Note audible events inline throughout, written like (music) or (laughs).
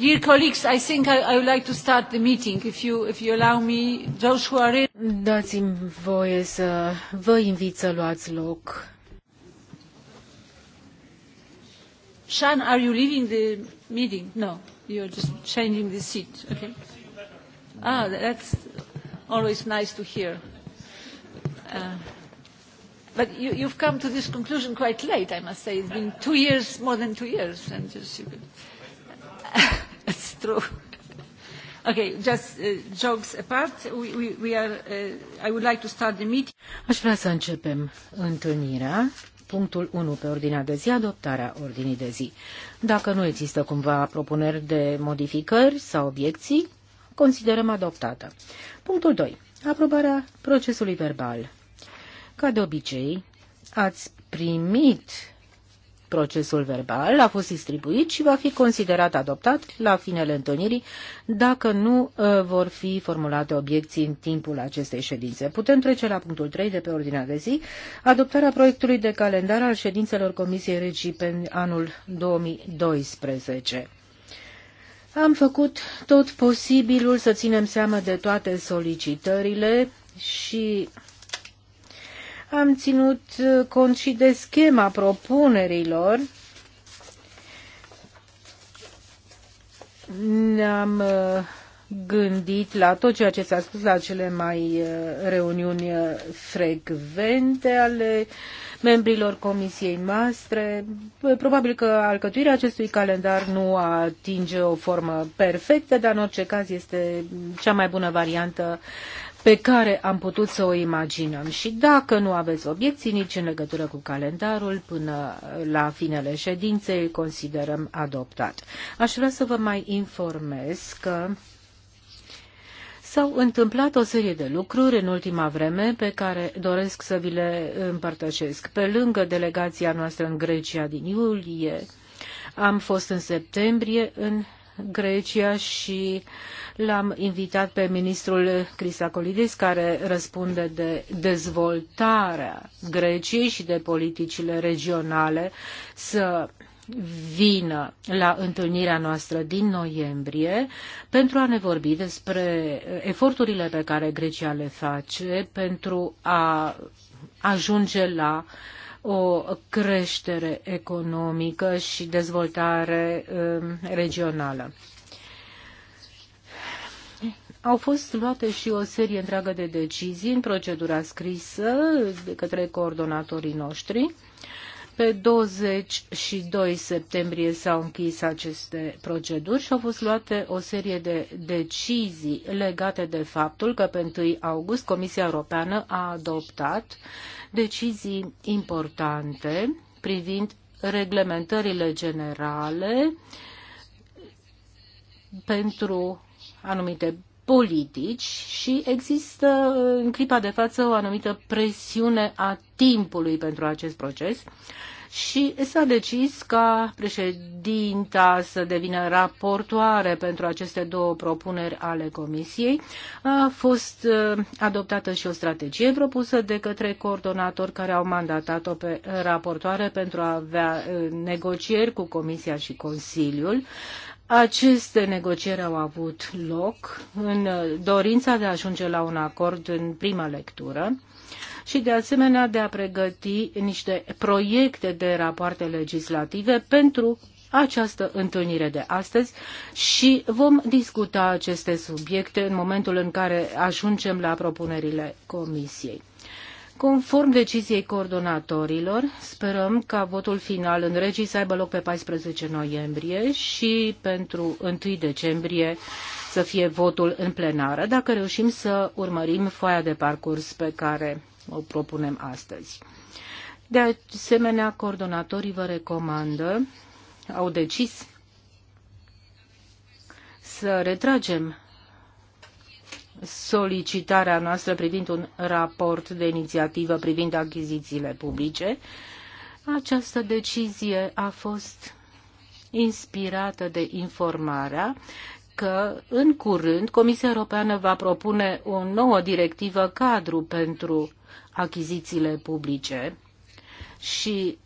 Dear colleagues, I think I, I would like to start the meeting, if you, if you allow me. Those who are in... Dați-mi voie să vă invit să luați loc. Sean, are you leaving the meeting? No, you're just changing the seat. Okay. Ah, that's always nice to hear. Uh, but you, you've come to this conclusion quite late, I must say. It's been two years, more than two years, and just you could. (laughs) true. Okay, just uh, jokes apart, we, we, we are, uh, I would like to start the meeting. Aș vrea să începem întâlnirea. Punctul 1 pe ordinea de zi, adoptarea ordinii de zi. Dacă nu există cumva propuneri de modificări sau obiecții, considerăm adoptată. Punctul 2. Aprobarea procesului verbal. Ca de obicei, ați primit Procesul verbal a fost distribuit și va fi considerat adoptat la finele întâlnirii dacă nu uh, vor fi formulate obiecții în timpul acestei ședințe. Putem trece la punctul 3 de pe ordinea de zi, adoptarea proiectului de calendar al ședințelor Comisiei Regii pe anul 2012. Am făcut tot posibilul să ținem seama de toate solicitările și am ținut cont și de schema propunerilor. Ne-am uh, gândit la tot ceea ce s-a spus la cele mai uh, reuniuni uh, frecvente ale membrilor comisiei Mastre. Probabil că alcătuirea acestui calendar nu atinge o formă perfectă, dar în orice caz este cea mai bună variantă pe care am putut să o imaginăm. Și dacă nu aveți obiecții nici în legătură cu calendarul, până la finele ședinței considerăm adoptat. Aș vrea să vă mai informez că S-au întâmplat o serie de lucruri în ultima vreme pe care doresc să vi le împărtășesc. Pe lângă delegația noastră în Grecia din iulie, am fost în septembrie în Grecia și l-am invitat pe ministrul Cristacolidis, care răspunde de dezvoltarea Greciei și de politicile regionale, să vină la întâlnirea noastră din noiembrie pentru a ne vorbi despre eforturile pe care Grecia le face pentru a ajunge la uh, o creștere economică și dezvoltare um, regională. Au fost luate și o serie întreagă de decizii în procedura scrisă de către coordonatorii noștri. Pe 22 septembrie s-au închis aceste proceduri și au fost luate o serie de decizii legate de faptul că pe 1 august Comisia Europeană a adoptat uh, decizii importante privind reglementările generale pentru anumite politici și există în clipa de față o anumită presiune a timpului pentru acest proces și s-a decis ca președinta să devină raportoare pentru aceste două propuneri ale Comisiei. A fost uh, adoptată și o strategie propusă de către coordonatori care au mandatat-o pe raportoare pentru a avea uh, negocieri cu Comisia și Consiliul. Aceste negocieri au avut loc în uh, dorința de a ajunge la un acord în prima lectură și de asemenea de a pregăti niște proiecte de rapoarte legislative pentru această întâlnire de astăzi și vom discuta aceste subiecte în momentul în care ajungem la propunerile Comisiei. Conform deciziei coordonatorilor, sperăm ca votul final în regii să aibă loc pe 14 noiembrie și pentru 1 decembrie să fie votul în plenară, dacă reușim să urmărim foaia de parcurs pe care o propunem astăzi. De asemenea, coordonatorii vă recomandă, au decis să retragem solicitarea noastră privind un raport de inițiativă privind achizițiile publice. Această decizie a fost inspirată de informarea că în curând Comisia Europeană va propune o nouă directivă cadru pentru achizițiile publice și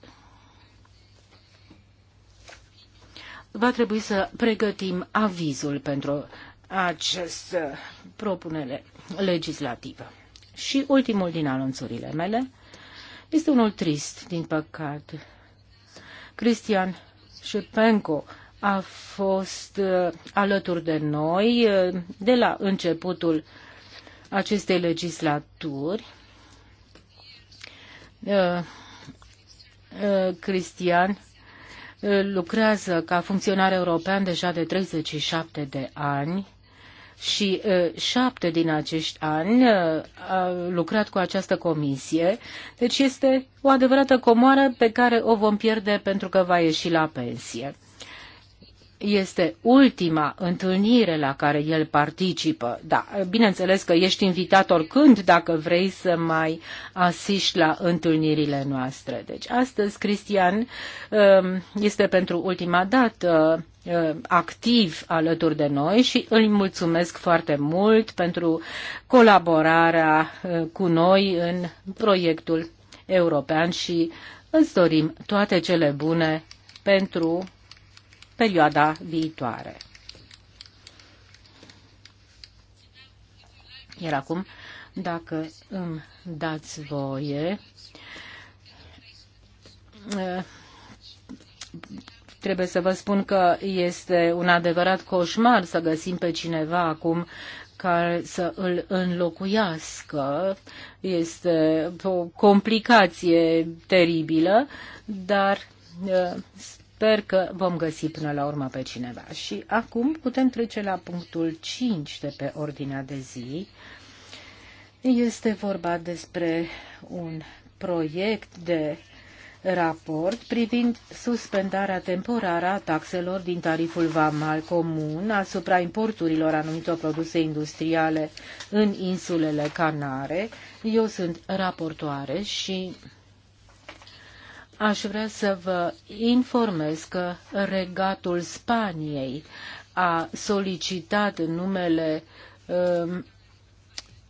va trebui să pregătim avizul pentru această propunere legislativă. Și ultimul din anunțurile mele este unul trist, din păcate. Cristian Șepenco a fost uh, alături de noi uh, de la începutul acestei legislaturi. Uh, Cristian lucrează ca funcționar european deja de 37 de ani și șapte din acești ani a lucrat cu această comisie. Deci este o adevărată comoară pe care o vom pierde pentru că va ieși la pensie este ultima întâlnire la care el participă. Da, bineînțeles că ești invitat oricând dacă vrei să mai asiști la întâlnirile noastre. Deci astăzi Cristian um, este pentru ultima dată um, activ alături de noi și îl mulțumesc foarte mult pentru colaborarea uh, cu noi în proiectul european și îți dorim toate cele bune pentru perioada viitoare. Iar acum, dacă îmi dați voie, trebuie să vă spun că este un adevărat coșmar să găsim pe cineva acum care să îl înlocuiască. Este o complicație teribilă, dar sper că vom găsi până la urmă pe cineva. Și acum putem trece la punctul 5 de pe ordinea de zi. Este vorba despre un proiect de raport privind suspendarea temporară a taxelor din tariful vamal comun asupra importurilor anumitor produse industriale în insulele Canare. Eu sunt raportoare și aș vrea să vă informez că regatul Spaniei a solicitat în numele um,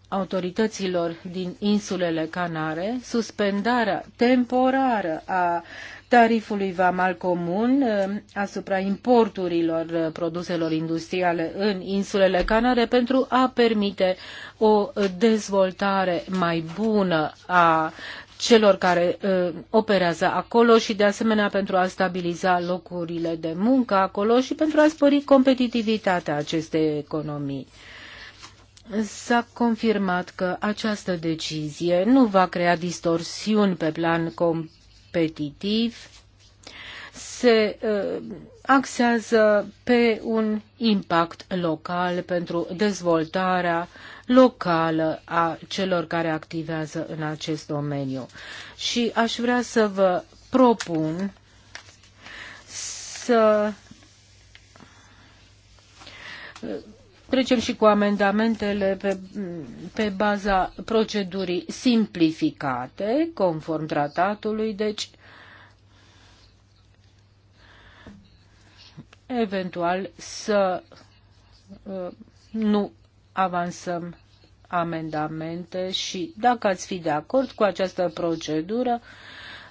autorităților din insulele Canare suspendarea temporară a tarifului vamal comun um, asupra importurilor uh, produselor industriale în insulele Canare pentru a permite o dezvoltare mai bună a celor care uh, operează acolo și de asemenea pentru a stabiliza locurile de muncă acolo și pentru a spori competitivitatea acestei economii. S-a confirmat că această decizie nu va crea distorsiuni pe plan competitiv, se uh, axează pe un impact local pentru dezvoltarea uh, locală a celor care activează în acest domeniu. Și aș vrea să vă propun să trecem și cu amendamentele pe, pe baza procedurii simplificate, conform tratatului, deci eventual să uh, nu avansăm amendamente și dacă ați fi de acord cu această procedură,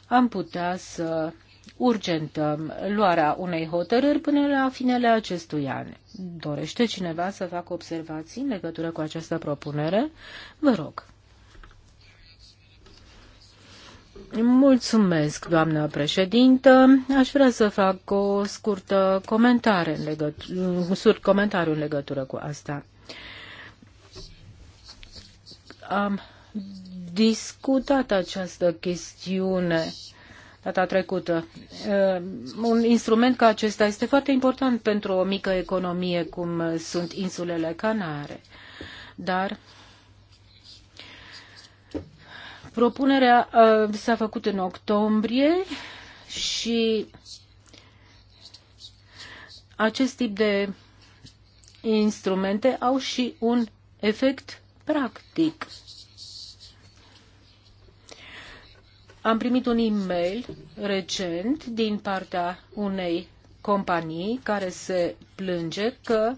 am putea să urgentăm luarea unei hotărâri până la finele acestui an. Dorește cineva să facă observații în legătură cu această propunere? Vă rog. Mulțumesc, doamnă președintă. Aș vrea să fac o scurtă comentare în legătură, un scurt comentariu în legătură cu asta am discutat această chestiune data trecută. Uh, un instrument ca acesta este foarte important pentru o mică economie cum sunt insulele Canare. Dar propunerea uh, s-a făcut în octombrie și acest tip de instrumente au și un efect practic. Am primit un e-mail recent din partea unei companii care se plânge că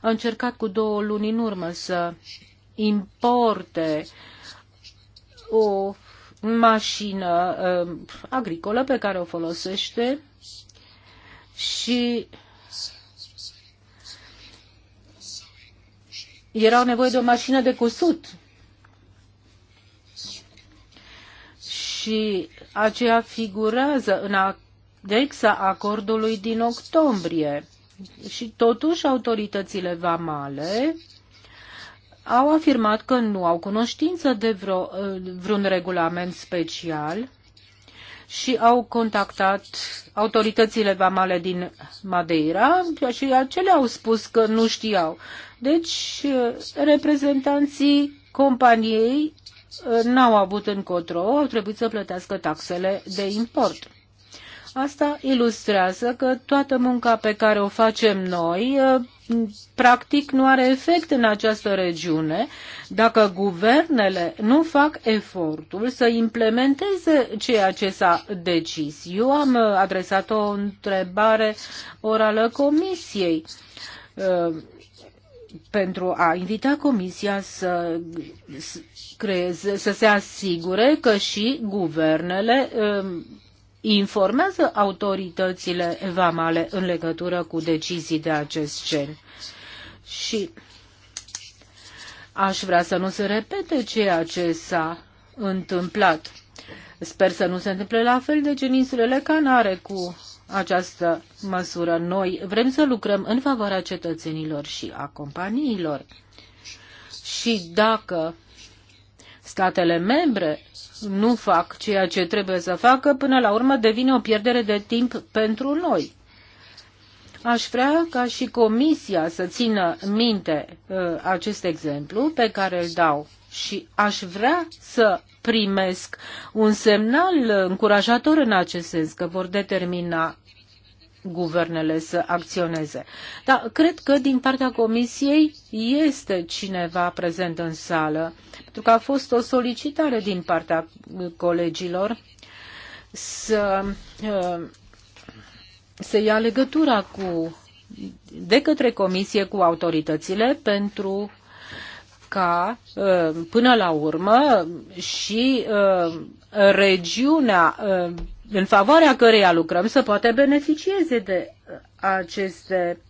a încercat cu două luni în urmă să importe o mașină uh, agricolă pe care o folosește și erau nevoie de o mașină de cusut. Și aceea figurează în adexa acordului din octombrie. Și totuși autoritățile vamale au afirmat că nu au cunoștință de vreo, eh, vreun regulament special și au contactat autoritățile vamale din Madeira și acele au spus că nu știau. Deci, reprezentanții companiei uh, n-au avut încotro, au trebuit să plătească taxele de import. Asta ilustrează că toată munca pe care o facem noi uh, practic nu are efect în această regiune dacă guvernele nu fac efortul să implementeze ceea ce s-a decis. Eu am uh, adresat o întrebare orală comisiei uh, pentru a invita Comisia să, creeze, să se asigure că și guvernele informează autoritățile vamale în legătură cu decizii de acest gen. Și aș vrea să nu se repete ceea ce s-a întâmplat. Sper să nu se întâmple la fel de gen insulele Canare cu această măsură. Noi vrem să lucrăm în favoarea cetățenilor și a companiilor. Și dacă statele membre nu fac ceea ce trebuie să facă, până la urmă devine o pierdere de timp pentru noi. Aș vrea ca și Comisia să țină minte uh, acest exemplu pe care îl dau și aș vrea să primesc un semnal încurajator în acest sens că vor determina guvernele să acționeze. Dar cred că din partea Comisiei este cineva prezent în sală, pentru că a fost o solicitare din partea colegilor să uh, se ia legătura cu, de către Comisie cu autoritățile pentru ca uh, până la urmă și uh, regiunea în favoarea căreia lucrăm să poată beneficieze de uh, aceste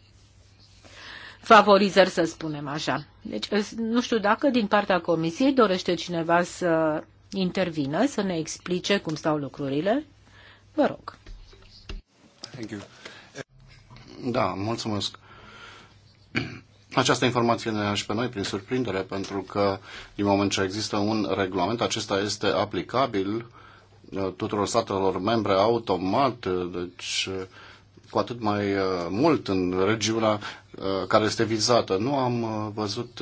favorizări, să spunem așa. Deci, uh, nu știu dacă din partea Comisiei dorește cineva să intervină, să ne explice cum stau lucrurile. Vă rog. Thank you. Da, mulțumesc. Această informație ne ia și pe noi prin surprindere, pentru că din moment ce există un regulament, acesta este aplicabil Eh, tuturor statelor membre automat, eh, deci eh, cu atât mai mult în regiunea care este vizată. Nu am văzut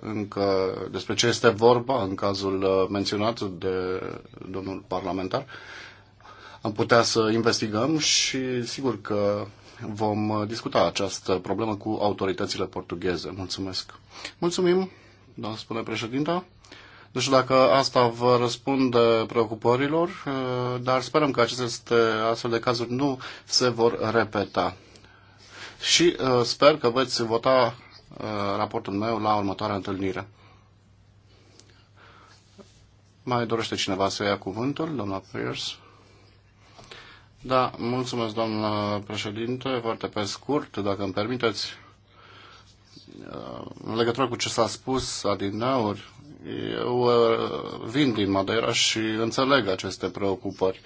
încă despre ce este vorba în cazul menționat de domnul parlamentar. Am putea să investigăm și sigur că vom discuta această problemă cu autoritățile portugheze. Mulțumesc. Mulțumim, doamnă spune președinta știu dacă asta vă răspunde preocupărilor, dar sperăm că aceste astfel de cazuri nu se vor repeta. Și uh, sper că veți vota uh, raportul meu la următoarea întâlnire. Mai dorește cineva să ia cuvântul, doamna Pierce? Da, mulțumesc, doamnă președinte. Foarte pe scurt, dacă îmi permiteți, uh, în legătură cu ce s-a spus adineauri, eu uh, vin din Madeira și înțeleg aceste preocupări.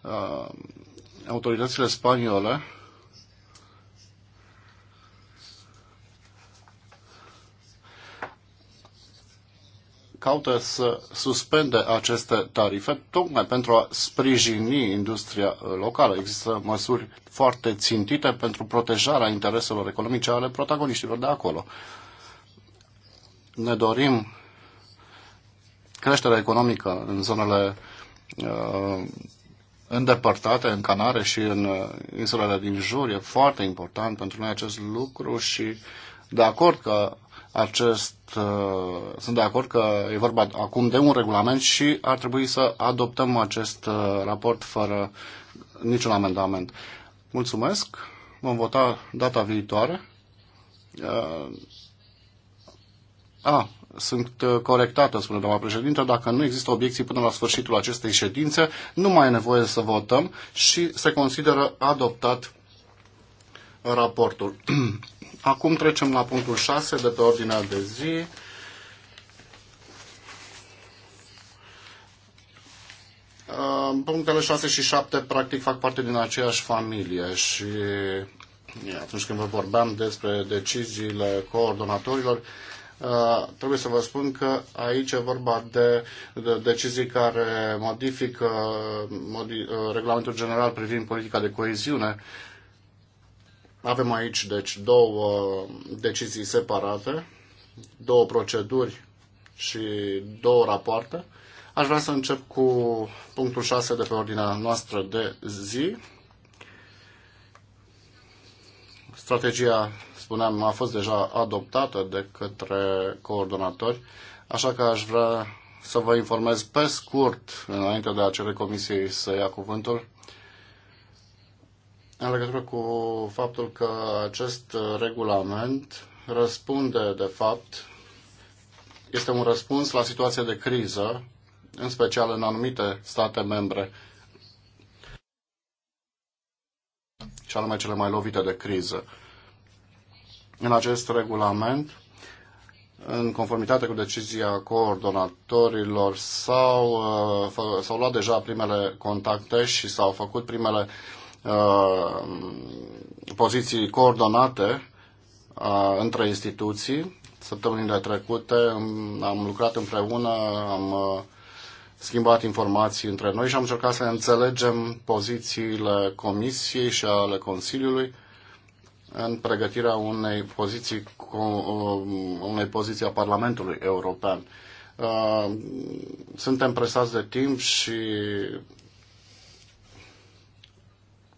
Uh, autoritățile spaniole caută să suspende aceste tarife tocmai pentru a sprijini industria uh, locală. Există măsuri foarte țintite pentru protejarea intereselor economice ale protagoniștilor de acolo. Ne dorim creșterea economică în zonele uh, îndepărtate, în Canare și în uh, insulele din jur. E foarte important pentru noi acest lucru și de acord că acest, uh, sunt de acord că e vorba acum de un regulament și ar trebui să adoptăm acest uh, raport fără niciun amendament. Mulțumesc. Vom vota data viitoare. Uh, a, sunt uh, corectate, spune doamna președinte. Dacă nu există obiecții până la sfârșitul acestei ședințe, nu mai e nevoie să votăm și se consideră adoptat raportul. (clears throat) Acum trecem la punctul 6 de pe ordinea de zi. Uh, punctele 6 și 7 practic fac parte din aceeași familie și atunci când vă vorbeam despre deciziile coordonatorilor, Uh, trebuie să vă spun că aici e vorba de, de decizii care modifică modi, uh, regulamentul general privind politica de coeziune. Avem aici, deci, două decizii separate, două proceduri și două rapoarte. Aș vrea să încep cu punctul 6 de pe ordinea noastră de zi, Strategia, spuneam, a fost deja adoptată de către coordonatori, așa că aș vrea să vă informez pe scurt, înainte de acele comisii să ia cuvântul, în legătură cu faptul că acest regulament răspunde, de fapt, este un răspuns la situația de criză, în special în anumite state membre și anume cele mai lovite de criză. În acest regulament, în conformitate cu decizia coordonatorilor, s-au, uh, s-au luat deja primele contacte și s-au făcut primele uh, poziții coordonate uh, între instituții. Săptămânile trecute am lucrat împreună, am uh, schimbat informații între noi și am încercat să înțelegem pozițiile Comisiei și ale Consiliului în pregătirea unei poziții, uh, unei poziții a Parlamentului European. Uh, suntem presați de timp și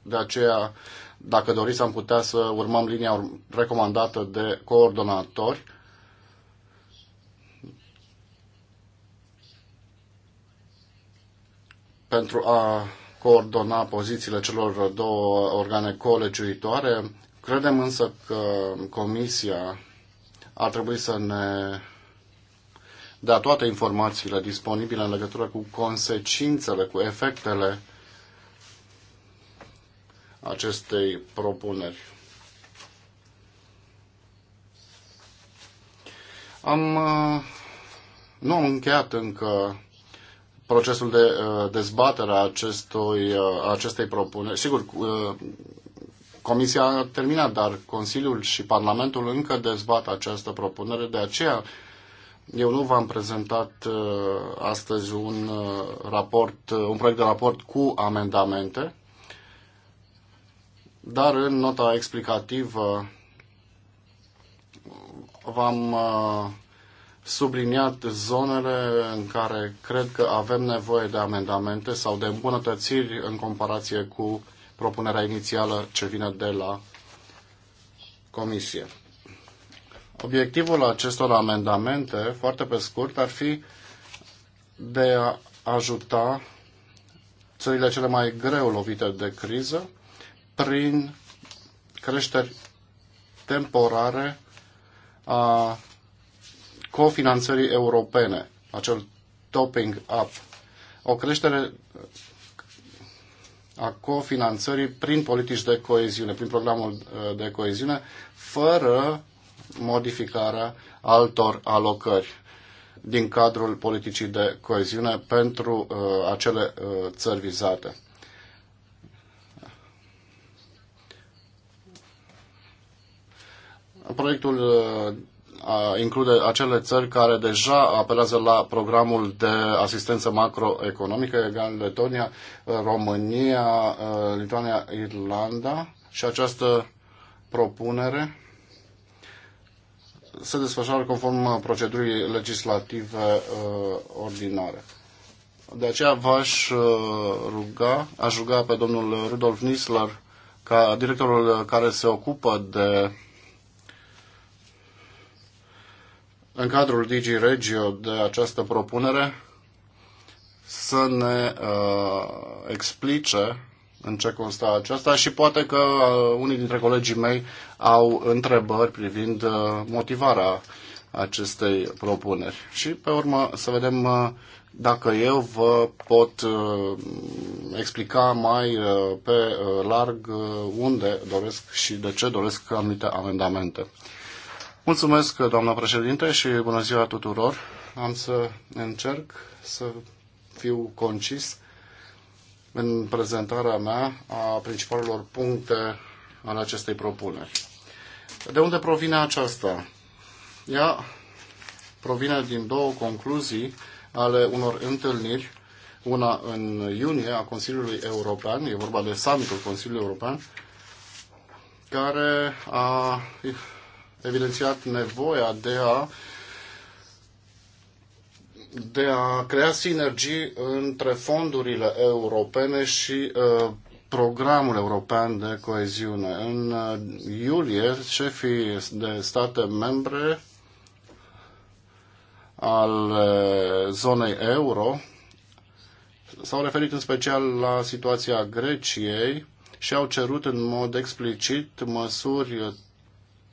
de aceea, dacă doriți, am putea să urmăm linia recomandată de coordonatori pentru a coordona pozițiile celor două organe colegiuitoare. Credem însă că Comisia ar trebui să ne dea toate informațiile disponibile în legătură cu consecințele, cu efectele acestei propuneri. Am, uh, nu am încheiat încă procesul de uh, dezbatere a acestui, uh, a acestei propuneri. Sigur, uh, Comisia a terminat, dar Consiliul și Parlamentul încă dezbat această propunere, de aceea eu nu v-am prezentat astăzi un raport, un proiect de raport cu amendamente, dar în nota explicativă v-am subliniat zonele în care cred că avem nevoie de amendamente sau de îmbunătățiri în comparație cu propunerea inițială ce vine de la Comisie. Obiectivul acestor amendamente, foarte pe scurt, ar fi de a ajuta țările cele mai greu lovite de criză prin creșteri temporare a cofinanțării europene, acel topping up, o creștere a cofinanțării prin politici de coeziune, prin programul uh, de coeziune, fără modificarea altor alocări din cadrul politicii de coeziune pentru uh, acele uh, țări vizate. Proiectul uh, include acele țări care deja apelează la programul de asistență macroeconomică, egal Letonia, România, Lituania, Irlanda și această propunere se desfășoară conform procedurii legislative uh, ordinare. De aceea v-aș ruga, aș ruga pe domnul Rudolf Nisler, ca directorul care se ocupă de în cadrul Digi Regio de această propunere să ne uh, explice în ce consta aceasta și poate că uh, unii dintre colegii mei au întrebări privind uh, motivarea acestei propuneri. Și pe urmă să vedem uh, dacă eu vă pot uh, explica mai uh, pe uh, larg uh, unde doresc și de ce doresc anumite amendamente. Mulțumesc, doamna președinte, și bună ziua tuturor. Am să încerc să fiu concis în prezentarea mea a principalelor puncte ale acestei propuneri. De unde provine aceasta? Ea provine din două concluzii ale unor întâlniri, una în iunie a Consiliului European, e vorba de summitul Consiliului European, care a evidențiat nevoia de a de a crea sinergii între fondurile europene și uh, programul european de coeziune. În uh, iulie, șefii de state membre al uh, zonei euro s-au referit în special la situația Greciei și au cerut în mod explicit măsuri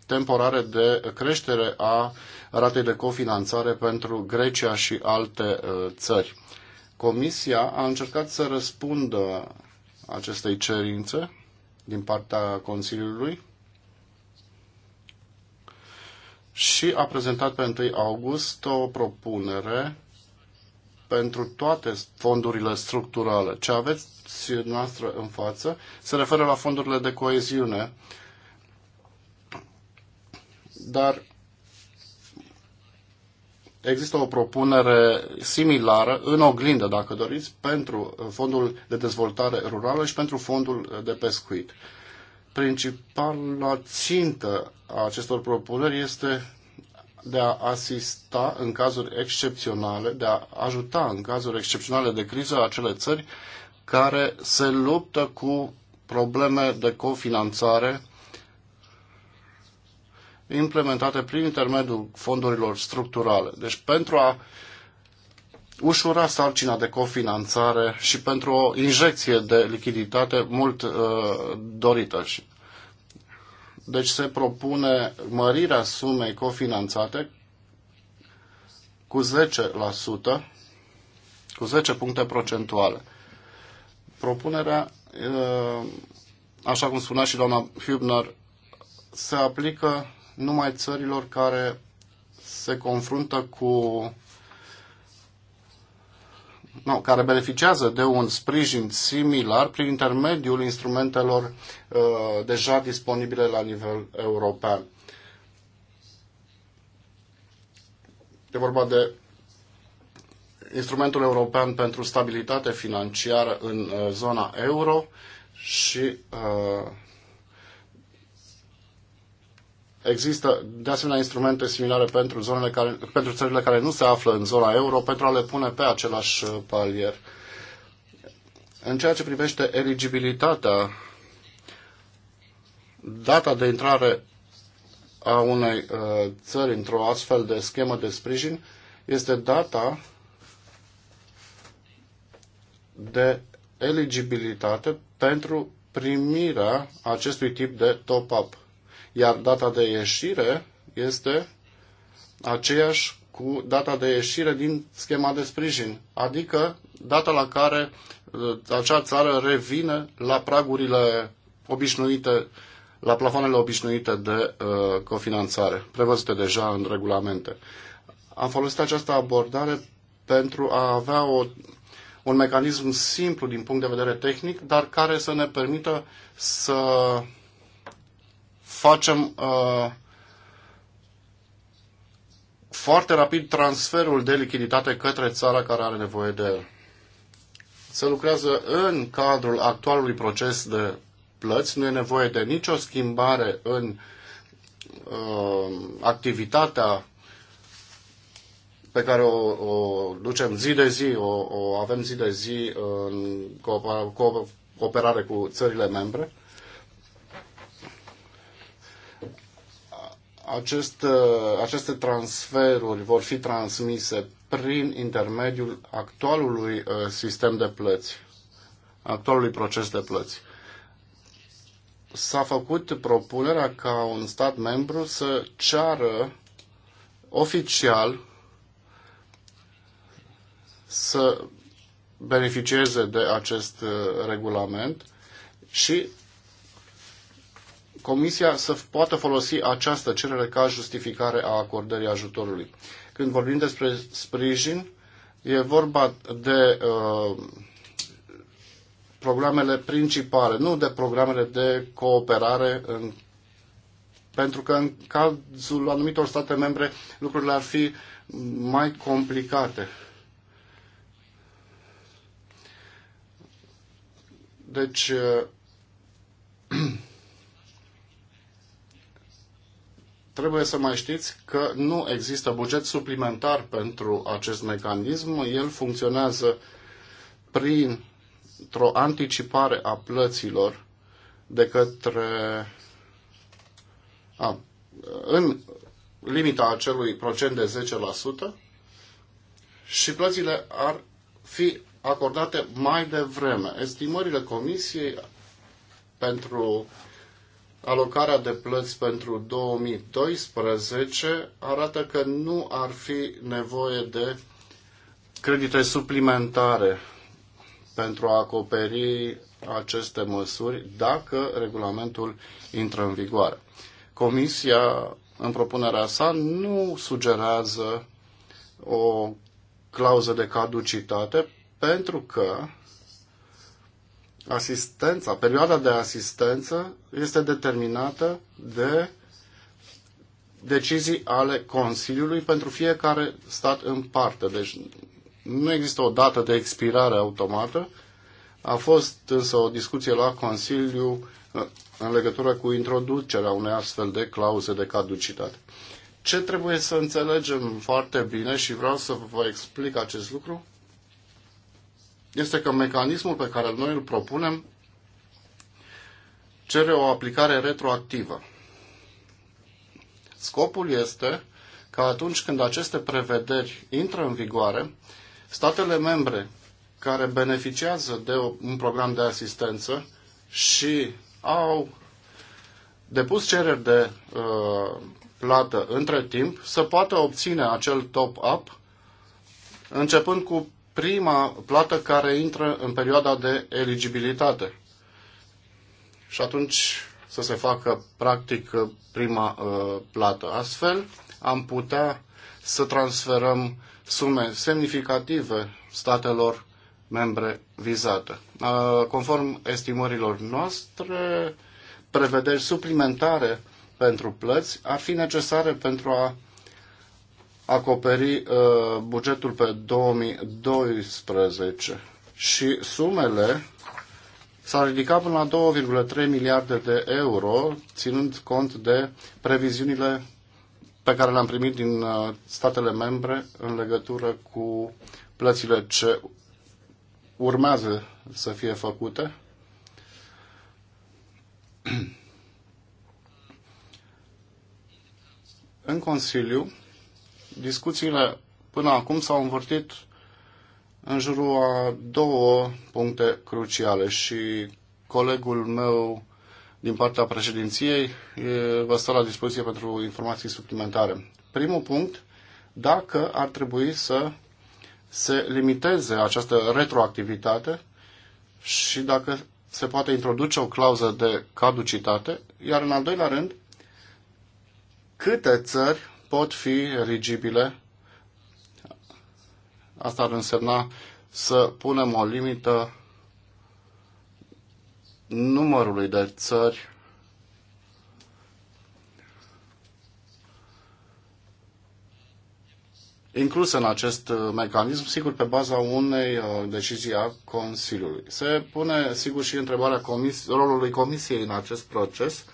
temporare de creștere a ratei de cofinanțare pentru Grecia și alte uh, țări. Comisia a încercat să răspundă acestei cerințe din partea Consiliului și a prezentat pe 1 august o propunere pentru toate fondurile structurale. Ce aveți noastră în față se referă la fondurile de coeziune dar există o propunere similară, în oglindă, dacă doriți, pentru Fondul de Dezvoltare Rurală și pentru Fondul de Pescuit. Principala țintă a acestor propuneri este de a asista în cazuri excepționale, de a ajuta în cazuri excepționale de criză acele țări care se luptă cu probleme de cofinanțare implementate prin intermediul fondurilor structurale. Deci pentru a ușura sarcina de cofinanțare și pentru o injecție de lichiditate mult uh, dorită. Deci se propune mărirea sumei cofinanțate cu 10%, cu 10 puncte procentuale. Propunerea, uh, așa cum spunea și doamna Hübner, se aplică numai țărilor care se confruntă cu nu, care beneficiază de un sprijin similar prin intermediul instrumentelor uh, deja disponibile la nivel european. E vorba de instrumentul european pentru stabilitate financiară în uh, zona euro și uh, Există, de asemenea, instrumente similare pentru, zonele care, pentru țările care nu se află în zona euro pentru a le pune pe același uh, palier. În ceea ce privește eligibilitatea, data de intrare a unei uh, țări într-o astfel de schemă de sprijin este data de eligibilitate pentru primirea acestui tip de top-up iar data de ieșire este aceeași cu data de ieșire din schema de sprijin, adică data la care uh, acea țară revine la pragurile obișnuite, la plafoanele obișnuite de uh, cofinanțare, prevăzute deja în regulamente. Am folosit această abordare pentru a avea o, un mecanism simplu din punct de vedere tehnic, dar care să ne permită să facem uh, foarte rapid transferul de lichiditate către țara care are nevoie de el. Se lucrează în cadrul actualului proces de plăți, nu e nevoie de nicio schimbare în uh, activitatea pe care o, o ducem zi de zi, o, o avem zi de zi în cooperare cu țările membre. acest, uh, aceste transferuri vor fi transmise prin intermediul actualului uh, sistem de plăți, actualului proces de plăți. S-a făcut propunerea ca un stat membru să ceară oficial să beneficieze de acest uh, regulament și Comisia să poată folosi această cerere ca justificare a acordării ajutorului. Când vorbim despre sprijin, e vorba de uh, programele principale, nu de programele de cooperare în pentru că în cazul anumitor state membre lucrurile ar fi mai complicate. Deci, uh, (clears throat) Trebuie să mai știți că nu există buget suplimentar pentru acest mecanism. El funcționează printr-o anticipare a plăților de către. A, în limita acelui procent de 10% și plățile ar fi acordate mai devreme. Estimările Comisiei pentru alocarea de plăți pentru 2012 arată că nu ar fi nevoie de credite suplimentare pentru a acoperi aceste măsuri dacă regulamentul intră în vigoare. Comisia, în propunerea sa, nu sugerează o clauză de caducitate pentru că asistența, perioada de asistență este determinată de decizii ale Consiliului pentru fiecare stat în parte. Deci nu există o dată de expirare automată. A fost însă o discuție la Consiliu uh, în legătură cu introducerea unei astfel de clauze de caducitate. Ce trebuie să înțelegem foarte bine și vreau să vă explic acest lucru este că mecanismul pe care noi îl propunem cere o aplicare retroactivă. Scopul este că atunci când aceste prevederi intră în vigoare, statele membre care beneficiază de un program de asistență și au depus cereri de uh, plată între timp, să poată obține acel top-up începând cu prima plată care intră în perioada de eligibilitate. Și atunci să se facă practic prima uh, plată. Astfel am putea să transferăm sume semnificative statelor membre vizate. Uh, conform estimărilor noastre, prevederi suplimentare pentru plăți ar fi necesare pentru a acoperi uh, bugetul pe 2012 și sumele s-ar ridica până la 2,3 miliarde de euro, ținând cont de previziunile pe care le-am primit din uh, statele membre în legătură cu plățile ce urmează să fie făcute. (clears throat) În Consiliu, discuțiile până acum s-au învârtit în jurul a două puncte cruciale și colegul meu din partea președinției vă stă la dispoziție pentru informații suplimentare. Primul punct, dacă ar trebui să se limiteze această retroactivitate și dacă se poate introduce o clauză de caducitate, iar în al doilea rând, câte țări pot fi rigibile. Asta ar însemna să punem o limită numărului de țări inclus în acest uh, mecanism, sigur, pe baza unei uh, decizii a Consiliului. Se pune, sigur, și întrebarea comis- rolului Comisiei în acest proces.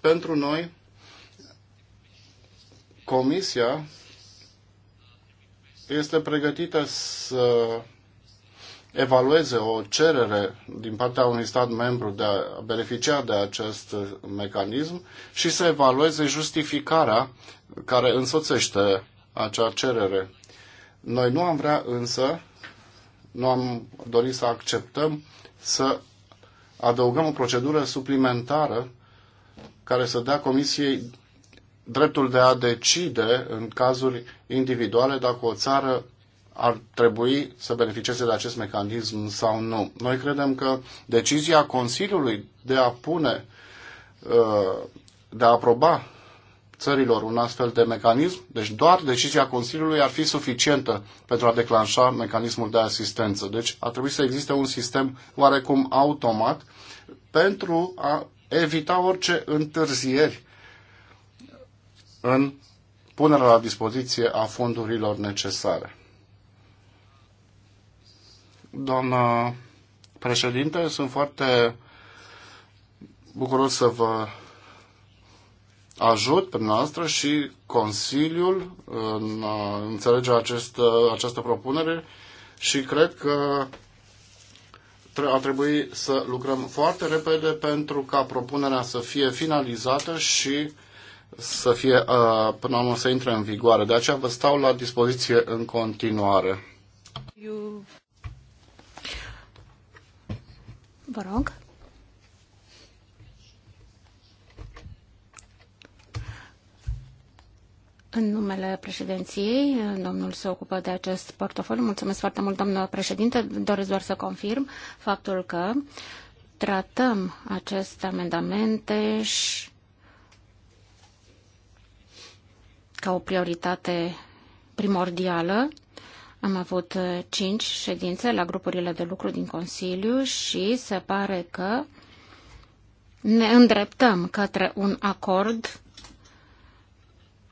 Pentru noi, Comisia este pregătită să evalueze o cerere din partea unui stat membru de a beneficia de acest mecanism și să evalueze justificarea care însoțește acea cerere. Noi nu am vrea însă, nu am dorit să acceptăm să adăugăm o procedură suplimentară care să dea Comisiei dreptul de a decide în cazuri individuale dacă o țară ar trebui să beneficieze de acest mecanism sau nu. Noi credem că decizia Consiliului de a pune, uh, de a aproba țărilor un astfel de mecanism, deci doar decizia Consiliului ar fi suficientă pentru a declanșa mecanismul de asistență. Deci ar trebui să existe un sistem oarecum automat pentru a evita orice întârzieri în punerea la dispoziție a fondurilor necesare. Doamna președinte, sunt foarte bucuros să vă ajut pe noastră și Consiliul în a uh, înțelege acest, uh, această propunere și cred că ar trebui să lucrăm foarte repede pentru ca propunerea să fie finalizată și să fie uh, până la să intre în vigoare. De aceea vă stau la dispoziție în continuare. You... Vă rog. În numele președinției, domnul se ocupă de acest portofoliu. Mulțumesc foarte mult, domnule președinte. Doresc doar să confirm faptul că tratăm aceste amendamente și ca o prioritate primordială. Am avut uh, cinci ședințe la grupurile de lucru din Consiliu și se pare că ne îndreptăm către un acord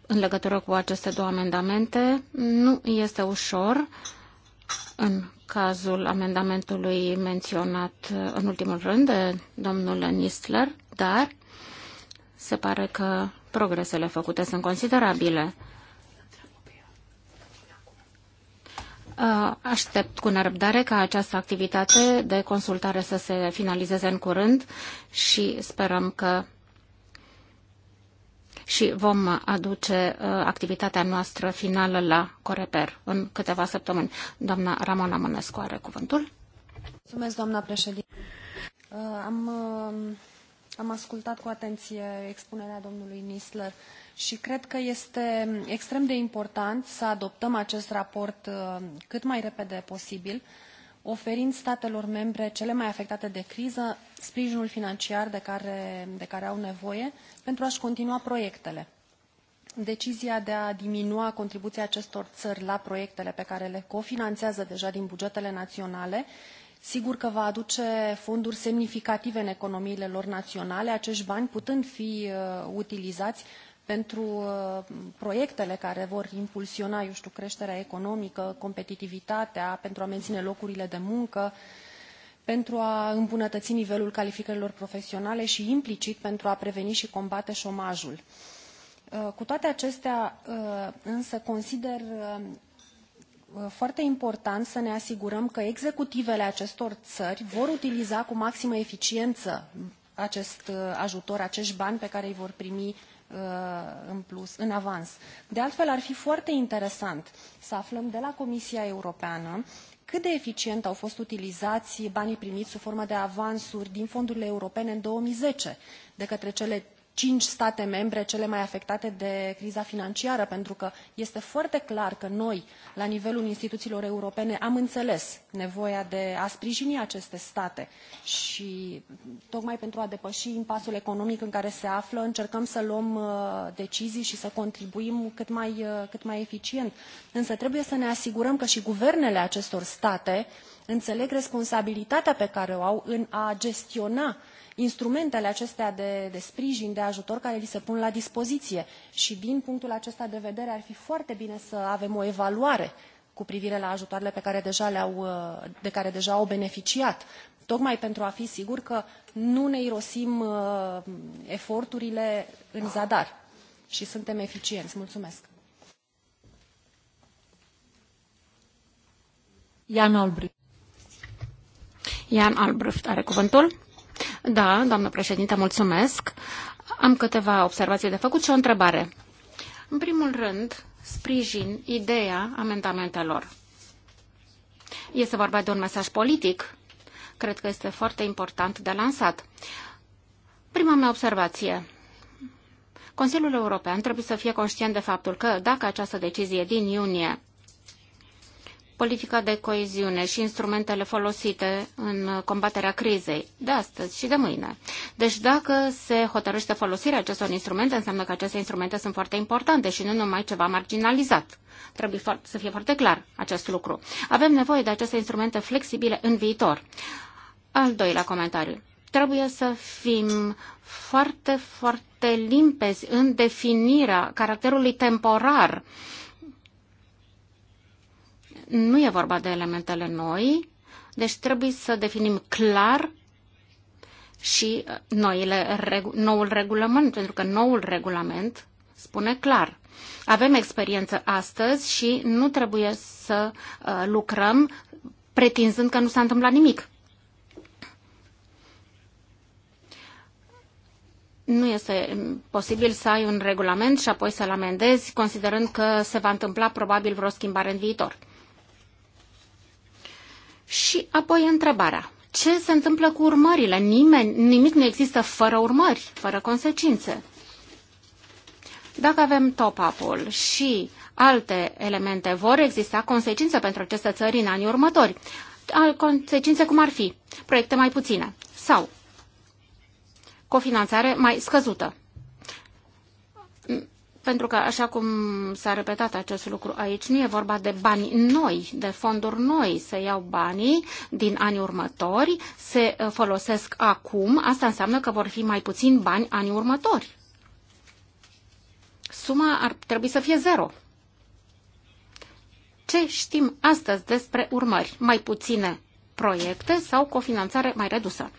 în legătură cu aceste două amendamente. Nu este ușor în cazul amendamentului menționat uh, în ultimul rând de domnul Nistler, dar se pare că progresele făcute sunt considerabile. Aștept cu nerăbdare ca această activitate de consultare să se finalizeze în curând și sperăm că și vom aduce activitatea noastră finală la Coreper în câteva săptămâni. Doamna Ramona Mănescu are cuvântul. Mulțumesc, doamna președinte. Am am ascultat cu atenție expunerea domnului Nisler și cred că este extrem de important să adoptăm acest raport uh, cât mai repede posibil, oferind statelor membre cele mai afectate de criză sprijinul financiar de care, de care au nevoie pentru a-și continua proiectele. Decizia de a diminua contribuția acestor țări la proiectele pe care le cofinanțează deja din bugetele naționale Sigur că va aduce fonduri semnificative în economiile lor naționale, acești bani putând fi uh, utilizați pentru uh, proiectele care vor impulsiona, eu știu, creșterea economică, competitivitatea, pentru a menține locurile de muncă, pentru a îmbunătăți nivelul calificărilor profesionale și implicit pentru a preveni și combate șomajul. Uh, cu toate acestea, uh, însă, consider uh, Uh, foarte important să ne asigurăm că executivele acestor țări vor utiliza cu maximă eficiență acest uh, ajutor, acești bani pe care îi vor primi uh, în plus, în avans. De altfel, ar fi foarte interesant să aflăm de la Comisia Europeană cât de eficient au fost utilizați banii primiți sub formă de avansuri din fondurile europene în 2010 de către cele cinci state membre cele mai afectate de criza financiară, pentru că este foarte clar că noi, la nivelul instituțiilor europene, am înțeles nevoia de a sprijini aceste state și tocmai pentru a depăși impasul economic în care se află, încercăm să luăm uh, decizii și să contribuim cât mai, uh, cât mai eficient. Însă trebuie să ne asigurăm că și guvernele acestor state înțeleg responsabilitatea pe care o au în a gestiona instrumentele acestea de, de sprijin, de ajutor care li se pun la dispoziție. Și din punctul acesta de vedere ar fi foarte bine să avem o evaluare cu privire la ajutoarele pe care deja le-au, uh, de care deja au beneficiat, tocmai pentru a fi sigur că nu ne irosim uh, eforturile în zadar și suntem eficienți. Mulțumesc! Ian Albrecht. Jan Albrecht are cuvântul. Da, doamnă președinte, mulțumesc. Am câteva observații de făcut și o întrebare. În primul rând, sprijin ideea amendamentelor. Este vorba de un mesaj politic. Cred că este foarte important de lansat. Prima mea observație. Consiliul European trebuie să fie conștient de faptul că, dacă această decizie din iunie politica de coeziune și instrumentele folosite în combaterea crizei de astăzi și de mâine. Deci dacă se hotărăște folosirea acestor instrumente, înseamnă că aceste instrumente sunt foarte importante și nu numai ceva marginalizat. Trebuie să fie foarte clar acest lucru. Avem nevoie de aceste instrumente flexibile în viitor. Al doilea comentariu. Trebuie să fim foarte, foarte limpezi în definirea caracterului temporar uh, nu e vorba de elementele noi, deci trebuie să definim clar și uh, noile, noul regulament, pentru că noul regulament spune clar. Avem experiență astăzi și nu trebuie să uh, lucrăm pretinzând că nu s-a întâmplat nimic. nu este posibil să ai un regulament și apoi să-l amendezi, considerând că se va întâmpla probabil vreo schimbare în viitor. Și apoi întrebarea. Ce se întâmplă cu urmările? Nimeni, nimic nu există fără urmări, fără consecințe. Dacă avem top-up-ul și alte elemente, vor exista consecințe pentru aceste țări în anii următori. Al consecințe cum ar fi? Proiecte mai puține sau cofinanțare mai scăzută pentru că, așa cum s-a repetat acest lucru aici, nu e vorba de bani noi, de fonduri noi. Se iau banii din anii următori, se uh, folosesc acum, asta înseamnă că vor fi mai puțin bani anii următori. Suma ar trebui să fie zero. Ce știm astăzi despre urmări? Mai puține proiecte sau cofinanțare mai redusă?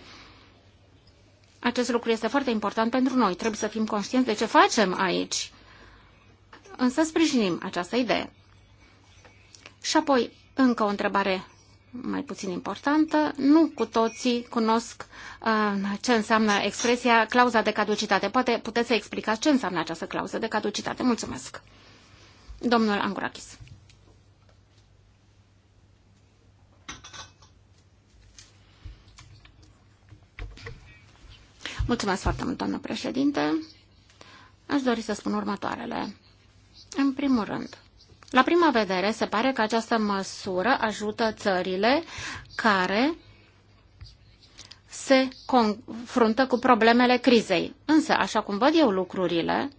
Acest lucru este foarte important pentru noi. Trebuie să fim conștienți de ce facem aici însă sprijinim această idee. Și apoi, încă o întrebare mai puțin importantă, nu cu toții cunosc uh, ce înseamnă expresia clauza de caducitate. Poate puteți să explicați ce înseamnă această clauză de caducitate. Mulțumesc. Domnul Angurakis. Mulțumesc foarte mult, doamnă președinte. Aș dori să spun următoarele. În primul rând, la prima vedere, se pare că această măsură ajută țările care se confruntă cu problemele crizei. Însă, așa cum văd eu lucrurile,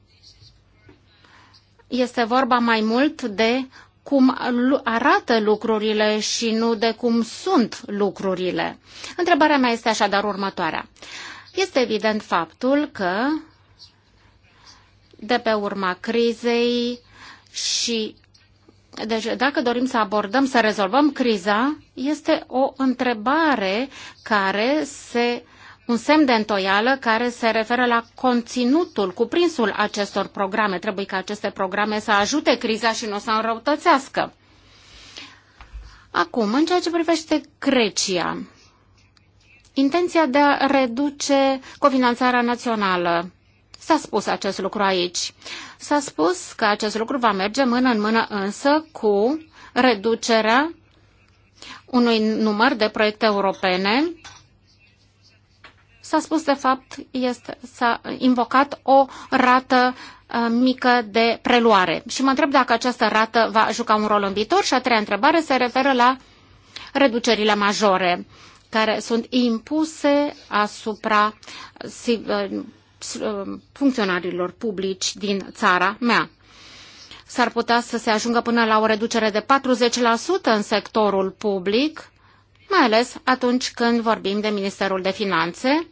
este vorba mai mult de cum arată lucrurile și nu de cum sunt lucrurile. Întrebarea mea este așadar următoarea. Este evident faptul că de pe urma crizei și deci, dacă dorim să abordăm, să rezolvăm criza, este o întrebare care se un semn de întoială care se referă la conținutul, cuprinsul acestor programe. Trebuie ca aceste programe să ajute criza și nu să înrăutățească. Acum, în ceea ce privește Grecia, intenția de a reduce cofinanțarea națională S-a spus acest lucru aici. S-a spus că acest lucru va merge mână în mână însă cu reducerea unui număr de proiecte europene. S-a spus, de fapt, s-a invocat o rată uh, mică de preluare. Și mă întreb dacă această rată va juca un rol în viitor. Și a treia întrebare se referă la reducerile majore care sunt impuse asupra uh, Uh, funcționarilor publici din țara mea. S-ar putea să se ajungă până la o reducere de 40% în sectorul public, mai ales atunci când vorbim de Ministerul de Finanțe,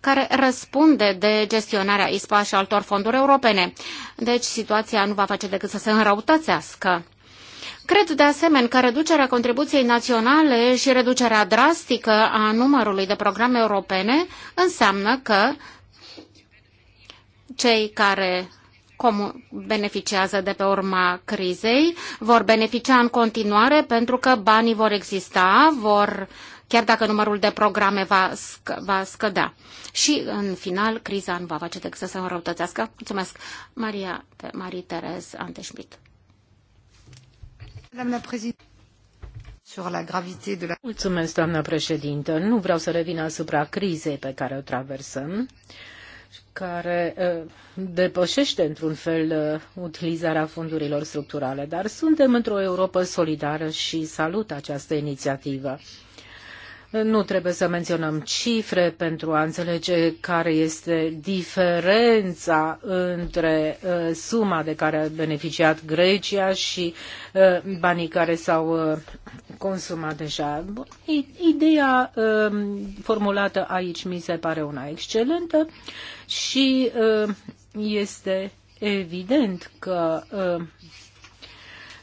care răspunde de gestionarea ISPA și altor fonduri europene. Deci situația nu va face decât să se înrăutățească. Cred de asemenea că reducerea contribuției naționale și reducerea drastică a numărului de programe europene înseamnă că cei care beneficiază de pe urma crizei vor beneficia în continuare pentru că banii vor exista, vor chiar dacă numărul de programe va, sc- va scădea. Și, în final, criza nu va face decât să se înrăutățească. Mulțumesc, Maria, Marie Terez Anteșmit doamnă președintă. Nu vreau să revin asupra crizei pe care o traversăm, care depășește într-un fel utilizarea fondurilor structurale, dar suntem într-o Europă solidară și salut această inițiativă. Nu trebuie să menționăm cifre pentru a înțelege care este diferența între uh, suma de care a beneficiat Grecia și uh, banii care s-au uh, consumat deja. Ideea formulată aici mi se pare una excelentă și este evident că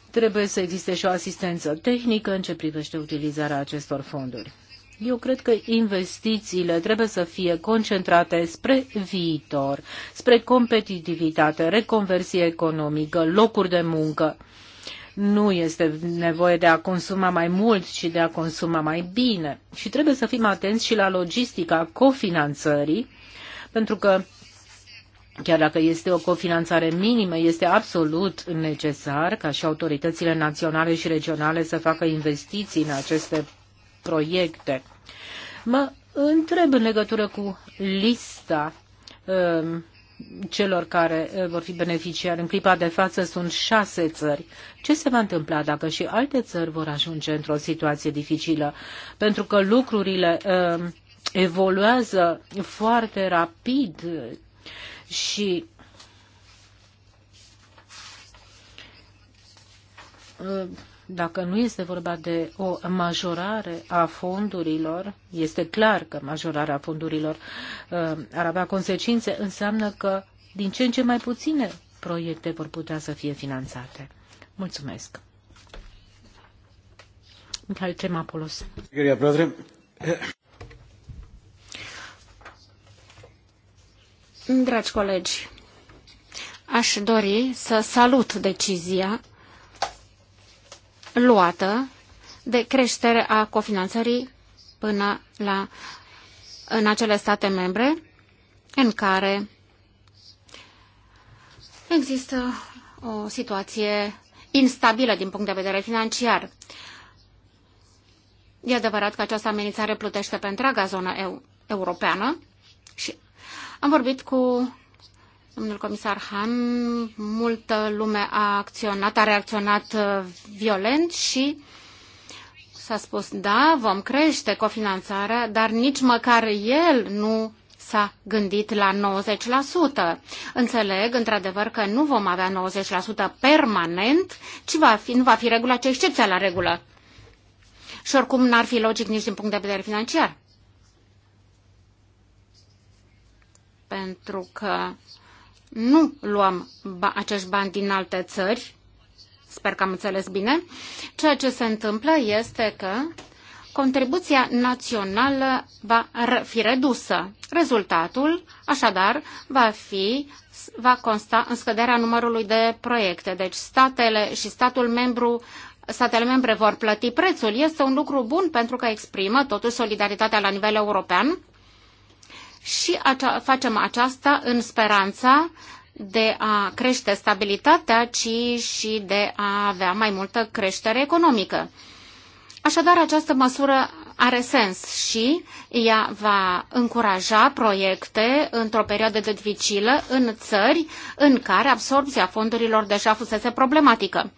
trebuie să existe și o asistență tehnică în ce privește utilizarea acestor fonduri. Eu cred că investițiile trebuie să fie concentrate spre viitor, spre competitivitate, reconversie economică, locuri de muncă. Nu este nevoie de a consuma mai mult, ci de a consuma mai bine. Și trebuie să fim atenți și la logistica cofinanțării, pentru că Chiar dacă este o cofinanțare minimă, este absolut necesar ca și autoritățile naționale și regionale să facă investiții în aceste proiecte. Mă întreb în legătură cu lista um, celor care uh, vor fi beneficiari. În clipa de față sunt șase țări. Ce se va întâmpla dacă și alte țări vor ajunge într-o situație dificilă? Pentru că lucrurile um, evoluează foarte rapid și uh, dacă nu este vorba de o majorare a fondurilor, este clar că majorarea fondurilor uh, ar avea consecințe, înseamnă că din ce în ce mai puține proiecte vor putea să fie finanțate. Mulțumesc. Mihail Tremapolos. Dragi colegi, aș dori să salut decizia luată de creștere a cofinanțării până la, în acele state membre în care există o situație instabilă din punct de vedere financiar. E adevărat că această amenințare plutește pe întreaga zonă eu, europeană și am vorbit cu Domnul comisar Han, multă lume a acționat, a reacționat uh, violent și s-a spus, da, vom crește cofinanțarea, dar nici măcar el nu s-a gândit la 90%. Înțeleg, într-adevăr, că nu vom avea 90% permanent, ci va fi, nu va fi regula, ci excepția la regulă. Și oricum n-ar fi logic nici din punct de vedere financiar. Pentru că nu luăm ba- acești bani din alte țări, sper că am înțeles bine, ceea ce se întâmplă este că contribuția națională va fi redusă. Rezultatul, așadar, va fi va consta în scăderea numărului de proiecte. Deci statele și statul membru statele membre vor plăti prețul. Este un lucru bun pentru că exprimă totuși solidaritatea la nivel european și acea, facem aceasta în speranța de a crește stabilitatea, ci și de a avea mai multă creștere economică. Așadar, această măsură are sens și ea va încuraja proiecte într-o perioadă de dificilă în țări în care absorbția fondurilor deja fusese problematică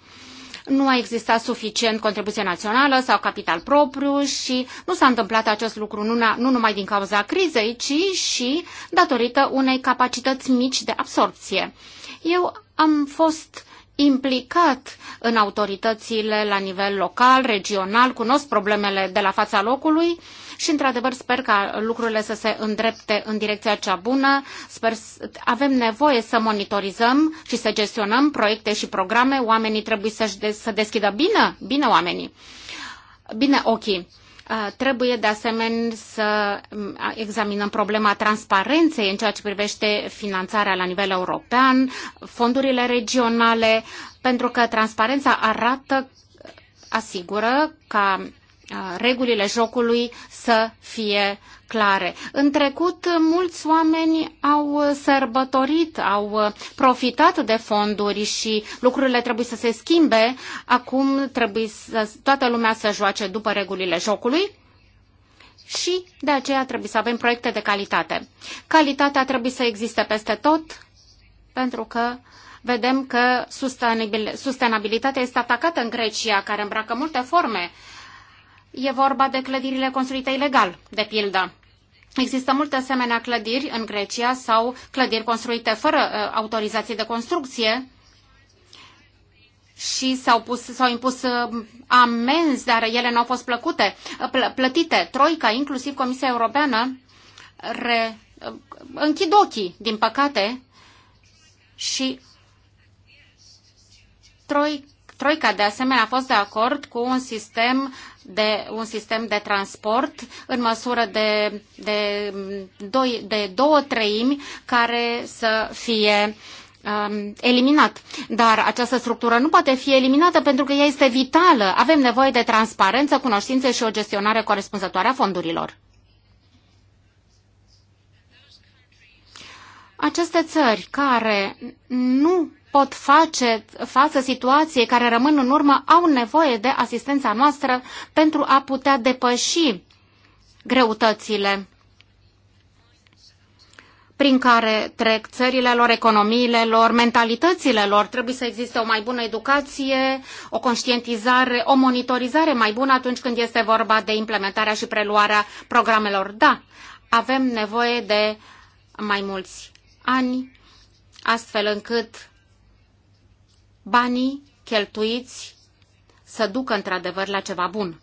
nu a existat suficient contribuție națională sau capital propriu și nu s-a întâmplat acest lucru nu, nu numai din cauza crizei, ci și datorită unei capacități mici de absorpție. Eu am fost implicat în autoritățile la nivel local, regional, cunosc problemele de la fața locului și, într-adevăr, sper ca lucrurile să se îndrepte în direcția cea bună. Sper, avem nevoie să monitorizăm și să gestionăm proiecte și programe. Oamenii trebuie să, de, să deschidă bine, bine oamenii, bine ochii. Trebuie de asemenea să examinăm problema transparenței în ceea ce privește finanțarea la nivel european, fondurile regionale, pentru că transparența arată, asigură ca Uh, regulile jocului să fie clare. În trecut, mulți oameni au uh, sărbătorit, au uh, profitat de fonduri și lucrurile trebuie să se schimbe. Acum trebuie să, toată lumea să joace după regulile jocului și de aceea trebuie să avem proiecte de calitate. Calitatea trebuie să existe peste tot pentru că vedem că sustenabilitatea este atacată în Grecia, care îmbracă multe forme e vorba de clădirile construite ilegal, de pildă. Există multe asemenea clădiri în Grecia sau clădiri construite fără uh, autorizație de construcție și s-au, pus, s-au impus uh, amenzi, dar ele nu au fost plăcute, uh, pl- plătite. Troica, inclusiv Comisia Europeană, re, uh, închid ochii, din păcate, și troi, Troica, de asemenea, a fost de acord cu un sistem de un sistem de transport în măsură de, de, doi, de două treimi care să fie um, eliminat. Dar această structură nu poate fi eliminată pentru că ea este vitală. Avem nevoie de transparență, cunoștință și o gestionare corespunzătoare a fondurilor. Aceste țări care nu pot face față situației care rămân în urmă, au nevoie de asistența noastră pentru a putea depăși greutățile prin care trec țările lor, economiile lor, mentalitățile lor. Trebuie să existe o mai bună educație, o conștientizare, o monitorizare mai bună atunci când este vorba de implementarea și preluarea programelor. Da, avem nevoie de mai mulți ani, astfel încât banii cheltuiți să ducă într-adevăr la ceva bun.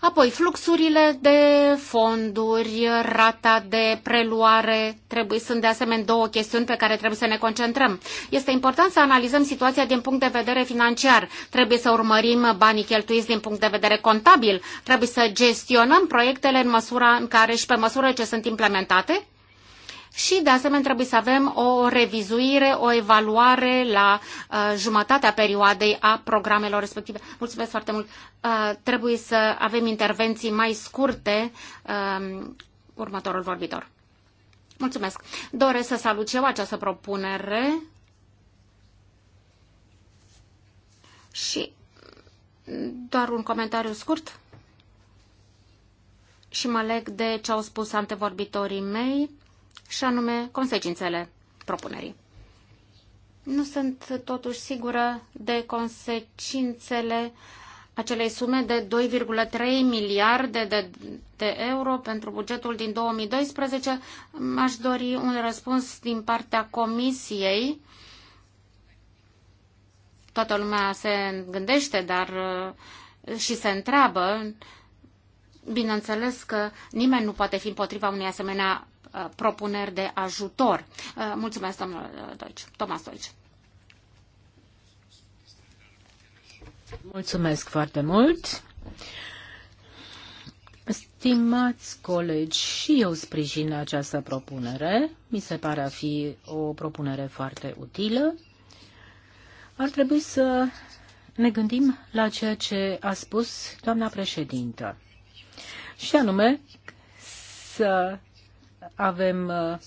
Apoi, fluxurile de fonduri, rata de preluare, trebuie, sunt de asemenea două chestiuni pe care trebuie să ne concentrăm. Este important să analizăm situația din punct de vedere financiar. Trebuie să urmărim banii cheltuiți din punct de vedere contabil. Trebuie să gestionăm proiectele în măsura în care și pe măsură ce sunt implementate și, de asemenea, trebuie să avem o revizuire, o evaluare la uh, jumătatea perioadei a programelor respective. Mulțumesc foarte mult. Uh, trebuie să avem intervenții mai scurte. Uh, următorul vorbitor. Mulțumesc. Doresc să salut eu această propunere și doar un comentariu scurt și mă leg de ce au spus antevorbitorii mei și anume consecințele propunerii. Nu sunt totuși sigură de consecințele acelei sume de 2,3 miliarde de, de euro pentru bugetul din 2012. Aș dori un răspuns din partea Comisiei. Toată lumea se gândește dar uh, și se întreabă. Bineînțeles că nimeni nu poate fi împotriva unei asemenea Uh, propuneri de ajutor. Uh, mulțumesc, domnule uh, Deutsch. Thomas Deutsch. Mulțumesc foarte mult. Stimați colegi, și eu sprijin această propunere. Mi se pare a fi o propunere foarte utilă. Ar trebui să ne gândim la ceea ce a spus doamna președintă. Și anume să avem uh,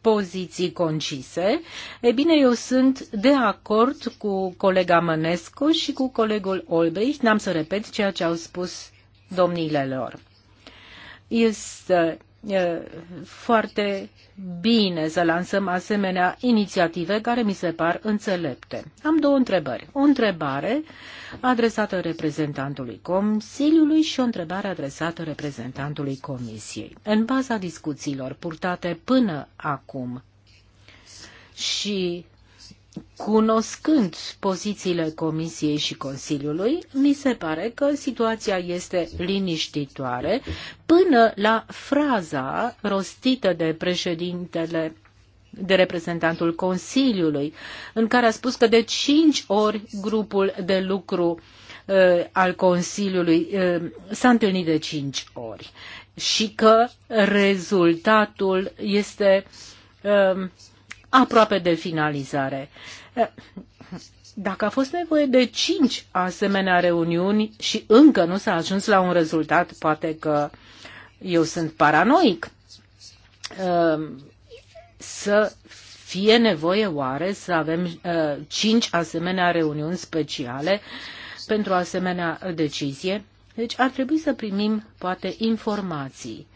poziții concise. E bine, eu sunt de acord cu colega Mănescu și cu colegul Olbrich. N-am să repet ceea ce au spus domnile lor. Este foarte bine să lansăm asemenea inițiative care mi se par înțelepte. Am două întrebări. O întrebare adresată reprezentantului Consiliului și o întrebare adresată reprezentantului Comisiei. În baza discuțiilor purtate până acum și cunoscând pozițiile Comisiei și Consiliului, mi se pare că situația este liniștitoare până la fraza rostită de președintele de reprezentantul Consiliului, în care a spus că de cinci ori grupul de lucru uh, al Consiliului uh, s-a întâlnit de cinci ori și că rezultatul este uh, aproape de finalizare. Eh, dacă a fost nevoie de cinci asemenea reuniuni și încă nu s-a ajuns la un rezultat, poate că eu sunt paranoic, eh, să fie nevoie oare să avem eh, cinci asemenea reuniuni speciale pentru asemenea decizie? Deci ar trebui să primim poate informații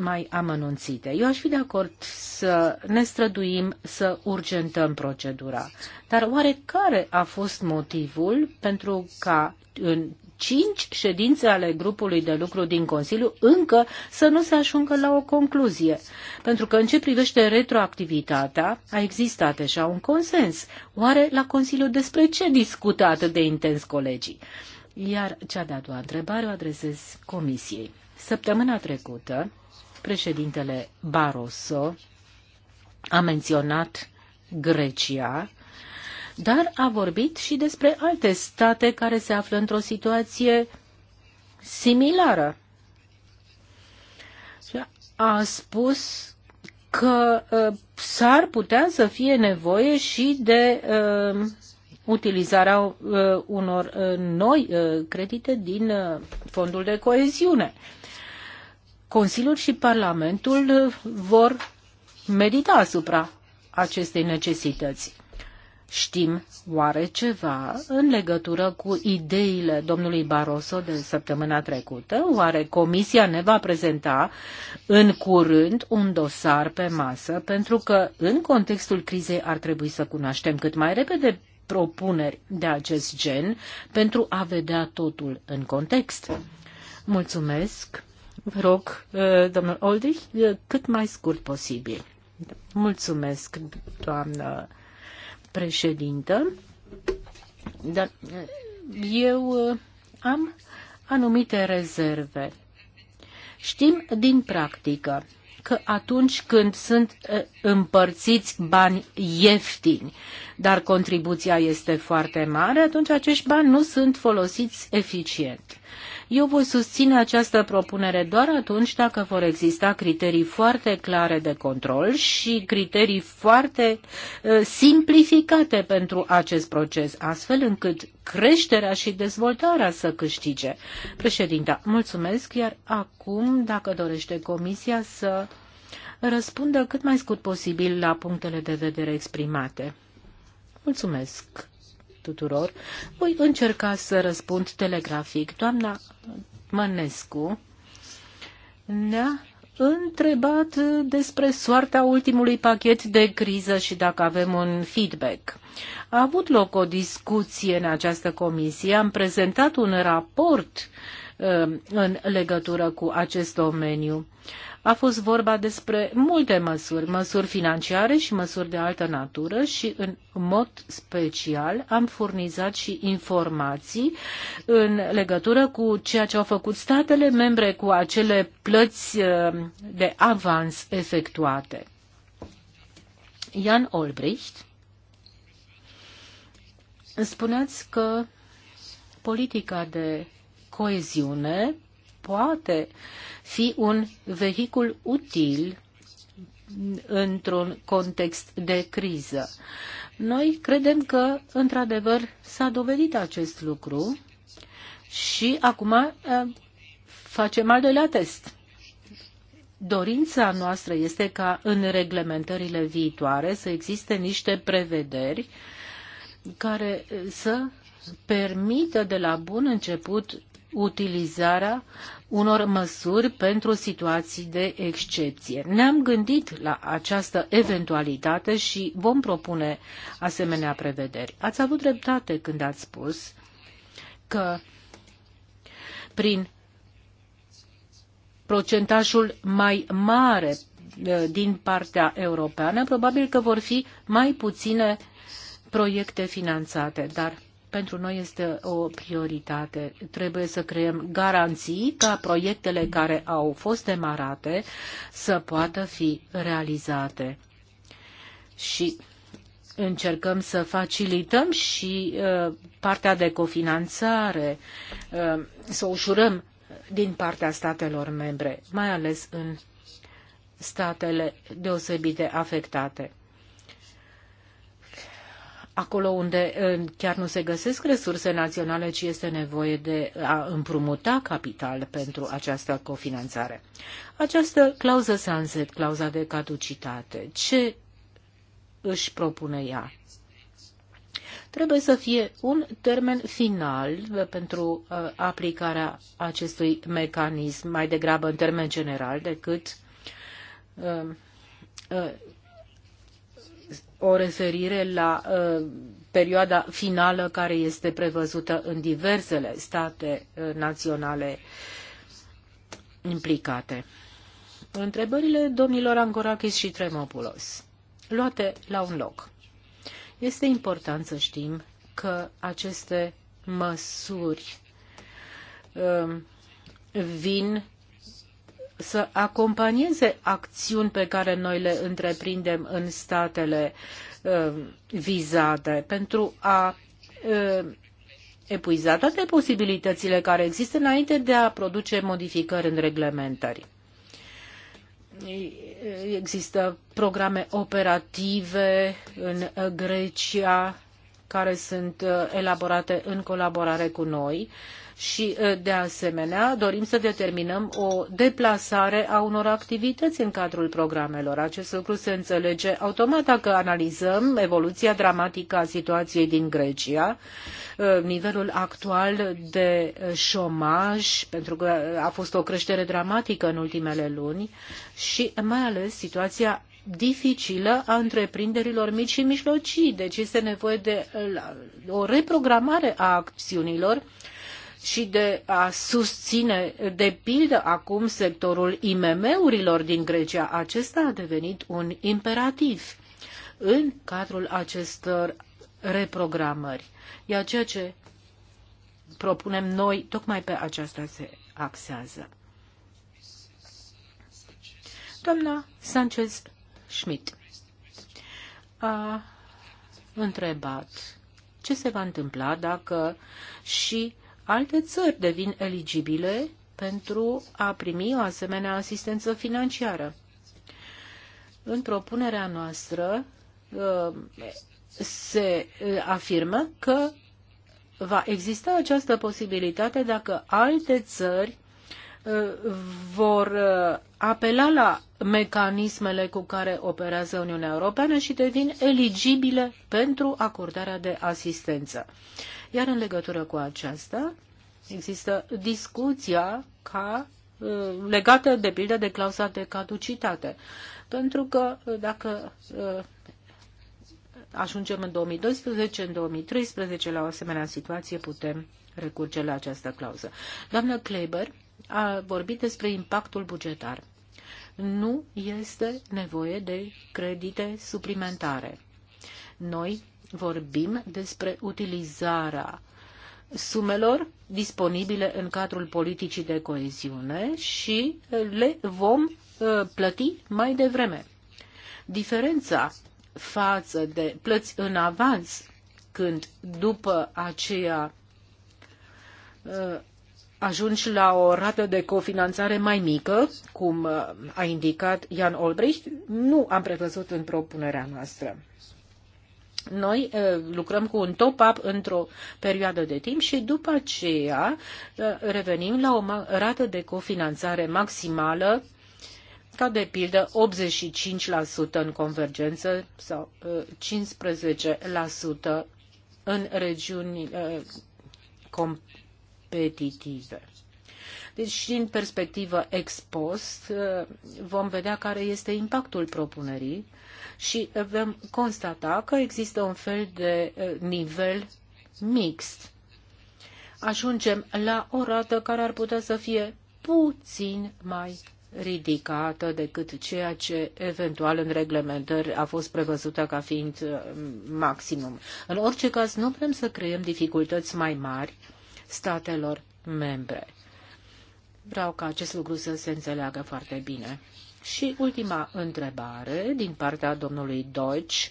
mai amănunțite. Eu aș fi de acord să ne străduim să urgentăm procedura. Dar oare care a fost motivul pentru ca în cinci ședințe ale grupului de lucru din Consiliu încă să nu se ajungă la o concluzie. Pentru că în ce privește retroactivitatea, a existat deja un consens. Oare la Consiliu despre ce discută atât de intens colegii? Iar cea de-a doua întrebare o adresez Comisiei. Săptămâna trecută, Președintele Barroso a menționat Grecia, dar a vorbit și despre alte state care se află într-o situație similară. A spus că uh, s-ar putea să fie nevoie și de uh, utilizarea uh, unor uh, noi uh, credite din uh, fondul de coeziune. Consiliul și Parlamentul uh, vor medita asupra acestei necesități. Știm oare ceva în legătură cu ideile domnului Barroso de săptămâna trecută? Oare Comisia ne va prezenta în curând un dosar pe masă? Pentru că în contextul crizei ar trebui să cunoaștem cât mai repede propuneri de acest gen pentru a vedea totul în context. Mulțumesc. Vă rog, uh, domnul Oldrich, uh, cât mai scurt posibil. Mulțumesc, doamnă președintă. Dar uh, eu am anumite rezerve. Știm din practică că atunci când sunt împărțiți bani ieftini, dar contribuția este foarte mare, atunci acești bani nu sunt folosiți eficient. Eu voi susține această propunere doar atunci dacă vor exista criterii foarte clare de control și criterii foarte uh, simplificate pentru acest proces, astfel încât creșterea și dezvoltarea să câștige. Președinta, mulțumesc, iar acum, dacă dorește Comisia să răspundă cât mai scurt posibil la punctele de vedere exprimate. Mulțumesc, tuturor. Voi încerca să răspund telegrafic. Doamna Mănescu ne-a întrebat despre soarta ultimului pachet de criză și dacă avem un feedback. A avut loc o discuție în această comisie, am prezentat un raport uh, Um, în legătură cu acest domeniu. A fost vorba despre multe măsuri, măsuri financiare și măsuri de altă natură și în mod special am furnizat și informații în legătură cu ceea ce au făcut statele membre cu acele plăți um, de avans efectuate. Jan Olbricht, spuneați că politica de coeziune poate fi un vehicul util într-un context de criză. Noi credem că, într-adevăr, s-a dovedit acest lucru și acum eh, facem al doilea test. Dorința noastră este ca în reglementările viitoare să existe niște prevederi care să permită de la bun început utilizarea unor măsuri pentru situații de excepție. Ne-am gândit la această eventualitate și vom propune asemenea prevederi. Ați avut dreptate când ați spus că prin procentajul mai mare eh, din partea europeană, probabil că vor fi mai puține proiecte finanțate, dar pentru noi este o prioritate. Trebuie să creăm garanții ca proiectele care au fost demarate să poată fi realizate. Și încercăm să facilităm și uh, partea de cofinanțare, uh, să ușurăm din partea statelor membre, mai ales în statele deosebit de afectate acolo unde chiar nu se găsesc resurse naționale, ci este nevoie de a împrumuta capital pentru această cofinanțare. Această clauză sunset, clauza de caducitate, ce își propune ea? Trebuie să fie un termen final pentru aplicarea acestui mecanism, mai degrabă în termen general decât o referire la uh, perioada finală care este prevăzută în diversele state uh, naționale implicate. Întrebările domnilor Angorakis și Tremopulos, luate la un loc. Este important să știm că aceste măsuri uh, vin să acompanieze acțiuni pe care noi le întreprindem în statele uh, vizate pentru a uh, epuiza toate posibilitățile care există înainte de a produce modificări în reglementări. Există programe operative în Grecia care sunt uh, elaborate în colaborare cu noi și, de asemenea, dorim să determinăm o deplasare a unor activități în cadrul programelor. Acest lucru se înțelege automat dacă analizăm evoluția dramatică a situației din Grecia, nivelul actual de șomaj, pentru că a fost o creștere dramatică în ultimele luni, și mai ales situația dificilă a întreprinderilor mici și mijlocii. Deci este nevoie de o reprogramare a acțiunilor și de a susține, de pildă, acum sectorul IMM-urilor din Grecia. Acesta a devenit un imperativ în cadrul acestor reprogramări. Iar ceea ce propunem noi, tocmai pe aceasta se axează. Doamna Sanchez Schmidt a întrebat ce se va întâmpla dacă și uh, alte țări devin eligibile pentru a primi o asemenea asistență financiară. În propunerea noastră uh, se uh, afirmă că va exista această posibilitate dacă alte țări uh, vor apela la mecanismele cu care operează Uniunea Europeană și devin eligibile pentru acordarea de asistență. Iar în legătură cu aceasta există discuția ca uh, legată de pildă de clauza de caducitate. Pentru că uh, dacă uh, ajungem în 2012, în 2013 la o asemenea situație putem recurge la această clauză. Doamna Kleber a vorbit despre impactul bugetar. Nu este nevoie de credite suplimentare. Noi vorbim despre utilizarea sumelor disponibile în cadrul politicii de coeziune și le vom uh, plăti mai devreme. Diferența față de plăți în avans, când după aceea uh, ajungi la o rată de cofinanțare mai mică, cum uh, a indicat Jan Olbricht, nu am prevăzut în propunerea noastră. Noi eh, lucrăm cu un top-up într-o perioadă de timp și după aceea eh, revenim la o rată de cofinanțare maximală ca de pildă 85% în convergență sau 15% eh, în regiuni competitive. Deci și în perspectivă ex post uh, vom vedea care este impactul propunerii și vom constata că există un fel de uh, nivel mixt. Ajungem la o rată care ar putea să fie puțin mai ridicată decât ceea ce eventual în reglementări a fost prevăzută ca fiind uh, maximum. În orice caz, nu vrem să creăm dificultăți mai mari statelor membre. Vreau ca acest lucru să se înțeleagă foarte bine. Și ultima întrebare din partea domnului Deutsch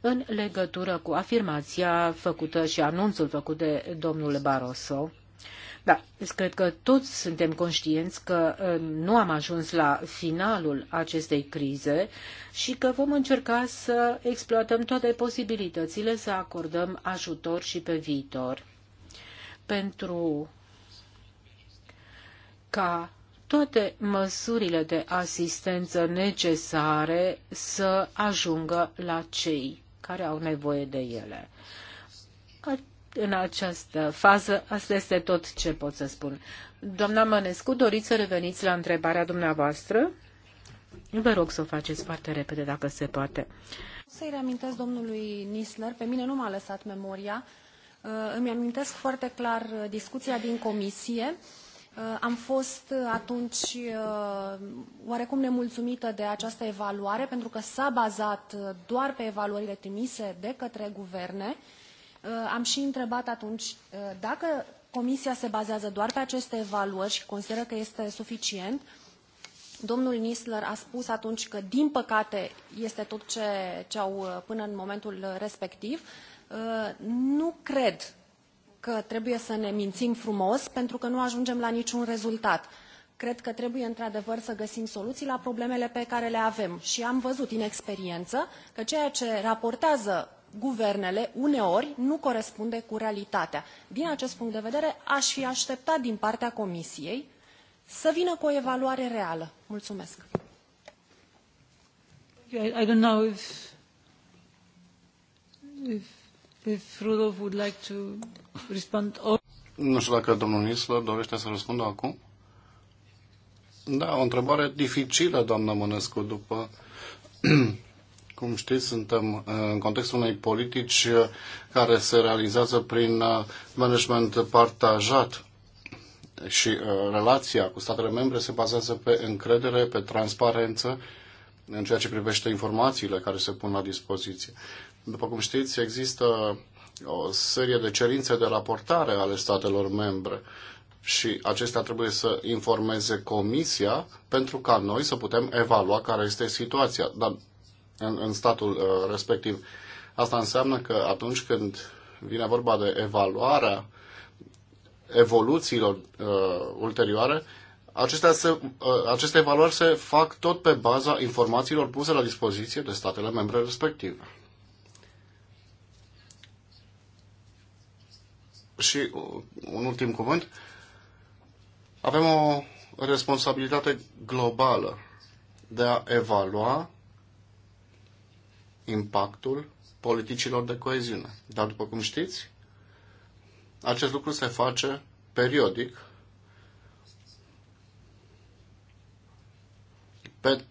în legătură cu afirmația făcută și anunțul făcut de domnul Barroso. Da, deci cred că toți suntem conștienți că uh, nu am ajuns la finalul acestei crize și că vom încerca să exploatăm toate posibilitățile să acordăm ajutor și pe viitor. Pentru ca toate măsurile de asistență necesare să ajungă la cei care au nevoie de ele. În această fază, asta este tot ce pot să spun. Doamna Mănescu, doriți să reveniți la întrebarea dumneavoastră? Vă rog să o faceți foarte repede, dacă se poate. Să-i reamintesc domnului Nisler, pe mine nu m-a lăsat memoria. Îmi amintesc foarte clar uh, discuția din comisie Uh, am fost uh, atunci uh, oarecum nemulțumită de această evaluare, pentru că s-a bazat doar pe evaluările trimise de către guverne. Am și întrebat atunci dacă Comisia se bazează doar pe aceste evaluări și consideră că este suficient. Domnul Nisler a spus atunci că, din păcate, este tot ce, ce au până în momentul respectiv. Nu cred că trebuie să ne mințim frumos pentru că nu ajungem la niciun rezultat. Cred că trebuie într-adevăr să găsim soluții la problemele pe care le avem. Și am văzut în experiență că ceea ce raportează guvernele uneori nu corespunde cu realitatea. Din acest punct de vedere, aș fi așteptat din partea Comisiei să vină cu o evaluare reală. Mulțumesc. I don't know if, if nu știu dacă domnul Isler dorește să răspundă acum. Da, o întrebare dificilă, doamnă Mănescu, după (clears throat) cum știți, suntem uh, în contextul unei politici uh, care se realizează prin uh, management partajat și relația cu statele membre se bazează pe încredere, pe transparență în ceea ce privește informațiile care se pun la dispoziție. După cum știți, există o serie de cerințe de raportare ale statelor membre și acestea trebuie să informeze Comisia pentru ca noi să putem evalua care este situația dar în, în statul uh, respectiv. Asta înseamnă că atunci când vine vorba de evaluarea evoluțiilor uh, ulterioare, acestea se, uh, aceste evaluări se fac tot pe baza informațiilor puse la dispoziție de statele membre respective. Și uh, un ultim cuvânt. Avem o responsabilitate globală de a evalua impactul politicilor de coeziune. Dar, după cum știți, acest lucru se face periodic pe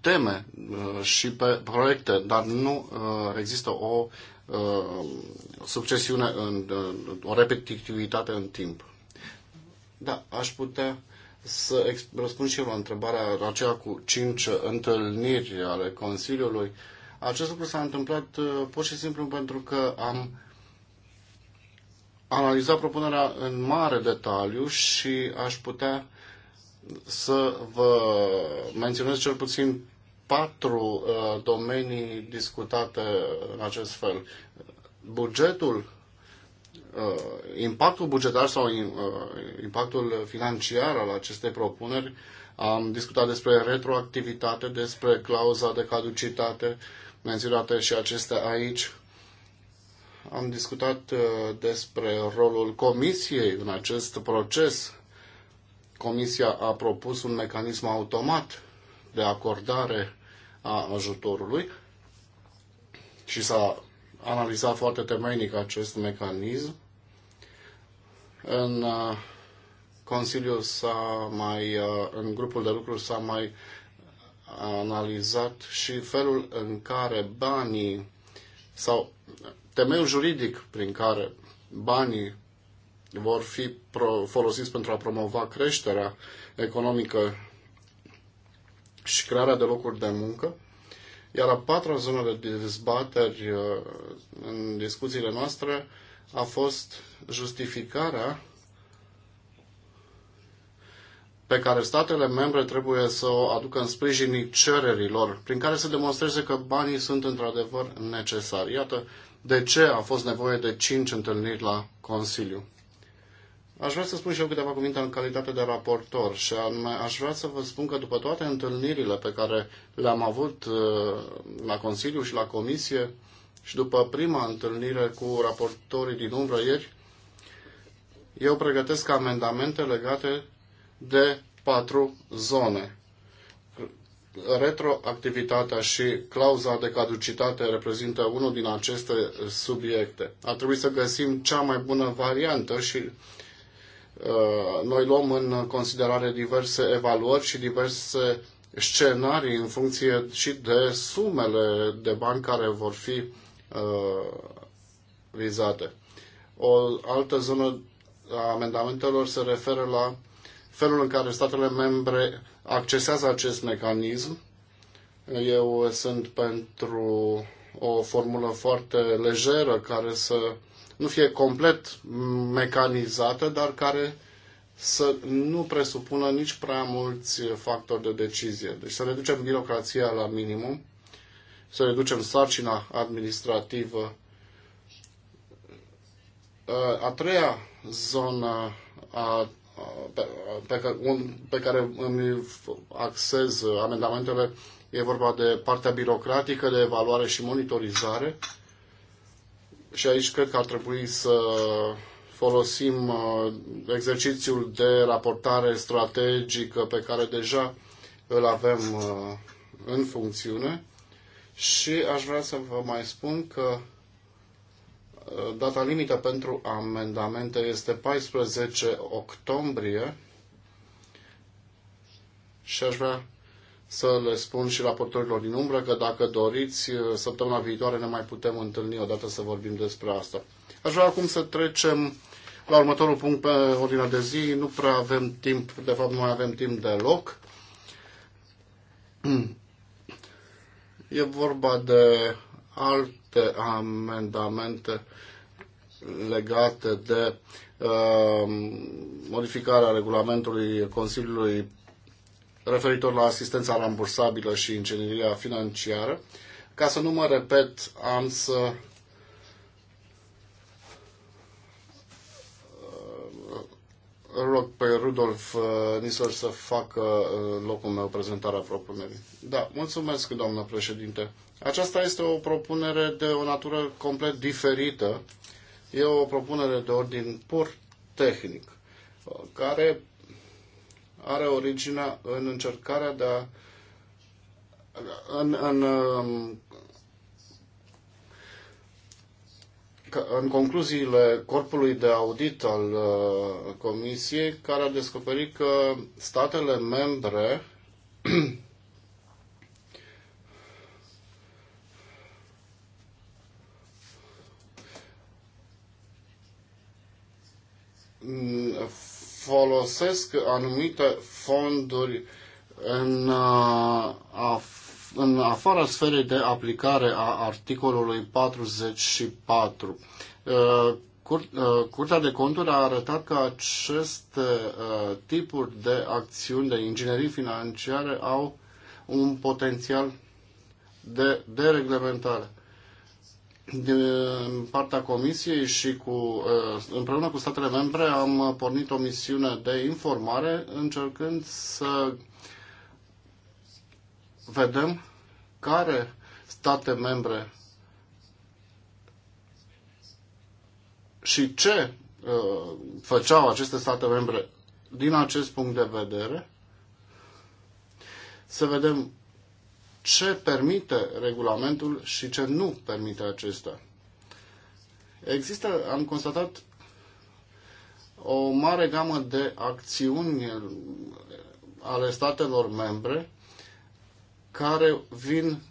teme uh, și pe proiecte, dar nu uh, există o Uh, succesiune, în, în, o repetitivitate în timp. Da, aș putea să răspund și eu la întrebarea aceea cu cinci întâlniri ale Consiliului. Acest lucru s-a întâmplat uh, pur și simplu pentru că am analizat propunerea în mare detaliu și aș putea să vă menționez cel puțin patru uh, domenii discutate în acest fel. Bugetul, uh, impactul bugetar sau uh, impactul financiar al acestei propuneri, am discutat despre retroactivitate, despre clauza de caducitate, menționate și acestea aici. Am discutat uh, despre rolul comisiei în acest proces. Comisia a propus un mecanism automat de acordare a ajutorului și s-a analizat foarte temeinic acest mecanism. În uh, Consiliul s-a mai, uh, în grupul de lucru s-a mai analizat și felul în care banii sau temeiul juridic prin care banii vor fi folosiți pentru a promova creșterea economică și crearea de locuri de muncă. Iar a patra zonă de dezbateri uh, în discuțiile noastre a fost justificarea pe care statele membre trebuie să o aducă în sprijinii cererilor, prin care se demonstreze că banii sunt într-adevăr necesari. Iată de ce a fost nevoie de cinci întâlniri la Consiliu. Aș vrea să spun și eu câteva cuvinte în calitate de raportor și anume aș vrea să vă spun că după toate întâlnirile pe care le-am avut uh, la Consiliu și la Comisie și după prima întâlnire cu raportorii din umbră ieri, eu pregătesc amendamente legate de patru zone. Retroactivitatea și clauza de caducitate reprezintă unul din aceste subiecte. Ar trebui să găsim cea mai bună variantă și Uh, noi luăm în considerare diverse evaluări și diverse scenarii în funcție și de sumele de bani care vor fi uh, vizate. O altă zonă a amendamentelor se referă la felul în care statele membre accesează acest mecanism. Eu sunt pentru o formulă foarte lejeră care să nu fie complet mecanizată, dar care să nu presupună nici prea mulți factori de decizie. Deci să reducem birocrația la minimum, să reducem sarcina administrativă. A treia zonă a, pe, pe, care, un, pe care îmi axez amendamentele e vorba de partea birocratică, de evaluare și monitorizare și aici cred că ar trebui să folosim uh, exercițiul de raportare strategică pe care deja îl avem uh, în funcțiune și aș vrea să vă mai spun că uh, data limită pentru amendamente este 14 octombrie și aș vrea să le spun și raportorilor din umbră că dacă doriți, uh, săptămâna viitoare ne mai putem întâlni odată să vorbim despre asta. Aș vrea acum să trecem la următorul punct pe ordinea de zi. Nu prea avem timp, de fapt nu mai avem timp deloc. E vorba de alte amendamente legate de uh, modificarea regulamentului Consiliului referitor la asistența rambursabilă și ingineria financiară. Ca să nu mă repet, am să uh, rog pe Rudolf uh, Nisor să facă uh, locul meu prezentarea propunerii. Da, mulțumesc, doamnă președinte. Aceasta este o propunere de o natură complet diferită. E o propunere de ordin pur tehnic, care are originea în încercarea de a în, în, um, în concluziile corpului de audit al uh, Comisiei, care a descoperit că statele membre folosesc anumite fonduri în, uh, în afara sferei de aplicare a articolului 44. Uh, uh, Curtea de conturi a arătat că aceste tipuri de acțiuni de inginerii financiare au un potențial de dereglementare din partea Comisiei și cu, uh, împreună cu statele membre am pornit o misiune de informare încercând să vedem care state membre și ce uh, făceau aceste state membre din acest punct de vedere, să vedem ce permite regulamentul și ce nu permite acesta. Există, am constatat, o mare gamă de acțiuni ale statelor membre care vin,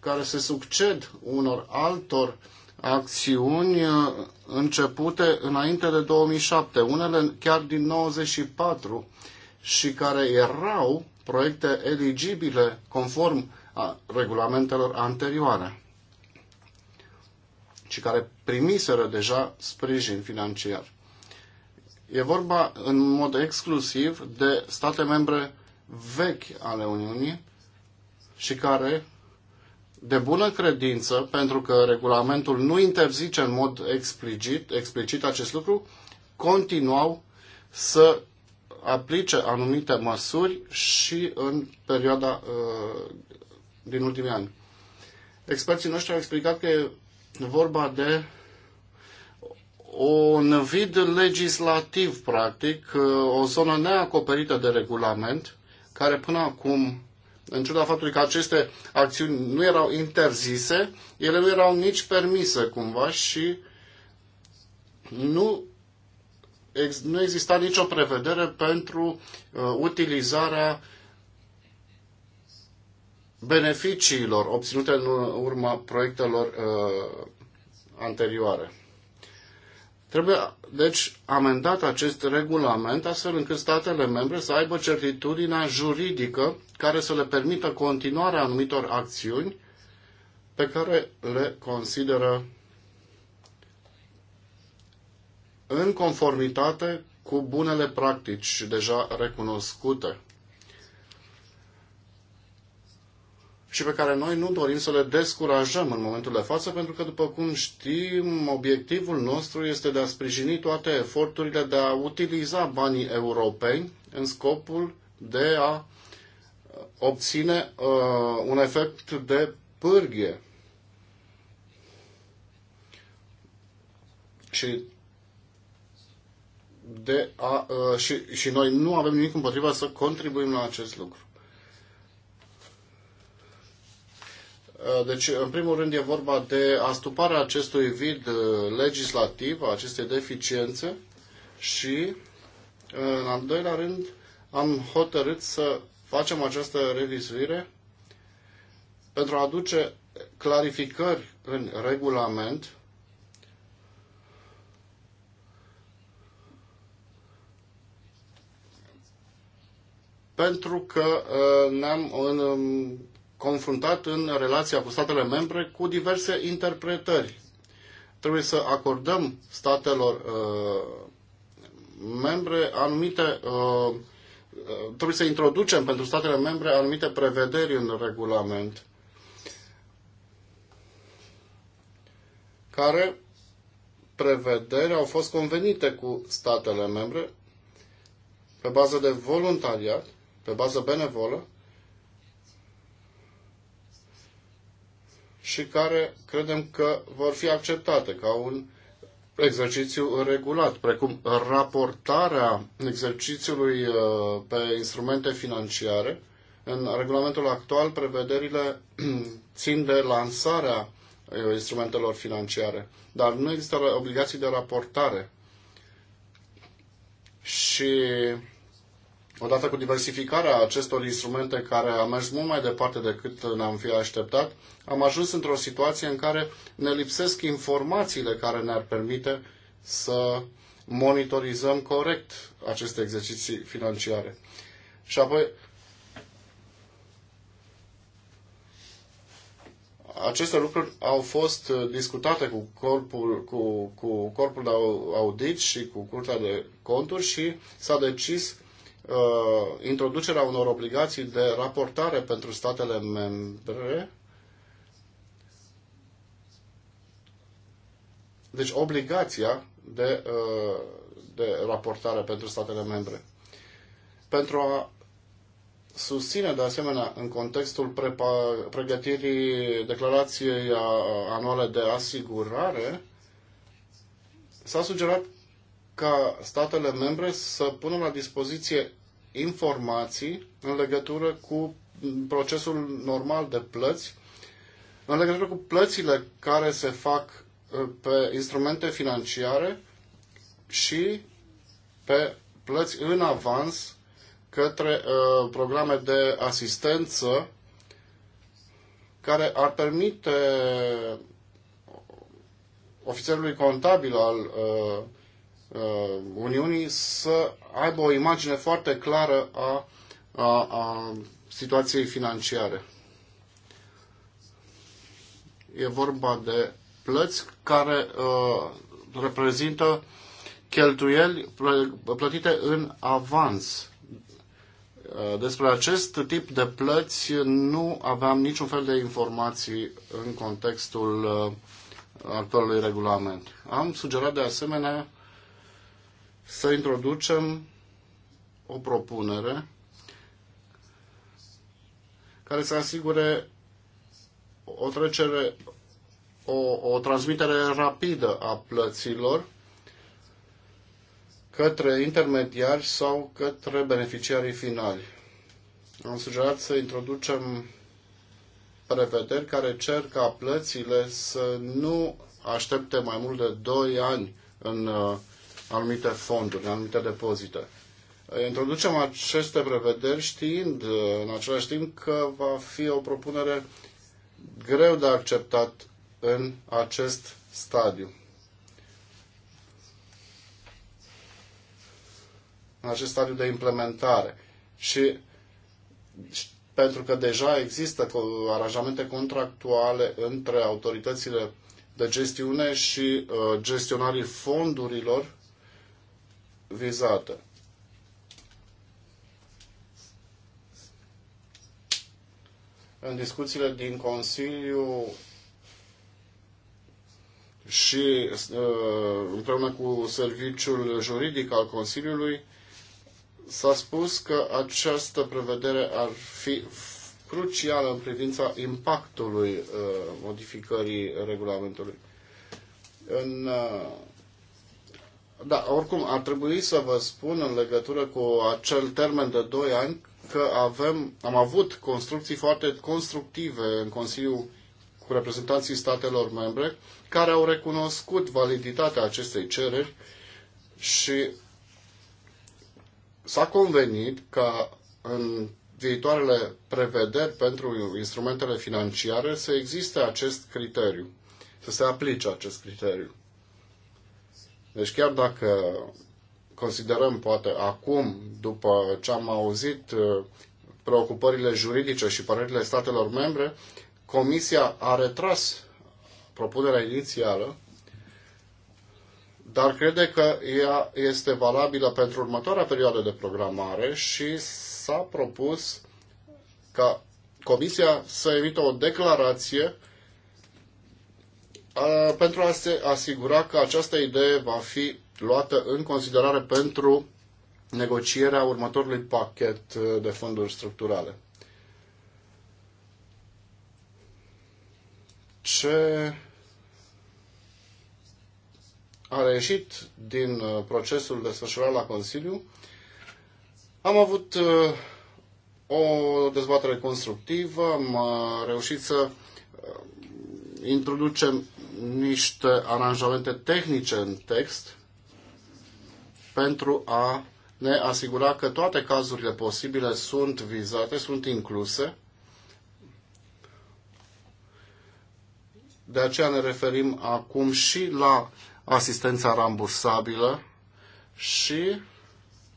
care se succed unor altor acțiuni uh, începute înainte de 2007, unele chiar din 94 și care erau proiecte eligibile conform a regulamentelor anterioare și care primiseră deja sprijin financiar. E vorba în mod exclusiv de state membre vechi ale Uniunii și care, de bună credință, pentru că regulamentul nu interzice în mod explicit, explicit acest lucru, continuau să aplice anumite măsuri și în perioada uh, din ultimii ani. Experții noștri au explicat că e vorba de un vid legislativ, practic, o zonă neacoperită de regulament, care până acum, în ciuda faptului că aceste acțiuni nu erau interzise, ele nu erau nici permise cumva și nu, ex, nu exista nicio prevedere pentru uh, utilizarea beneficiilor obținute în urma proiectelor uh, anterioare. Trebuie, deci, amendat acest regulament astfel încât statele membre să aibă certitudinea juridică care să le permită continuarea anumitor acțiuni pe care le consideră în conformitate cu bunele practici deja recunoscute. și pe care noi nu dorim să le descurajăm în momentul de față, pentru că, după cum știm, obiectivul nostru este de a sprijini toate eforturile de a utiliza banii europeni în scopul de a uh, obține uh, un efect de pârghie. Și de a, uh, și, și noi nu avem nimic împotriva să contribuim la acest lucru. Uh, deci, în primul rând, e vorba de astuparea acestui vid uh, legislativ, a acestei deficiențe și, uh, în al doilea rând, am hotărât să facem această revizuire pentru a aduce clarificări în regulament pentru că ne-am um, confruntat în relația cu statele membre cu diverse interpretări. Trebuie să acordăm statelor uh, membre anumite. Uh, uh, trebuie să introducem pentru statele membre anumite prevederi în regulament care prevederi au fost convenite cu statele membre pe bază de voluntariat, pe bază benevolă, și care credem că vor fi acceptate ca un exercițiu regulat, precum raportarea exercițiului uh, pe instrumente financiare. În regulamentul actual, prevederile (clears throat) țin de lansarea uh, instrumentelor financiare, dar nu există obligații de raportare. Și odată cu diversificarea acestor instrumente care a mers mult mai departe decât ne-am fi așteptat, am ajuns într-o situație în care ne lipsesc informațiile care ne-ar permite să monitorizăm corect aceste exerciții financiare. Și apoi, aceste lucruri au fost discutate cu corpul, cu, cu corpul de audit și cu curtea de conturi și s-a decis uh, introducerea unor obligații de raportare pentru statele membre. Deci obligația de, uh, de raportare pentru statele membre. Pentru a susține de asemenea în contextul pregătirii declarației anuale de asigurare, s-a sugerat ca statele membre să pună la dispoziție informații în legătură cu procesul normal de plăți, în legătură cu plățile care se fac uh, pe instrumente financiare și pe plăți în avans către uh, programe de asistență care ar permite ofițerului contabil al uh, Uh, Uniunii să aibă o imagine foarte clară a, a, a situației financiare. E vorba de plăți care uh, reprezintă cheltuieli plătite în avans. Uh, despre acest tip de plăți nu aveam niciun fel de informații în contextul uh, actualului regulament. Am sugerat de asemenea să introducem o propunere care să asigure o trecere, o, o transmitere rapidă a plăților către intermediari sau către beneficiarii finali. Am sugerat să introducem prevederi care cer ca plățile să nu aștepte mai mult de 2 ani în uh, anumite fonduri, anumite depozite. Introducem aceste prevederi știind în același timp că va fi o propunere greu de acceptat în acest stadiu. În acest stadiu de implementare. Și pentru că deja există aranjamente contractuale între autoritățile de gestiune și uh, gestionarii fondurilor vizată. În discuțiile din Consiliu și uh, împreună cu serviciul juridic al Consiliului s-a spus că această prevedere ar fi crucială în privința impactului uh, modificării regulamentului. În uh, da, oricum, ar trebui să vă spun în legătură cu acel termen de 2 ani că avem, am avut construcții foarte constructive în Consiliul cu reprezentanții statelor membre care au recunoscut validitatea acestei cereri și s-a convenit că în viitoarele prevederi pentru instrumentele financiare să existe acest criteriu, să se aplice acest criteriu. Deci chiar dacă considerăm poate acum, după ce am auzit uh, preocupările juridice și părerile statelor membre, Comisia a retras propunerea inițială, dar crede că ea este valabilă pentru următoarea perioadă de programare și s-a propus ca Comisia să emită o declarație pentru a se asigura că această idee va fi luată în considerare pentru negocierea următorului pachet uh, de fonduri structurale. Ce a reieșit din uh, procesul desfășurat la Consiliu, am avut uh, o dezbatere constructivă, am reușit să introducem niște aranjamente tehnice în text pentru a ne asigura că toate cazurile posibile sunt vizate, sunt incluse. De aceea ne referim acum și la asistența rambursabilă și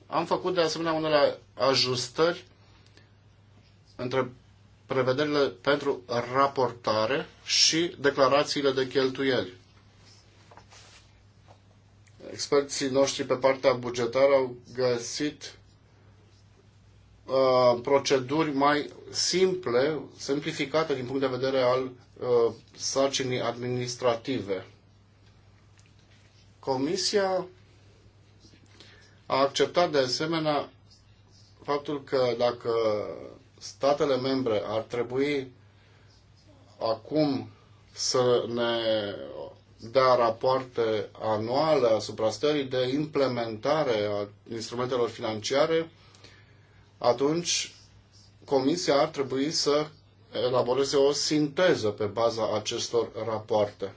am făcut de asemenea unele ajustări între prevederile pentru raportare și declarațiile de cheltuieli. Experții noștri pe partea bugetară au găsit uh, proceduri mai simple, simplificate din punct de vedere al uh, sarcinii administrative. Comisia a acceptat de asemenea faptul că dacă statele membre ar trebui acum să ne dea rapoarte anuale asupra stării de implementare a instrumentelor financiare, atunci Comisia ar trebui să elaboreze o sinteză pe baza acestor rapoarte.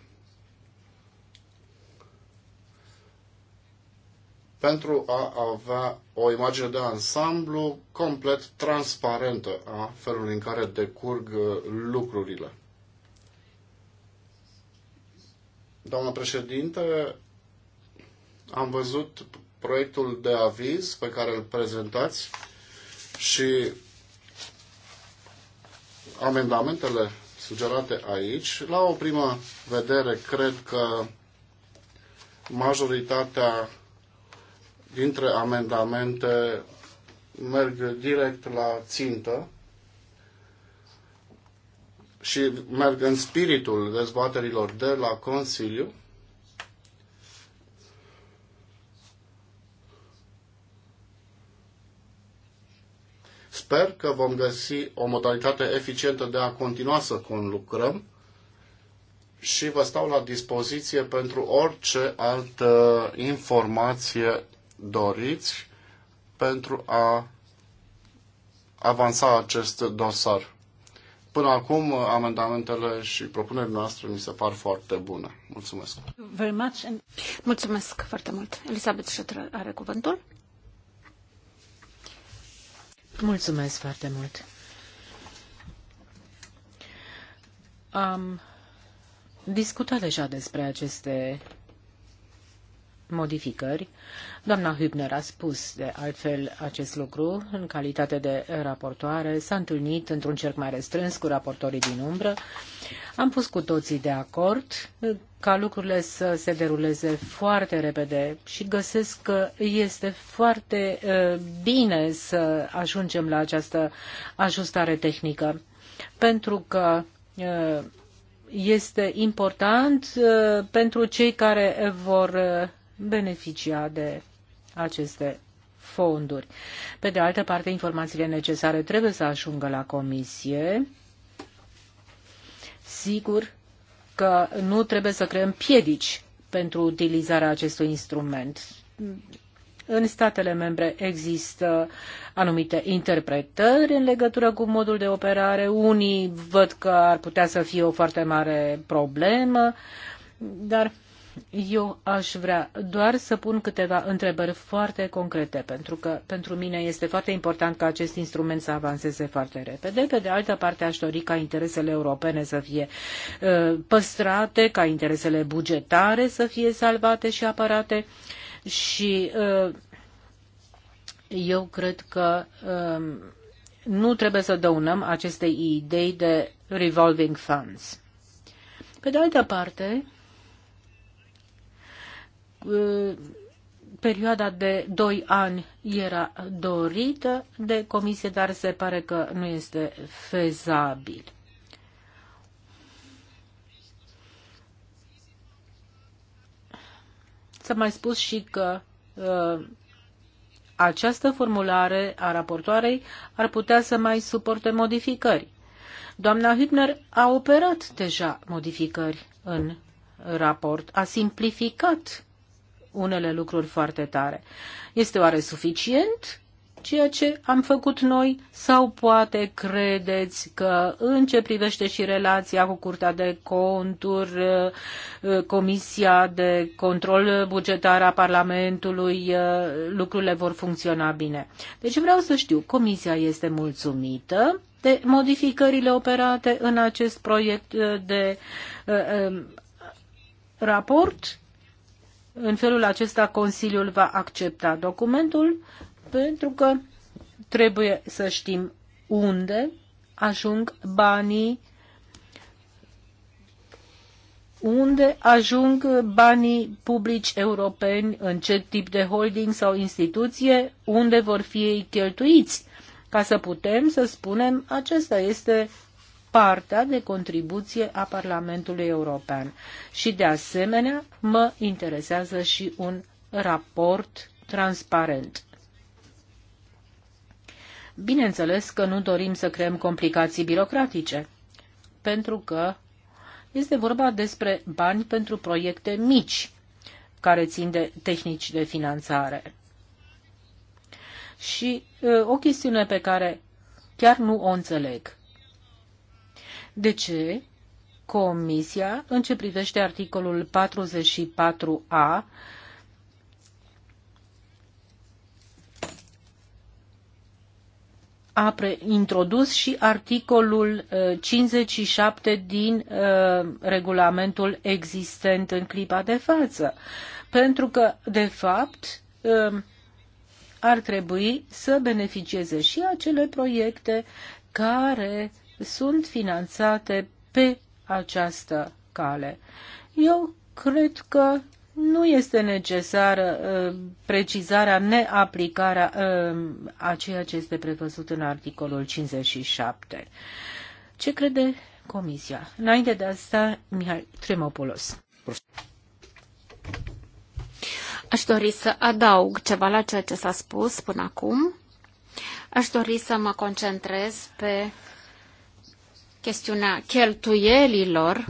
pentru a avea o imagine de ansamblu complet transparentă a felului în care decurg uh, lucrurile. Doamna președinte, am văzut proiectul de aviz pe care îl prezentați și amendamentele sugerate aici. La o primă vedere, cred că majoritatea dintre amendamente merg direct la țintă și merg în spiritul dezbaterilor de la Consiliu. Sper că vom găsi o modalitate eficientă de a continua să conlucrăm și vă stau la dispoziție pentru orice altă informație doriți pentru a avansa acest dosar. Până acum, amendamentele și propunerile noastre mi se par foarte bune. Mulțumesc. Very much and... Mulțumesc foarte mult. Elisabeth Șetră are cuvântul. Mulțumesc foarte mult. Am discutat deja despre aceste modificări. Doamna Hübner a spus de altfel acest lucru în calitate de raportoare, s-a întâlnit într-un cerc mai restrâns cu raportorii din umbră. Am pus cu toții de acord ca lucrurile să se deruleze foarte repede și găsesc că este foarte uh, bine să ajungem la această ajustare tehnică, pentru că uh, este important uh, pentru cei care vor beneficia de aceste fonduri. Pe de altă parte, informațiile necesare trebuie să ajungă la comisie. Sigur că nu trebuie să creăm piedici pentru utilizarea acestui instrument. În statele membre există anumite interpretări în legătură cu modul de operare. Unii văd că ar putea să fie o foarte mare problemă, dar eu aș vrea doar să pun câteva întrebări foarte concrete, pentru că pentru mine este foarte important ca acest instrument să avanseze foarte repede. Pe de altă parte, aș dori ca interesele europene să fie uh, păstrate, ca interesele bugetare să fie salvate și apărate și uh, eu cred că uh, nu trebuie să dăunăm acestei idei de revolving funds. Pe de altă parte, Uh, perioada de 2 ani era dorită de comisie, dar se pare că nu este fezabil. S-a mai spus și că uh, această formulare a raportoarei ar putea să mai suporte modificări. Doamna Hübner a operat deja modificări în raport, a simplificat unele lucruri foarte tare. Este oare suficient ceea ce am făcut noi sau poate credeți că în ce privește și relația cu Curtea de Conturi, uh, Comisia de Control Bugetar a Parlamentului, uh, lucrurile vor funcționa bine. Deci vreau să știu, Comisia este mulțumită de modificările operate în acest proiect uh, de um, raport în felul acesta Consiliul va accepta documentul pentru că trebuie să știm unde ajung banii unde ajung banii publici europeni, în ce tip de holding sau instituție, unde vor fi ei cheltuiți, ca să putem să spunem acesta este partea de contribuție a Parlamentului European. Și de asemenea mă interesează și un raport transparent. Bineînțeles că nu dorim să creăm complicații birocratice, pentru că este vorba despre bani pentru proiecte mici care țin de tehnici de finanțare. Și uh, o chestiune pe care chiar nu o înțeleg de ce Comisia, în ce privește articolul 44a, a introdus și articolul 57 uh, din uh, regulamentul existent în clipa de față. Pentru că, de fapt, uh, ar trebui să beneficieze și acele proiecte care sunt finanțate pe această cale. Eu cred că nu este necesară uh, precizarea, neaplicarea uh, a ceea ce este prevăzut în articolul 57. Ce crede Comisia? Înainte de asta, Mihai Tremopoulos. Aș dori să adaug ceva la ceea ce s-a spus până acum. Aș dori să mă concentrez pe chestiunea cheltuielilor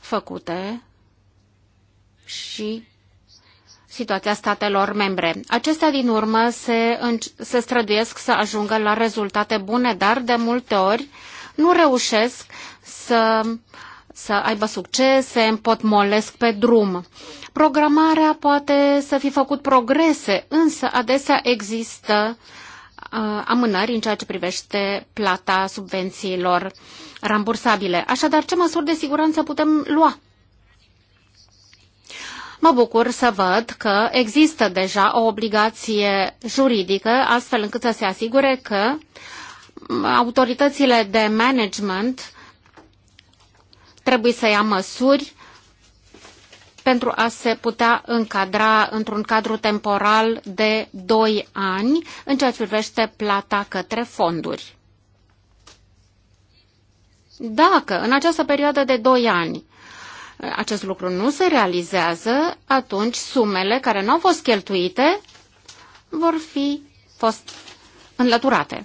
făcute și situația statelor membre. Acestea, din urmă, se, se străduiesc să ajungă la rezultate bune, dar de multe ori nu reușesc să, să aibă succes, se împotmolesc pe drum. Programarea poate să fi făcut progrese, însă adesea există uh, Uh, amânări în ceea ce privește plata subvențiilor rambursabile. Așadar, ce măsuri de siguranță putem lua? Mă bucur să văd că există deja o obligație juridică, astfel încât să se asigure că autoritățile de management trebuie să ia măsuri pentru a se putea încadra într-un cadru temporal de 2 ani în ceea ce privește plata către fonduri. Dacă în această perioadă de 2 ani acest lucru nu se realizează, atunci sumele care nu au fost cheltuite vor fi fost înlăturate.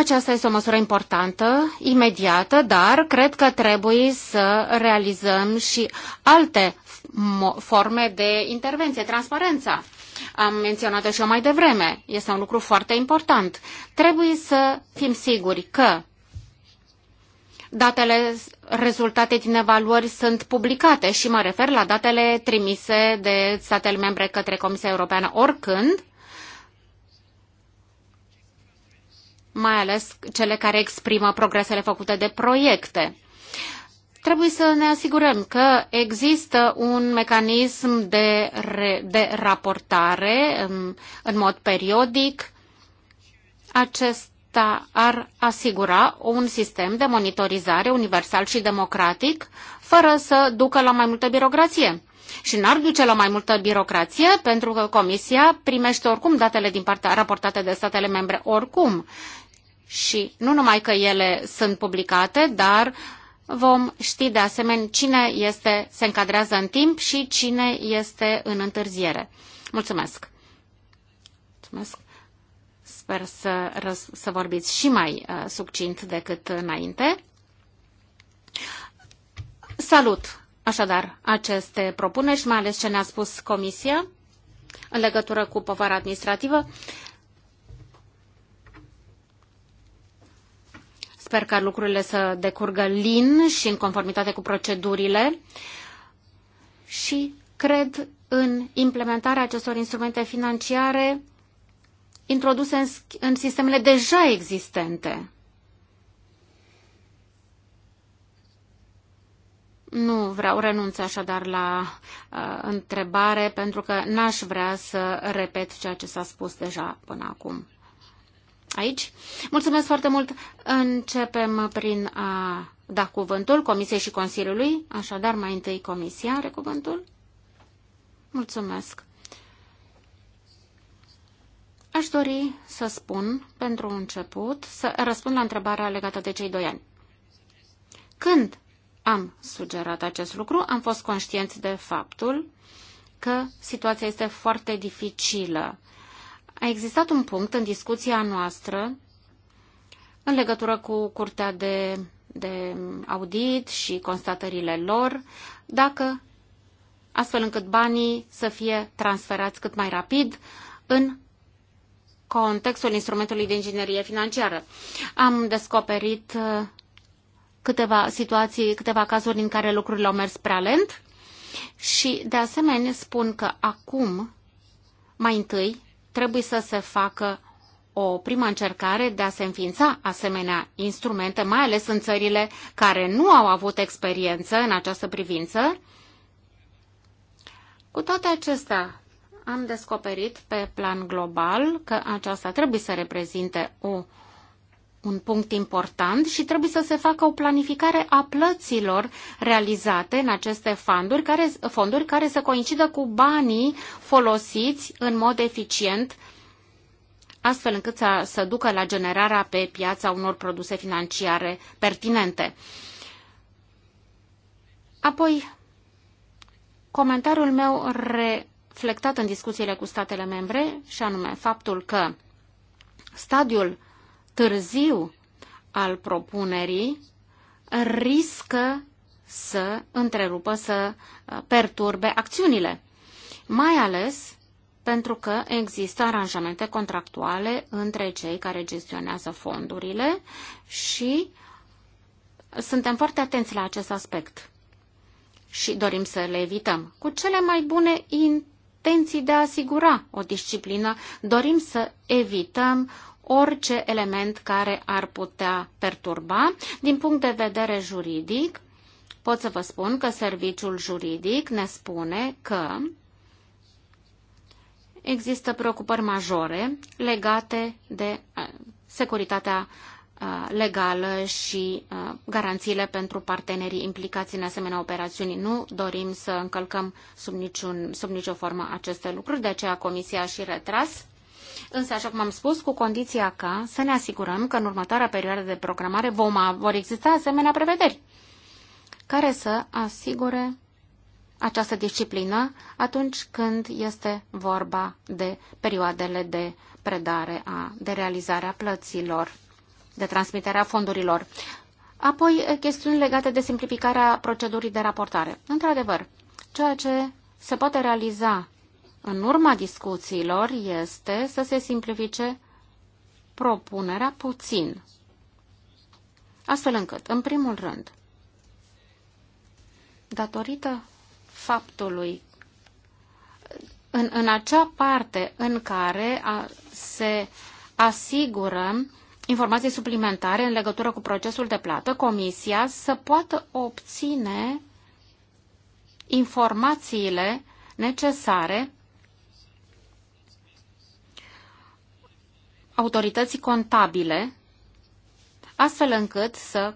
Aceasta este o măsură importantă, imediată, dar cred că trebuie să realizăm și alte forme de intervenție, transparența. Am menționat-o și eu mai devreme. Este un lucru foarte important. Trebuie să fim siguri că datele rezultate din evaluări sunt publicate și mă refer la datele trimise de statele membre către Comisia Europeană oricând, mai ales cele care exprimă progresele făcute de proiecte. Trebuie să ne asigurăm că există un mecanism de, re, de raportare în, um, în mod periodic. Acesta ar asigura un sistem de monitorizare universal și democratic, fără să ducă la mai multă birocrație și n-ar duce la mai multă birocrație, pentru că Comisia primește oricum datele din partea raportate de statele membre oricum și nu numai că ele sunt publicate, dar vom ști de asemenea cine este, se încadrează în timp și cine este în întârziere. Mulțumesc! Mulțumesc! Sper să, să vorbiți și mai uh, succint decât înainte. Salut așadar aceste propuneri și mai ales ce ne-a spus Comisia în legătură cu povara administrativă. Uh, Sper ca lucrurile să decurgă lin și în conformitate cu procedurile și cred în implementarea acestor instrumente financiare introduse în, în sistemele deja existente. Nu vreau, renunț așadar la uh, întrebare, pentru că n-aș vrea să repet ceea ce s-a spus deja până acum aici. Mulțumesc foarte mult. Începem prin a da cuvântul Comisiei și Consiliului. Așadar, mai întâi Comisia are cuvântul. Mulțumesc. Aș dori să spun, pentru început, să răspund la întrebarea legată de cei doi ani. Când am sugerat acest lucru, am fost conștienți de faptul că situația este foarte dificilă. A existat un punct în discuția noastră în legătură cu Curtea de, de Audit și constatările lor, dacă astfel încât banii să fie transferați cât mai rapid în contextul instrumentului de inginerie financiară. Am descoperit uh, câteva situații, câteva cazuri în care lucrurile au mers prea lent și, de asemenea, spun că acum, mai întâi, trebuie să se facă o primă încercare de a se înființa asemenea instrumente, mai ales în țările care nu au avut experiență în această privință. Cu toate acestea, am descoperit pe plan global că aceasta trebuie să reprezinte o un punct important și trebuie să se facă o planificare a plăților realizate în aceste fonduri care, fonduri care să coincidă cu banii folosiți în mod eficient astfel încât să, să ducă la generarea pe piața unor produse financiare pertinente. Apoi, comentariul meu reflectat în discuțiile cu statele membre, și anume faptul că stadiul târziu al propunerii riscă să întrerupă, să uh, perturbe acțiunile. Mai ales pentru că există aranjamente contractuale între cei care gestionează fondurile și suntem foarte atenți la acest aspect și dorim să le evităm. Cu cele mai bune intenții intenții de a asigura o disciplină, dorim să evităm orice element care ar putea perturba. Din punct de vedere juridic, pot să vă spun că serviciul juridic ne spune că există preocupări majore legate de eh, securitatea Uh, legală și uh, garanțiile pentru partenerii implicați în asemenea operațiuni. Nu dorim să încălcăm sub, niciun, sub nicio formă aceste lucruri, de aceea Comisia și retras. Însă, așa cum am spus, cu condiția ca să ne asigurăm că în următoarea perioadă de programare vom, vor exista asemenea prevederi care să asigure această disciplină atunci când este vorba de perioadele de predare, a, de realizarea plăților de transmitere a fondurilor. Apoi, chestiuni legate de simplificarea procedurii de raportare. Într-adevăr, ceea ce se poate realiza în urma discuțiilor este să se simplifice propunerea puțin. Astfel încât, în primul rând, datorită faptului în, în acea parte în care a, se asigură informații suplimentare în legătură cu procesul de plată, comisia să poată obține informațiile necesare autorității contabile, astfel încât să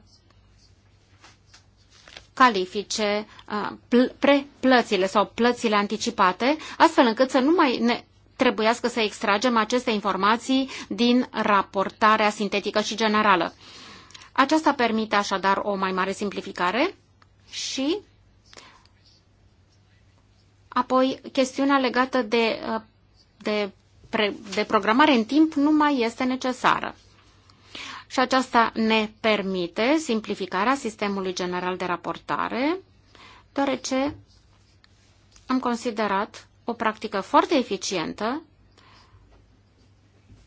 califice uh, preplățile sau plățile anticipate, astfel încât să nu mai ne trebuiască să extragem aceste informații din raportarea sintetică și generală. Aceasta permite așadar o mai mare simplificare și apoi chestiunea legată de, de, de programare în timp nu mai este necesară și aceasta ne permite simplificarea sistemului general de raportare, deoarece am considerat o practică foarte eficientă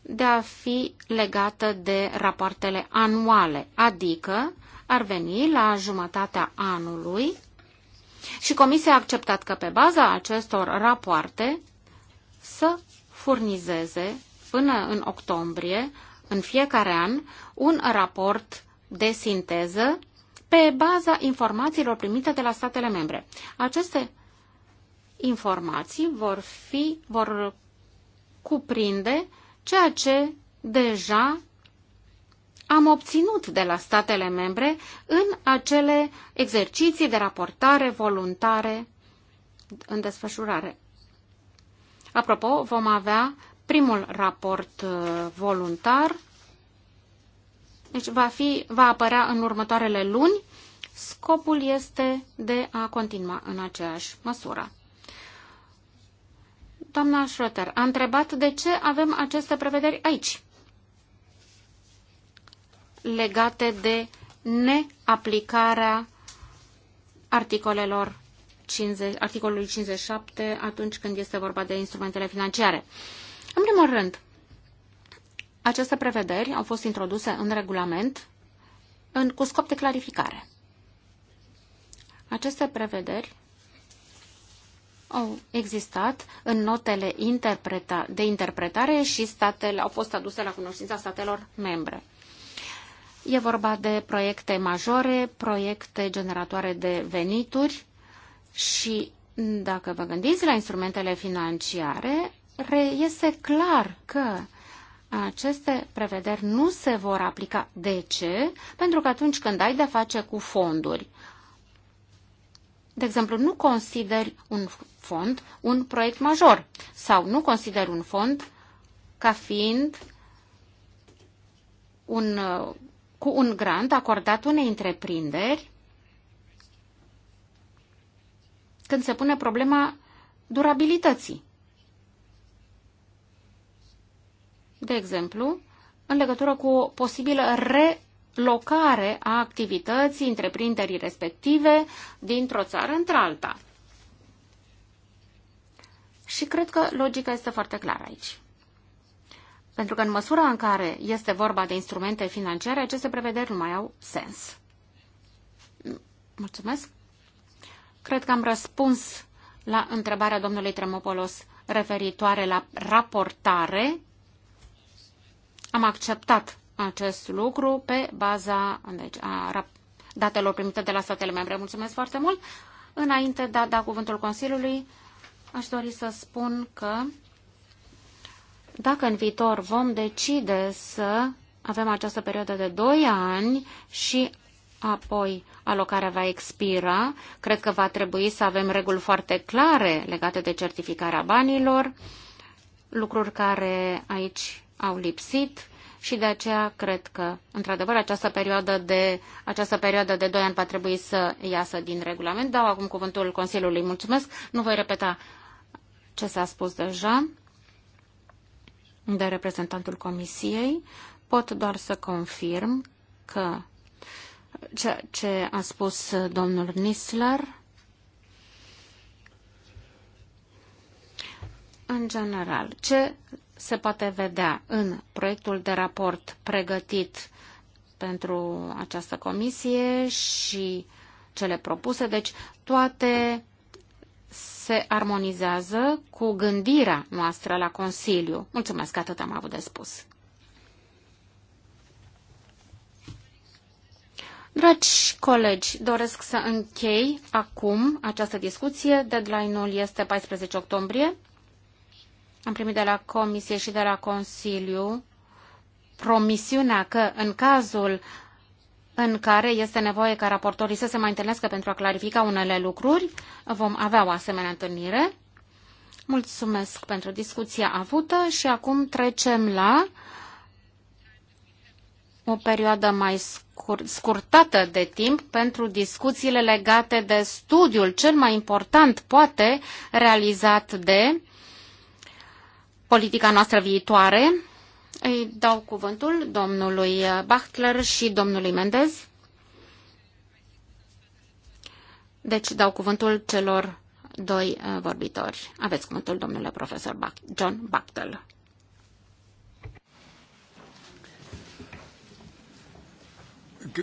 de a fi legată de rapoartele anuale, adică ar veni la jumătatea anului și Comisia a acceptat că pe baza acestor rapoarte să furnizeze până în octombrie, în fiecare an, un raport de sinteză pe baza informațiilor primite de la statele membre. Aceste informații vor fi, vor cuprinde ceea ce deja am obținut de la statele membre în acele exerciții de raportare voluntare în desfășurare. Apropo, vom avea primul raport uh, voluntar, deci va, fi, va apărea în următoarele luni. Scopul este de a continua în aceeași măsură. Doamna Schroeter a întrebat de ce avem aceste prevederi aici legate de neaplicarea articolelor 50, articolului 57 atunci când este vorba de instrumentele financiare. În primul rând, aceste prevederi au fost introduse în regulament în, cu scop de clarificare. Aceste prevederi au existat în notele interpreta de interpretare și statele, au fost aduse la cunoștința statelor membre. E vorba de proiecte majore, proiecte generatoare de venituri și, dacă vă gândiți la instrumentele financiare, este clar că aceste prevederi nu se vor aplica. De ce? Pentru că atunci când ai de face cu fonduri, de exemplu, nu consideri un fond un proiect major sau nu consideri un fond ca fiind un, uh, cu un grant acordat unei întreprinderi când se pune problema durabilității. De exemplu, în legătură cu o posibilă re locare a activității întreprinderii respective dintr-o țară într-alta. Și cred că logica este foarte clară aici. Pentru că în măsura în care este vorba de instrumente financiare, aceste prevederi nu mai au sens. Mulțumesc. Cred că am răspuns la întrebarea domnului Tremopolos referitoare la raportare. Am acceptat acest lucru pe baza deci, a datelor primite de la statele membre. Mulțumesc foarte mult! Înainte de a da cuvântul Consiliului, aș dori să spun că dacă în viitor vom decide să avem această perioadă de 2 ani și apoi alocarea va expira, cred că va trebui să avem reguli foarte clare legate de certificarea banilor, lucruri care aici au lipsit și de aceea cred că, într-adevăr, această perioadă de, această perioadă de 2 ani va trebui să iasă din regulament. Dau acum cuvântul Consiliului. Mulțumesc. Nu voi repeta ce s-a spus deja de reprezentantul Comisiei. Pot doar să confirm că ceea ce a spus domnul Nisler în general, ce se poate vedea în proiectul de raport pregătit pentru această comisie și cele propuse. Deci toate se armonizează cu gândirea noastră la Consiliu. Mulțumesc, atât am avut de spus. Dragi colegi, doresc să închei acum această discuție. Deadline-ul este 14 octombrie. Am primit de la Comisie și de la Consiliu promisiunea că în cazul în care este nevoie ca raportorii să se mai întâlnească pentru a clarifica unele lucruri, vom avea o asemenea întâlnire. Mulțumesc pentru discuția avută și acum trecem la o perioadă mai scurtată de timp pentru discuțiile legate de studiul cel mai important, poate, realizat de politica noastră viitoare. Îi dau cuvântul domnului Bachtler și domnului Mendez. Deci dau cuvântul celor doi uh, vorbitori. Aveți cuvântul domnule profesor Bach- John Bachtler.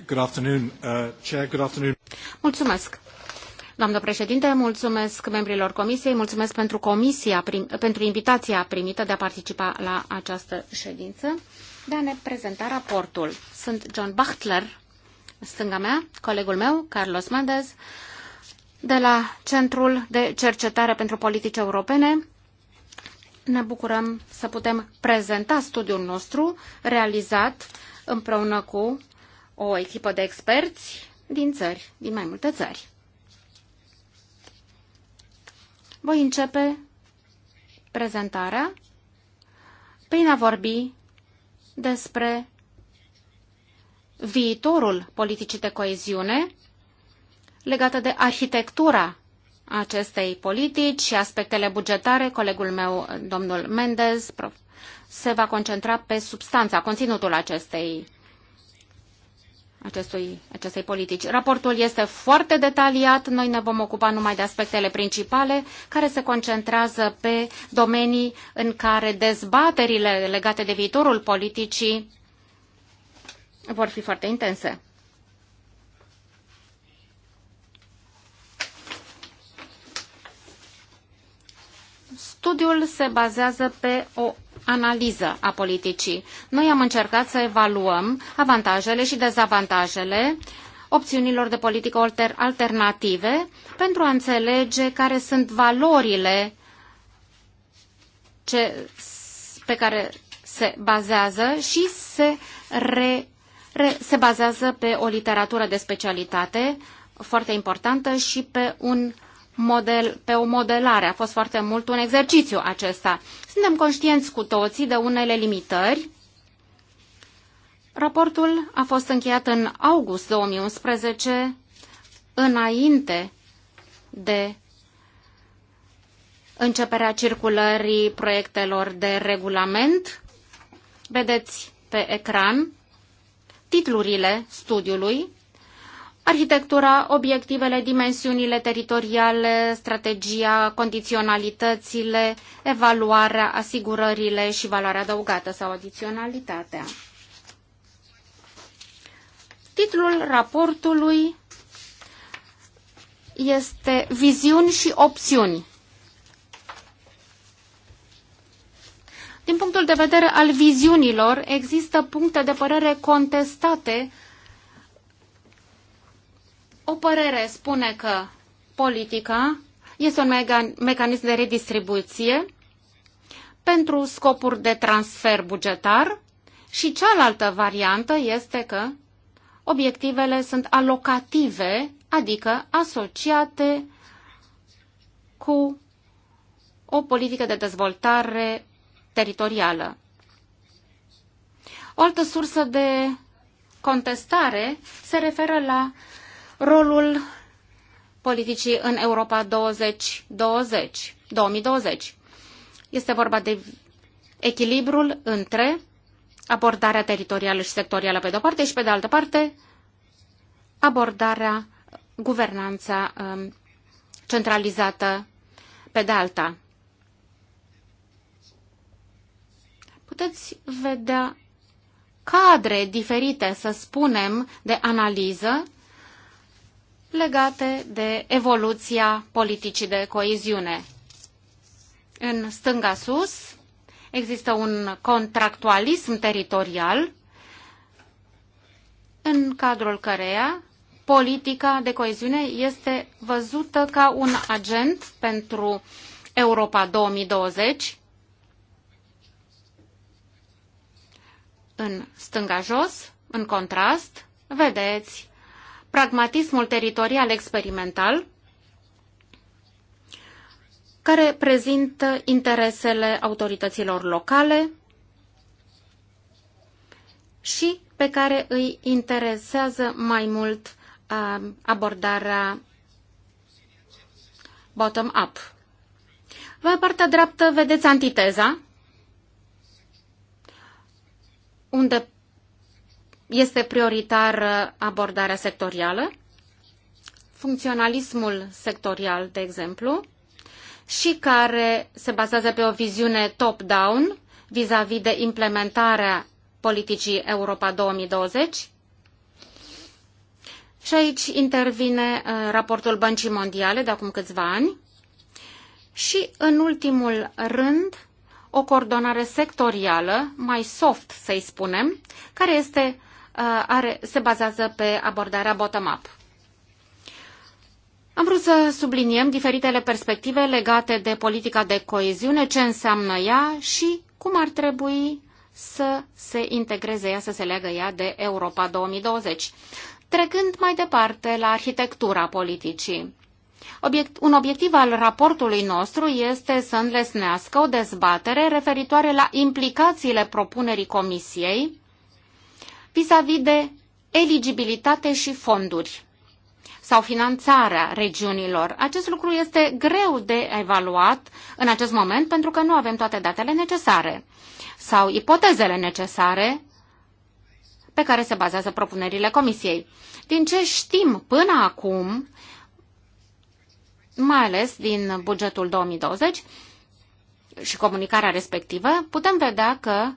Good afternoon, uh, Chair. Good afternoon. Mulțumesc. Doamnă președinte, mulțumesc membrilor comisiei, mulțumesc pentru, comisia, prim, pentru invitația primită de a participa la această ședință, de a ne prezenta raportul. Sunt John Bachtler, stânga mea, colegul meu, Carlos Mendez, de la Centrul de Cercetare pentru Politici Europene. Ne bucurăm să putem prezenta studiul nostru realizat împreună cu o echipă de experți din țări, din mai multe țări. Voi începe prezentarea prin a vorbi despre viitorul politicii de coeziune legată de arhitectura acestei politici și aspectele bugetare. Colegul meu, domnul Mendez, se va concentra pe substanța, conținutul acestei acestui, acestei politici. Raportul este foarte detaliat, noi ne vom ocupa numai de aspectele principale care se concentrează pe domenii în care dezbaterile legate de viitorul politicii vor fi foarte intense. Studiul se bazează pe o analiză a politicii. Noi am încercat să evaluăm avantajele și dezavantajele opțiunilor de politică alternative pentru a înțelege care sunt valorile ce, pe care se bazează și se, re, re, se bazează pe o literatură de specialitate foarte importantă și pe un model, pe o modelare. A fost foarte mult un exercițiu acesta. Suntem conștienți cu toții de unele limitări. Raportul a fost încheiat în august 2011, înainte de începerea circulării proiectelor de regulament. Vedeți pe ecran titlurile studiului arhitectura, obiectivele, dimensiunile teritoriale, strategia, condiționalitățile, evaluarea, asigurările și valoarea adăugată sau adiționalitatea. Titlul raportului este Viziuni și opțiuni. Din punctul de vedere al viziunilor, există puncte de părere contestate o părere spune că politica este un mecanism de redistribuție pentru scopuri de transfer bugetar și cealaltă variantă este că obiectivele sunt alocative, adică asociate cu o politică de dezvoltare teritorială. O altă sursă de contestare se referă la rolul politicii în Europa 2020. 2020. Este vorba de echilibrul între abordarea teritorială și sectorială pe de-o parte și pe de altă parte abordarea, guvernanța um, centralizată pe de alta. Puteți vedea cadre diferite, să spunem, de analiză legate de evoluția politicii de coeziune. În stânga sus există un contractualism teritorial în cadrul căreia politica de coeziune este văzută ca un agent pentru Europa 2020. În stânga jos, în contrast, vedeți pragmatismul teritorial experimental, care prezintă interesele autorităților locale și pe care îi interesează mai mult uh, abordarea bottom-up. Vă partea dreaptă vedeți antiteza, unde este prioritar uh, abordarea sectorială, funcționalismul sectorial, de exemplu, și care se bazează pe o viziune top-down vis-a-vis de implementarea politicii Europa 2020. Și aici intervine uh, raportul Băncii Mondiale de acum câțiva ani și, în ultimul rând, o coordonare sectorială, mai soft să-i spunem, care este Uh, are, se bazează pe abordarea bottom-up. Am vrut să subliniem diferitele perspective legate de politica de coeziune, ce înseamnă ea și cum ar trebui să se integreze ea, să se leagă ea de Europa 2020. Trecând mai departe la arhitectura politicii. Obiect, un obiectiv al raportului nostru este să înlesnească o dezbatere referitoare la implicațiile propunerii Comisiei vis-a-vis -vis de eligibilitate și fonduri sau finanțarea regiunilor. Acest lucru este greu de evaluat în acest moment pentru că nu avem toate datele necesare sau ipotezele necesare pe care se bazează propunerile Comisiei. Din ce știm până acum, mai ales din bugetul 2020 și comunicarea respectivă, putem vedea că uh,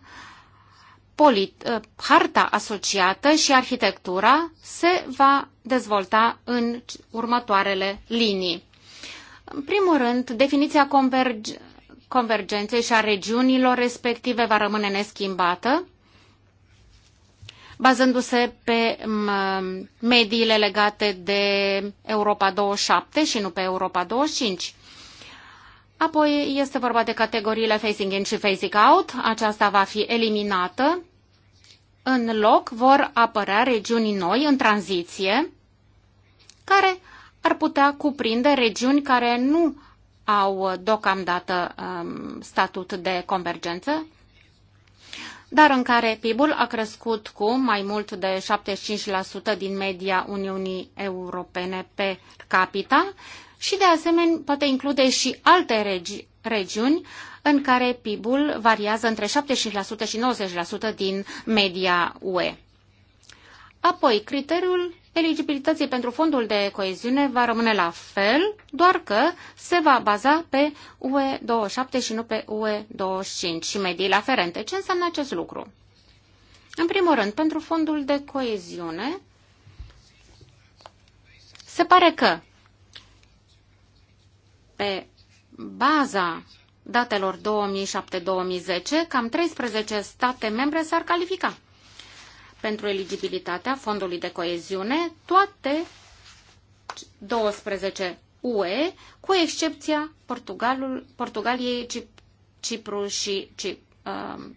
polit, uh, harta asociată și arhitectura se va dezvolta în următoarele linii. În primul rând, definiția converg- convergenței și a regiunilor respective va rămâne neschimbată, bazându-se pe mediile legate de Europa 27 și nu pe Europa 25. Apoi este vorba de categoriile facing in și facing out. Aceasta va fi eliminată. În loc vor apărea regiuni noi în tranziție, care ar putea cuprinde regiuni care nu au deocamdată um, statut de convergență, dar în care PIB-ul a crescut cu mai mult de 75% din media Uniunii Europene pe capita și de asemenea poate include și alte regi, regiuni în care PIB-ul variază între 75% și 90% din media UE. Apoi, criteriul eligibilității pentru fondul de coeziune va rămâne la fel, doar că se va baza pe UE27 și nu pe UE25 și mediile aferente. Ce înseamnă acest lucru? În primul rând, pentru fondul de coeziune, se pare că pe baza datelor 2007-2010, cam 13 state membre s-ar califica. Pentru eligibilitatea fondului de coeziune, toate 12 UE, cu excepția Portugalul, Portugaliei, Cip, Cipru și Cip, um,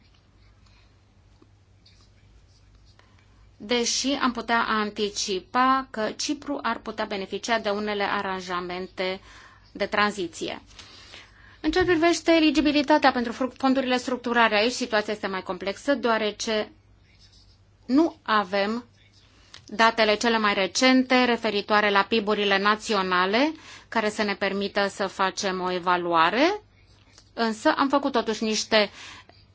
deși am putea anticipa că Cipru ar putea beneficia de unele aranjamente uh, de tranziție. În ce privește eligibilitatea pentru fondurile structurare, aici situația este mai complexă, deoarece nu avem datele cele mai recente referitoare la PIB-urile naționale care să ne permită să facem o evaluare, însă am făcut totuși niște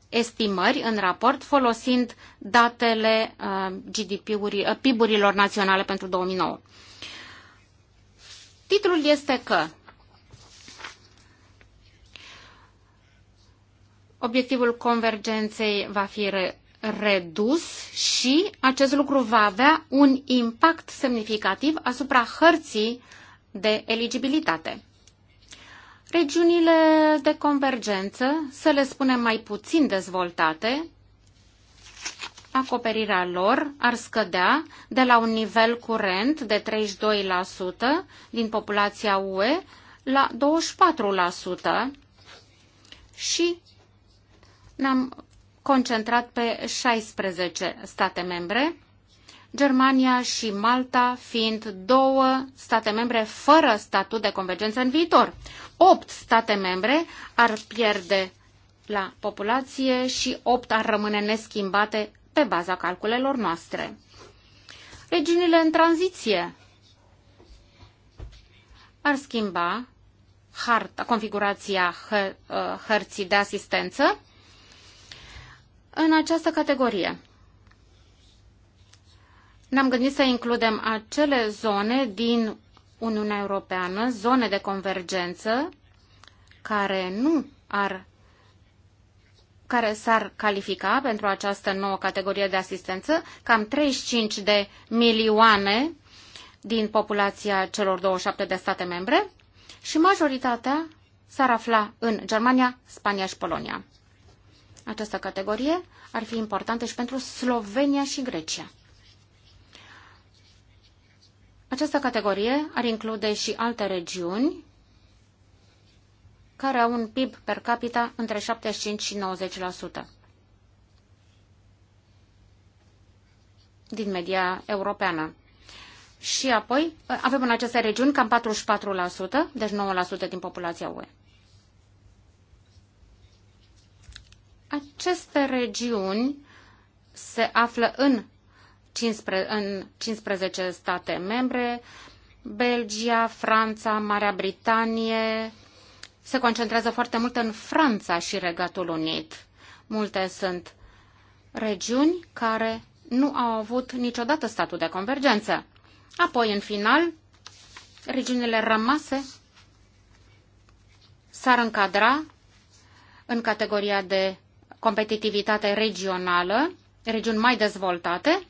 estimări în raport folosind datele uh, GDP-urilor, uh, PIB-urilor naționale pentru 2009. Titlul este că obiectivul convergenței va fi re redus și acest lucru va avea un impact semnificativ asupra hărții de eligibilitate. Regiunile de convergență, să le spunem mai puțin dezvoltate, acoperirea lor ar scădea de la un nivel curent de 32% din populația UE la 24% și ne-am concentrat pe 16 state membre, Germania și Malta fiind două state membre fără statut de convergență în viitor. Opt state membre ar pierde la populație și opt ar rămâne neschimbate pe baza calculelor noastre. Regiunile în tranziție ar schimba harta, configurația hă, uh, hărții de asistență în această categorie. Ne-am gândit să includem acele zone din Uniunea Europeană, zone de convergență, care nu ar care s-ar califica pentru această nouă categorie de asistență, cam 35 de milioane din populația celor 27 de state membre și majoritatea s-ar afla în Germania, Spania și Polonia. Această categorie ar fi importantă și pentru Slovenia și Grecia. Această categorie ar include și alte regiuni care au un PIB per capita între 75 și 90%. din media europeană. Și apoi avem în aceste regiuni cam 44%, deci 9% din populația UE. Aceste regiuni se află în 15, în 15 state membre, Belgia, Franța, Marea Britanie. Se concentrează foarte mult în Franța și Regatul Unit. Multe sunt regiuni care nu au avut niciodată statul de convergență. Apoi, în final, regiunile rămase s-ar încadra în categoria de competitivitate regională, regiuni mai dezvoltate,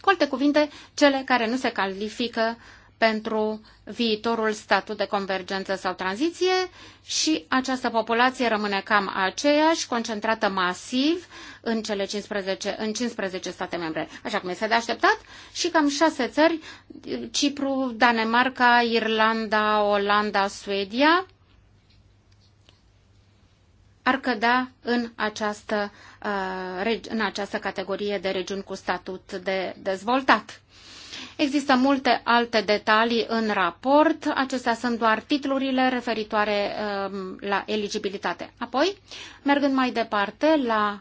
cu alte cuvinte, cele care nu se califică pentru viitorul statut de convergență sau tranziție și această populație rămâne cam aceeași, concentrată masiv în, cele 15, în 15 state membre, așa cum este de așteptat, și cam șase țări, Cipru, Danemarca, Irlanda, Olanda, Suedia, ar cădea în această, uh, în această categorie de regiuni cu statut de dezvoltat. Există multe alte detalii în raport, acestea sunt doar titlurile referitoare um, la eligibilitate. Apoi, mergând mai departe la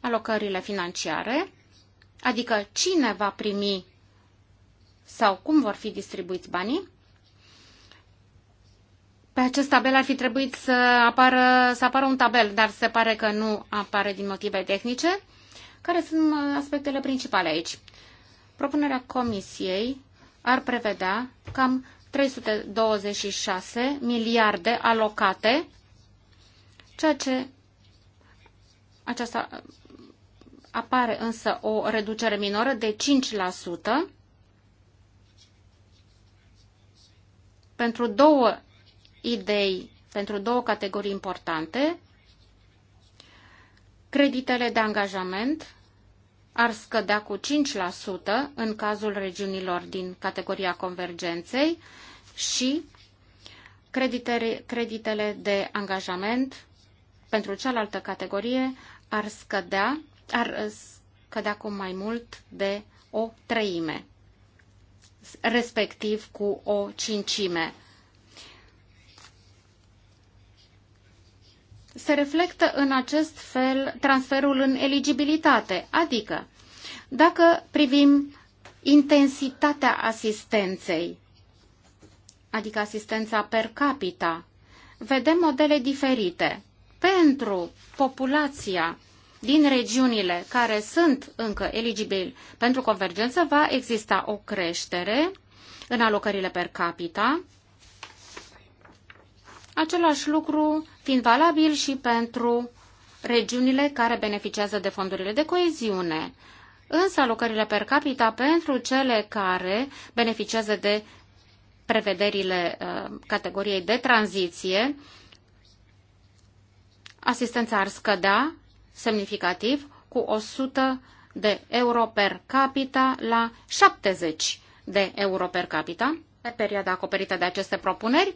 alocările financiare, adică cine va primi sau cum vor fi distribuiți banii, pe acest tabel ar fi trebuit să apară, să apară un tabel, dar se pare că nu apare din motive tehnice. Care sunt aspectele principale aici? Propunerea Comisiei ar prevedea cam 326 miliarde alocate, ceea ce aceasta apare însă o reducere minoră de 5% pentru două idei pentru două categorii importante. Creditele de angajament ar scădea cu 5% în cazul regiunilor din categoria convergenței și creditele, de angajament pentru cealaltă categorie ar scădea, ar scădea cu mai mult de o treime, respectiv cu o cincime. se reflectă în acest fel transferul în eligibilitate, adică dacă privim intensitatea asistenței, adică asistența per capita, vedem modele diferite. Pentru populația din regiunile care sunt încă eligibili pentru convergență va exista o creștere în alocările per capita, Același lucru fiind valabil și pentru regiunile care beneficiază de fondurile de coeziune. Însă alocările per capita pentru cele care beneficiază de prevederile uh, categoriei de tranziție, asistența ar scădea semnificativ cu 100 de euro per capita la 70 de euro per capita pe perioada acoperită de aceste propuneri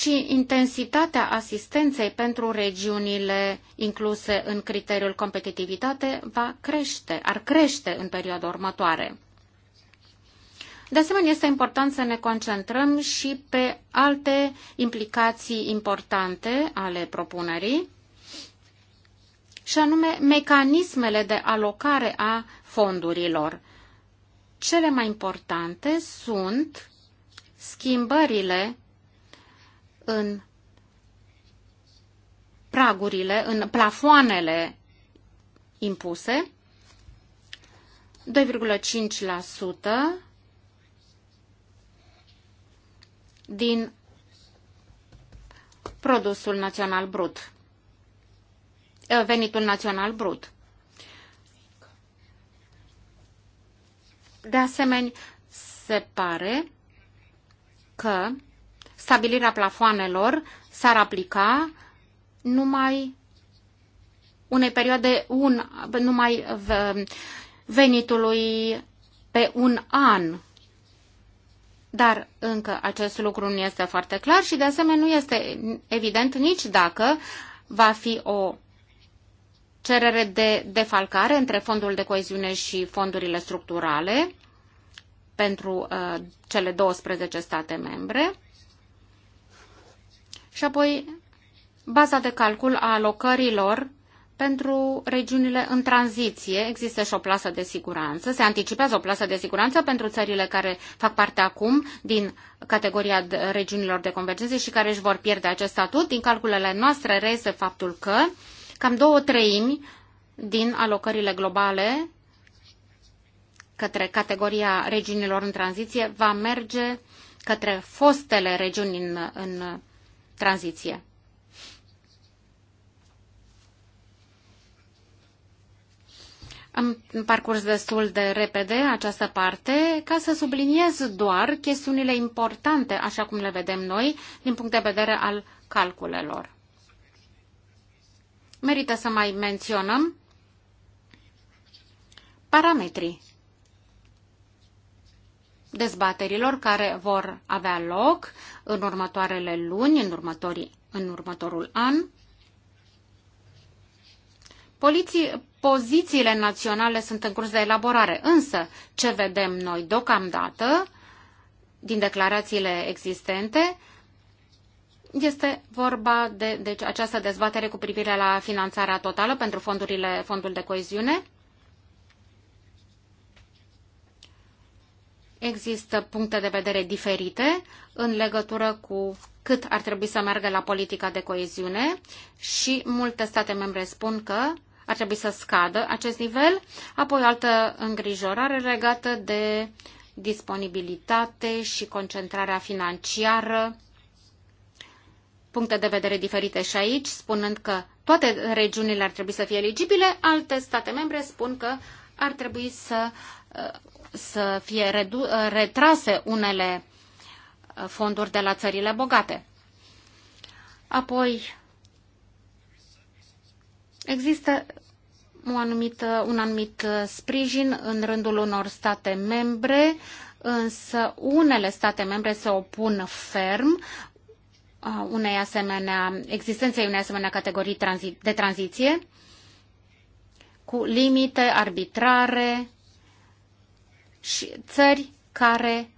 și intensitatea asistenței pentru regiunile incluse în criteriul competitivitate va crește, ar crește în perioada următoare. De asemenea, este important să ne concentrăm și pe alte implicații importante ale propunerii, și anume mecanismele de alocare a fondurilor. Cele mai importante sunt schimbările în pragurile, în plafoanele impuse, 2,5% din produsul național brut, eh, venitul național brut. De asemenea, se pare că stabilirea plafoanelor s-ar aplica numai unei perioade, un, numai venitului pe un an. Dar încă acest lucru nu este foarte clar și de asemenea nu este evident nici dacă va fi o cerere de defalcare între fondul de coeziune și fondurile structurale pentru uh, cele 12 state membre și apoi baza de calcul a alocărilor pentru regiunile în tranziție. Există și o plasă de siguranță, se anticipează o plasă de siguranță pentru țările care fac parte acum din categoria de regiunilor de convergență și care își vor pierde acest statut. Din calculele noastre reiese faptul că cam două treimi din alocările globale către categoria regiunilor în tranziție va merge către fostele regiuni în, în tranziție. Am parcurs destul de repede această parte ca să subliniez doar chestiunile importante, așa cum le vedem noi, din punct de vedere al calculelor. Merită să mai menționăm parametrii dezbaterilor care vor avea loc în următoarele luni, în, următorii, în următorul an. Poliții, pozițiile naționale sunt în curs de elaborare, însă ce vedem noi deocamdată din declarațiile existente este vorba de deci, această dezbatere cu privire la finanțarea totală pentru fondurile, fondul de coeziune, Există puncte de vedere diferite în legătură cu cât ar trebui să meargă la politica de coeziune și multe state membre spun că ar trebui să scadă acest nivel. Apoi o altă îngrijorare legată de disponibilitate și concentrarea financiară. Puncte de vedere diferite și aici, spunând că toate regiunile ar trebui să fie eligibile, alte state membre spun că ar trebui să să fie retrase unele uh, fonduri de la țările bogate. Apoi, există un anumit, un uh, anumit sprijin în rândul unor state membre, însă unele state membre se opun ferm uh, unei asemenea, existenței unei asemenea categorii de tranziție, cu limite arbitrare și țări care,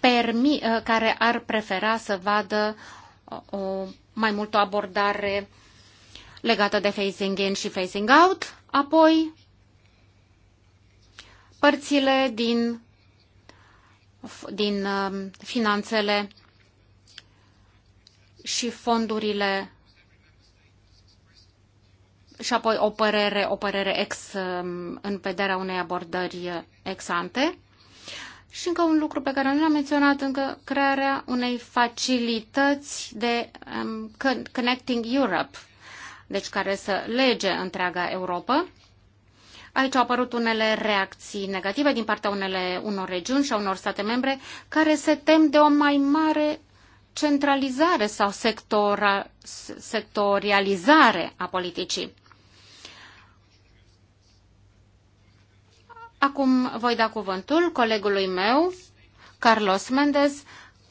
permi, uh, care ar prefera să vadă uh, o, mai mult o abordare legată de facing in și facing out, apoi părțile din, din uh, finanțele și fondurile și apoi o părere, o părere ex um, în vederea unei abordări uh, ex ante. Și încă un lucru pe care nu l-am menționat încă, crearea unei facilități de um, Connecting Europe, deci care să lege întreaga Europa. Aici au apărut unele reacții negative din partea unele, unor regiuni și a unor state membre care se tem de o mai mare centralizare sau sectora, sectorializare a politicii. Acum voi da cuvântul colegului meu, Carlos Mendez,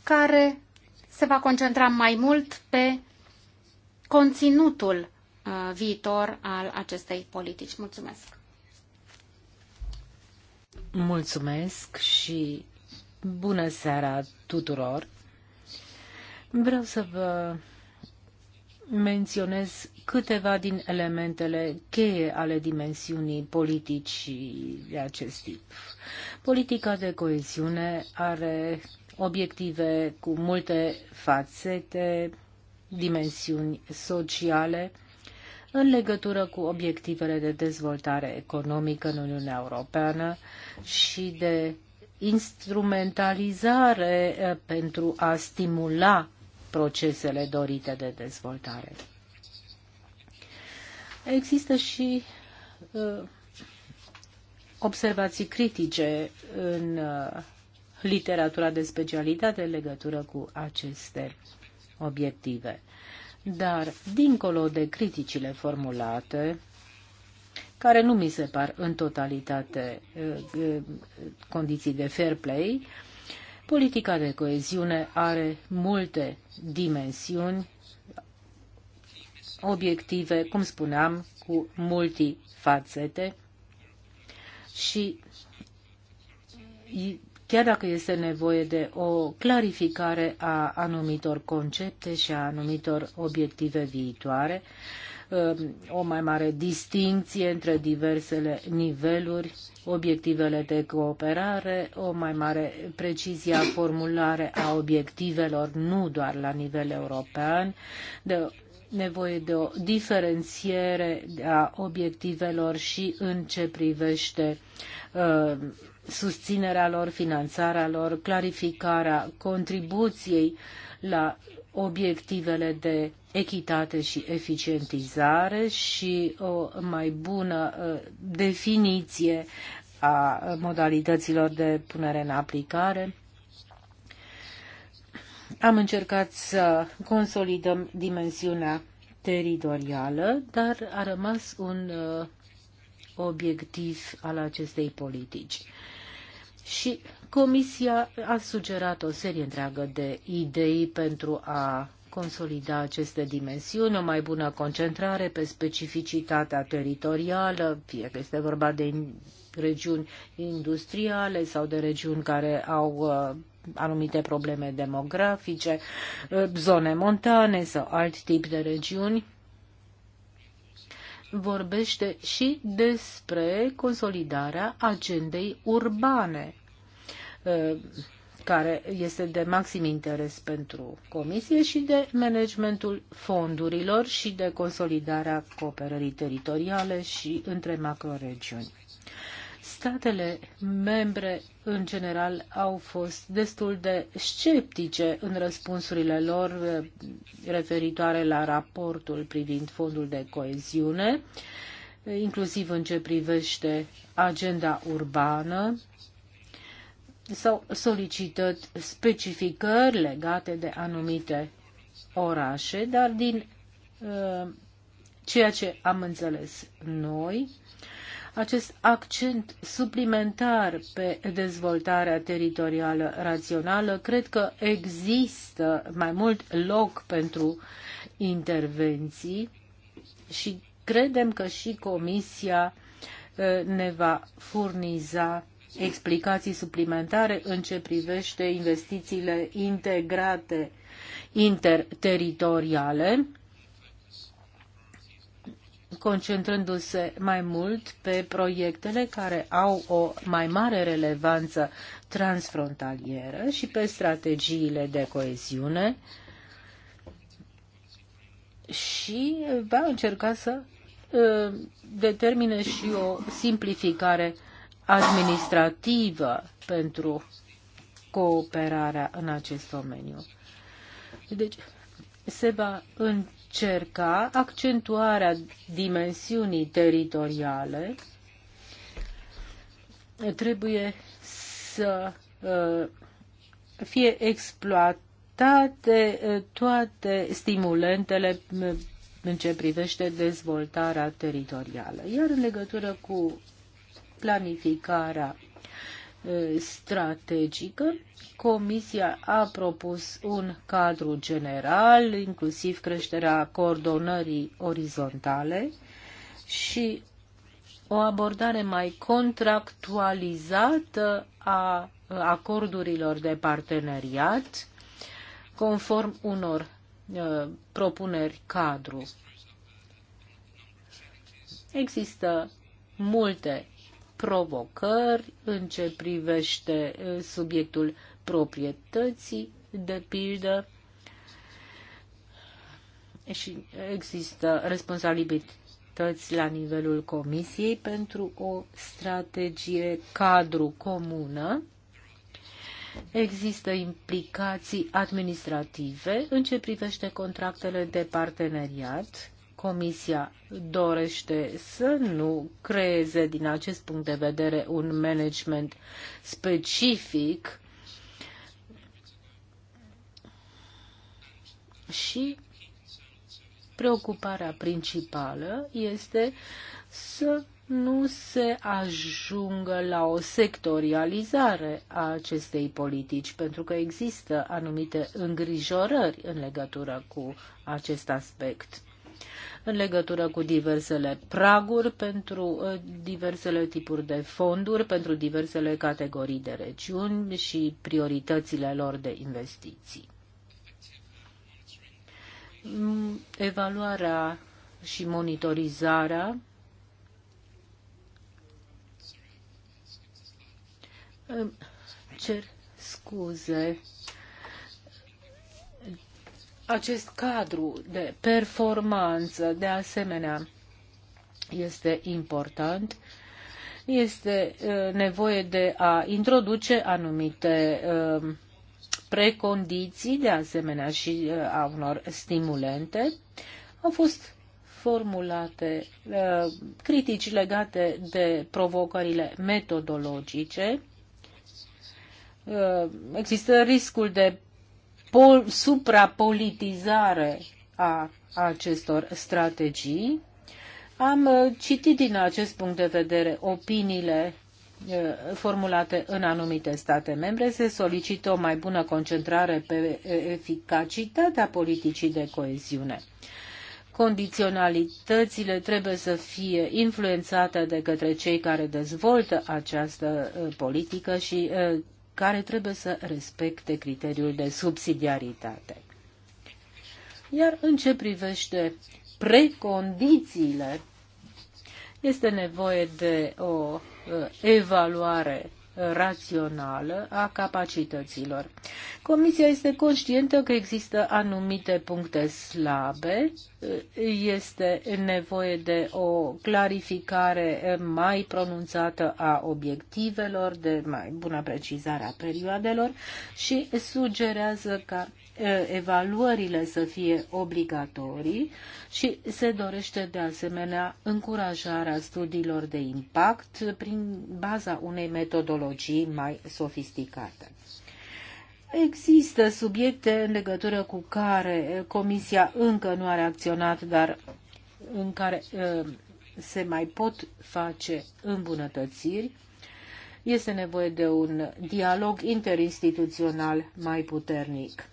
care se va concentra mai mult pe conținutul uh, viitor al acestei politici. Mulțumesc! Mulțumesc și bună seara tuturor! Vreau să vă menționez câteva din elementele cheie ale dimensiunii politicii de acest tip. Politica de coeziune are obiective cu multe fațete, dimensiuni sociale, în legătură cu obiectivele de dezvoltare economică în Uniunea Europeană și de instrumentalizare eh, pentru a stimula procesele dorite de dezvoltare. Există și uh, observații critice în uh, literatura de specialitate în legătură cu aceste obiective. Dar, dincolo de criticile formulate, care nu mi se par în totalitate uh, uh condiții de fair play, uh, Politica de coeziune are multe dimensiuni, obiective, cum spuneam, cu multifacete și chiar dacă este nevoie de o clarificare a anumitor concepte și a anumitor obiective viitoare, um, o mai mare distinție între diversele niveluri obiectivele de cooperare, o mai mare precizie a formulare a obiectivelor, nu doar la nivel european, de nevoie de o diferențiere a obiectivelor și în ce privește uh, susținerea lor, finanțarea lor, clarificarea contribuției la obiectivele de echitate și eficientizare și o mai bună uh, definiție a modalităților de punere în aplicare. Am încercat să consolidăm dimensiunea teritorială, dar a rămas un uh, obiectiv al acestei politici. Și Comisia a sugerat o serie întreagă de idei pentru a consolida aceste dimensiuni, o mai bună concentrare pe specificitatea teritorială, fie că este vorba de regiuni industriale sau de regiuni care au uh, anumite probleme demografice, uh, zone montane sau alt tip de regiuni vorbește și despre consolidarea agendei urbane uh, care este de maxim interes pentru Comisie și de managementul fondurilor și de consolidarea cooperării teritoriale și între macroregiuni. Statele membre, în general, au fost destul de sceptice în răspunsurile lor eh, referitoare la raportul privind fondul de coeziune, inclusiv în ce privește agenda urbană, sau au specificări legate de anumite orașe, dar din uh, ceea ce am înțeles noi, acest accent suplimentar pe dezvoltarea teritorială rațională, cred că există mai mult loc pentru intervenții și credem că și Comisia uh, ne va furniza explicații suplimentare în ce privește investițiile integrate interteritoriale, concentrându-se mai mult pe proiectele care au o mai mare relevanță transfrontalieră și pe strategiile de coeziune și va încerca să uh, determine și o simplificare administrativă pentru cooperarea în acest domeniu. Deci, se va încerca accentuarea dimensiunii teritoriale. Trebuie să uh, fie exploatate uh, toate stimulentele uh, în ce privește dezvoltarea teritorială. Iar în legătură cu planificarea strategică, Comisia a propus un cadru general, inclusiv creșterea coordonării orizontale și o abordare mai contractualizată a acordurilor de parteneriat, conform unor propuneri cadru. Există multe provocări în ce privește eh, subiectul proprietății, de pildă, și există responsabilități la nivelul Comisiei pentru o strategie cadru comună. Există implicații administrative în ce privește contractele de parteneriat Comisia dorește să nu creeze din acest punct de vedere un management specific și preocuparea principală este să nu se ajungă la o sectorializare a acestei politici, pentru că există anumite îngrijorări în legătură cu acest aspect în legătură cu diversele praguri pentru uh, diversele tipuri de fonduri, pentru diversele categorii de regiuni și prioritățile lor de investiții. Mm, evaluarea și monitorizarea Cer scuze acest cadru de performanță, de asemenea, este important. Este uh, nevoie de a introduce anumite uh, precondiții, de asemenea și uh, a unor stimulente. Au fost formulate critici legate de provocările metodologice. Există riscul de suprapolitizare a acestor strategii. Am uh, citit din acest punct de vedere opiniile uh, formulate în anumite state membre, se solicită o mai bună concentrare pe uh, eficacitatea politicii de coeziune. Condiționalitățile trebuie să fie influențate de către cei care dezvoltă această politică și care trebuie să respecte criteriul de subsidiaritate. Iar în ce privește precondițiile, este nevoie de o uh, evaluare rațională a capacităților. Comisia este conștientă că există anumite puncte slabe, este nevoie de o clarificare mai pronunțată a obiectivelor, de mai bună precizare a perioadelor și sugerează ca Uh, evaluările să fie obligatorii și se dorește de asemenea încurajarea studiilor de impact prin baza unei metodologii mai sofisticate. Există subiecte în legătură cu care uh, Comisia încă nu a reacționat, dar în care uh, se mai pot face îmbunătățiri. Este nevoie de un dialog interinstituțional mai puternic.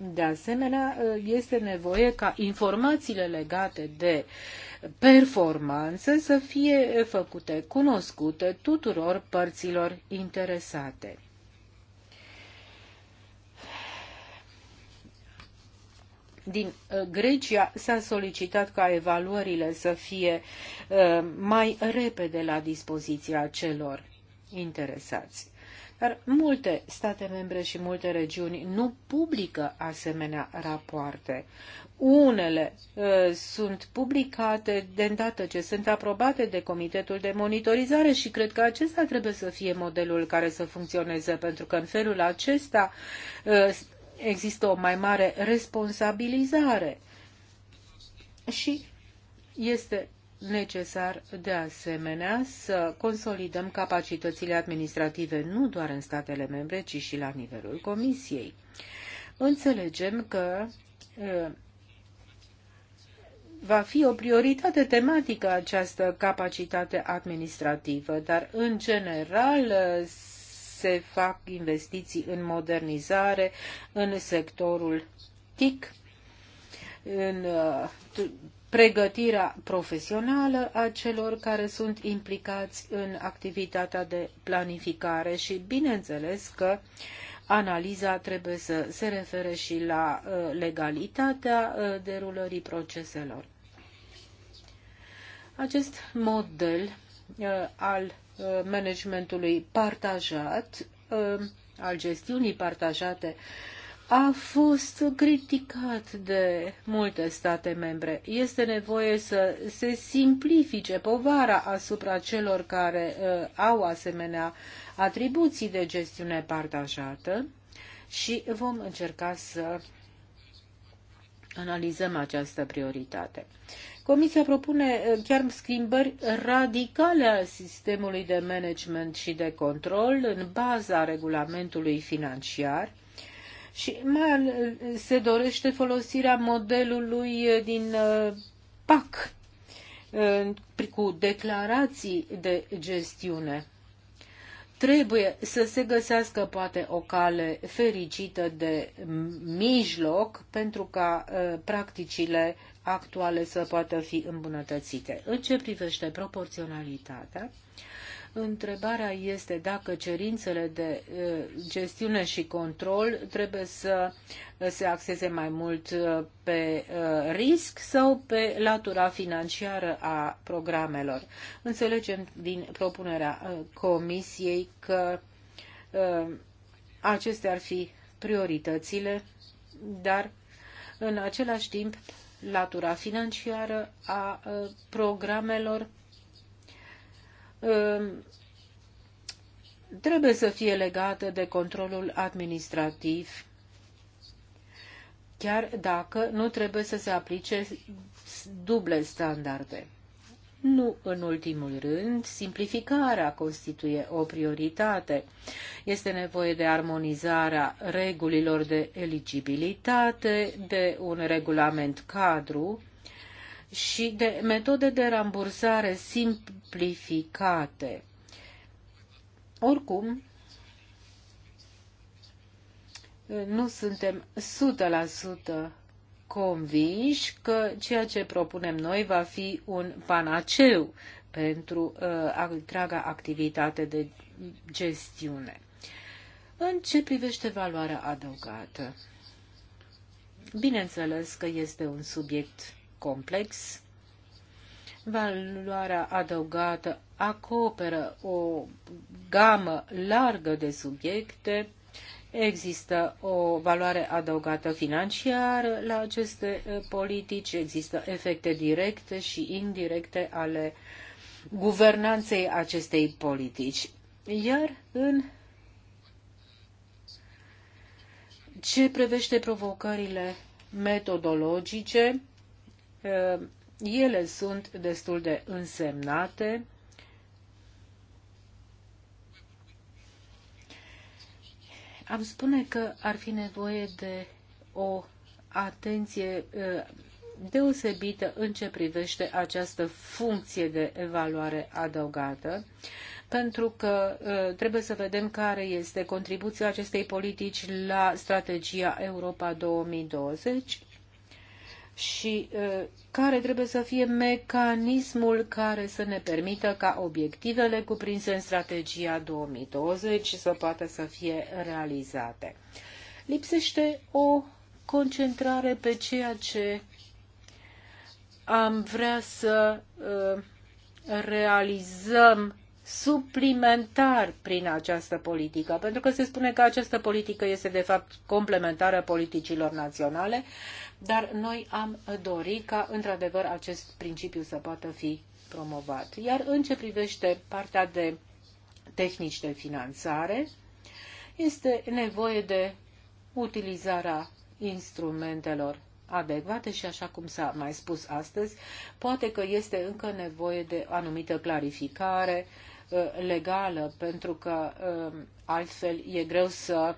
De asemenea, uh, este nevoie ca informațiile legate de performanță să fie făcute cunoscute tuturor părților interesate. din uh, Grecia s-a solicitat ca evaluările să fie uh, mai repede la dispoziția celor interesați. Dar multe state membre și multe regiuni nu publică asemenea rapoarte. Unele uh, sunt publicate de îndată ce sunt aprobate de Comitetul de Monitorizare și cred că acesta trebuie să fie modelul care să funcționeze, pentru că în felul acesta uh, există o mai mare responsabilizare. Și este necesar de asemenea să consolidăm capacitățile administrative nu doar în statele membre, ci și la nivelul Comisiei. Înțelegem că va fi o prioritate tematică această capacitate administrativă, dar în general se fac investiții în modernizare în sectorul TIC, în pregătirea profesională a celor care sunt implicați în activitatea de planificare și, bineînțeles, că analiza trebuie să se refere și la uh, legalitatea uh, derulării proceselor. Acest model uh, al managementului partajat, al gestiunii partajate a fost criticat de multe state membre. Este nevoie să se simplifice povara asupra celor care uh, au asemenea atribuții de gestiune partajată și vom încerca să analizăm această prioritate. Comisia propune uh, chiar schimbări radicale a sistemului de management și de control în baza regulamentului financiar, și mai se dorește folosirea modelului din uh, PAC uh, cu declarații de gestiune. Trebuie să se găsească poate o cale fericită de mijloc pentru ca uh, practicile actuale să poată fi îmbunătățite. În ce privește proporționalitatea, Întrebarea este dacă cerințele de gestiune și control trebuie să se axeze mai mult pe risc sau pe latura financiară a programelor. Înțelegem din propunerea Comisiei că acestea ar fi prioritățile, dar în același timp latura financiară a programelor Ehm, trebuie să fie legată de controlul administrativ, chiar dacă nu trebuie să se aplice duble standarde. Nu în ultimul rând, simplificarea constituie o prioritate. Este nevoie de armonizarea regulilor de eligibilitate, de un regulament cadru și de metode de rambursare simplificate. Oricum, nu suntem 100% convinși că ceea ce propunem noi va fi un panaceu pentru uh, întreaga activitate de gestiune. În ce privește valoarea adăugată? Bineînțeles că este un subiect complex. Valoarea adăugată acoperă o gamă largă de subiecte. Există o valoare adăugată financiară la aceste politici, există efecte directe și indirecte ale guvernanței acestei politici. Iar în ce privește provocările metodologice, ele sunt destul de însemnate. Am spune că ar fi nevoie de o atenție uh, deosebită în ce privește această funcție de evaluare adăugată, pentru că uh, trebuie să vedem care este contribuția acestei politici la strategia Europa 2020 și uh, care trebuie să fie mecanismul care să ne permită ca obiectivele cuprinse în strategia 2020 să poată să fie realizate. Lipsește o concentrare pe ceea ce am vrea să uh, realizăm suplimentar prin această politică, pentru că se spune că această politică este de fapt complementară politicilor naționale, dar noi am dorit ca, într-adevăr, acest principiu să poată fi promovat. Iar în ce privește partea de tehnici de finanțare, este nevoie de utilizarea instrumentelor adecvate și, așa cum s-a mai spus astăzi, poate că este încă nevoie de anumită clarificare uh, legală, pentru că uh, altfel e greu să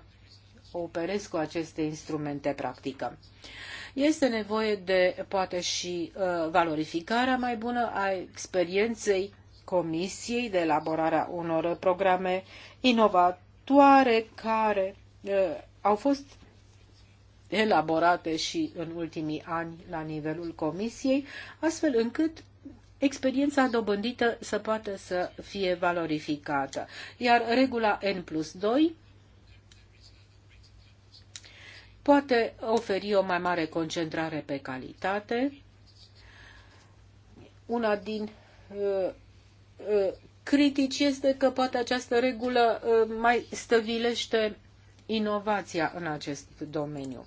operez cu aceste instrumente practică. Este nevoie de poate și uh, valorificarea mai bună a experienței Comisiei de elaborarea unor programe inovatoare care uh, au fost elaborate și în ultimii ani la nivelul Comisiei, astfel încât experiența dobândită să poată să fie valorificată. Iar regula N plus 2 poate oferi o mai mare concentrare pe calitate. Una din uh, uh, critici este că poate această regulă uh, mai stăvilește inovația în acest domeniu.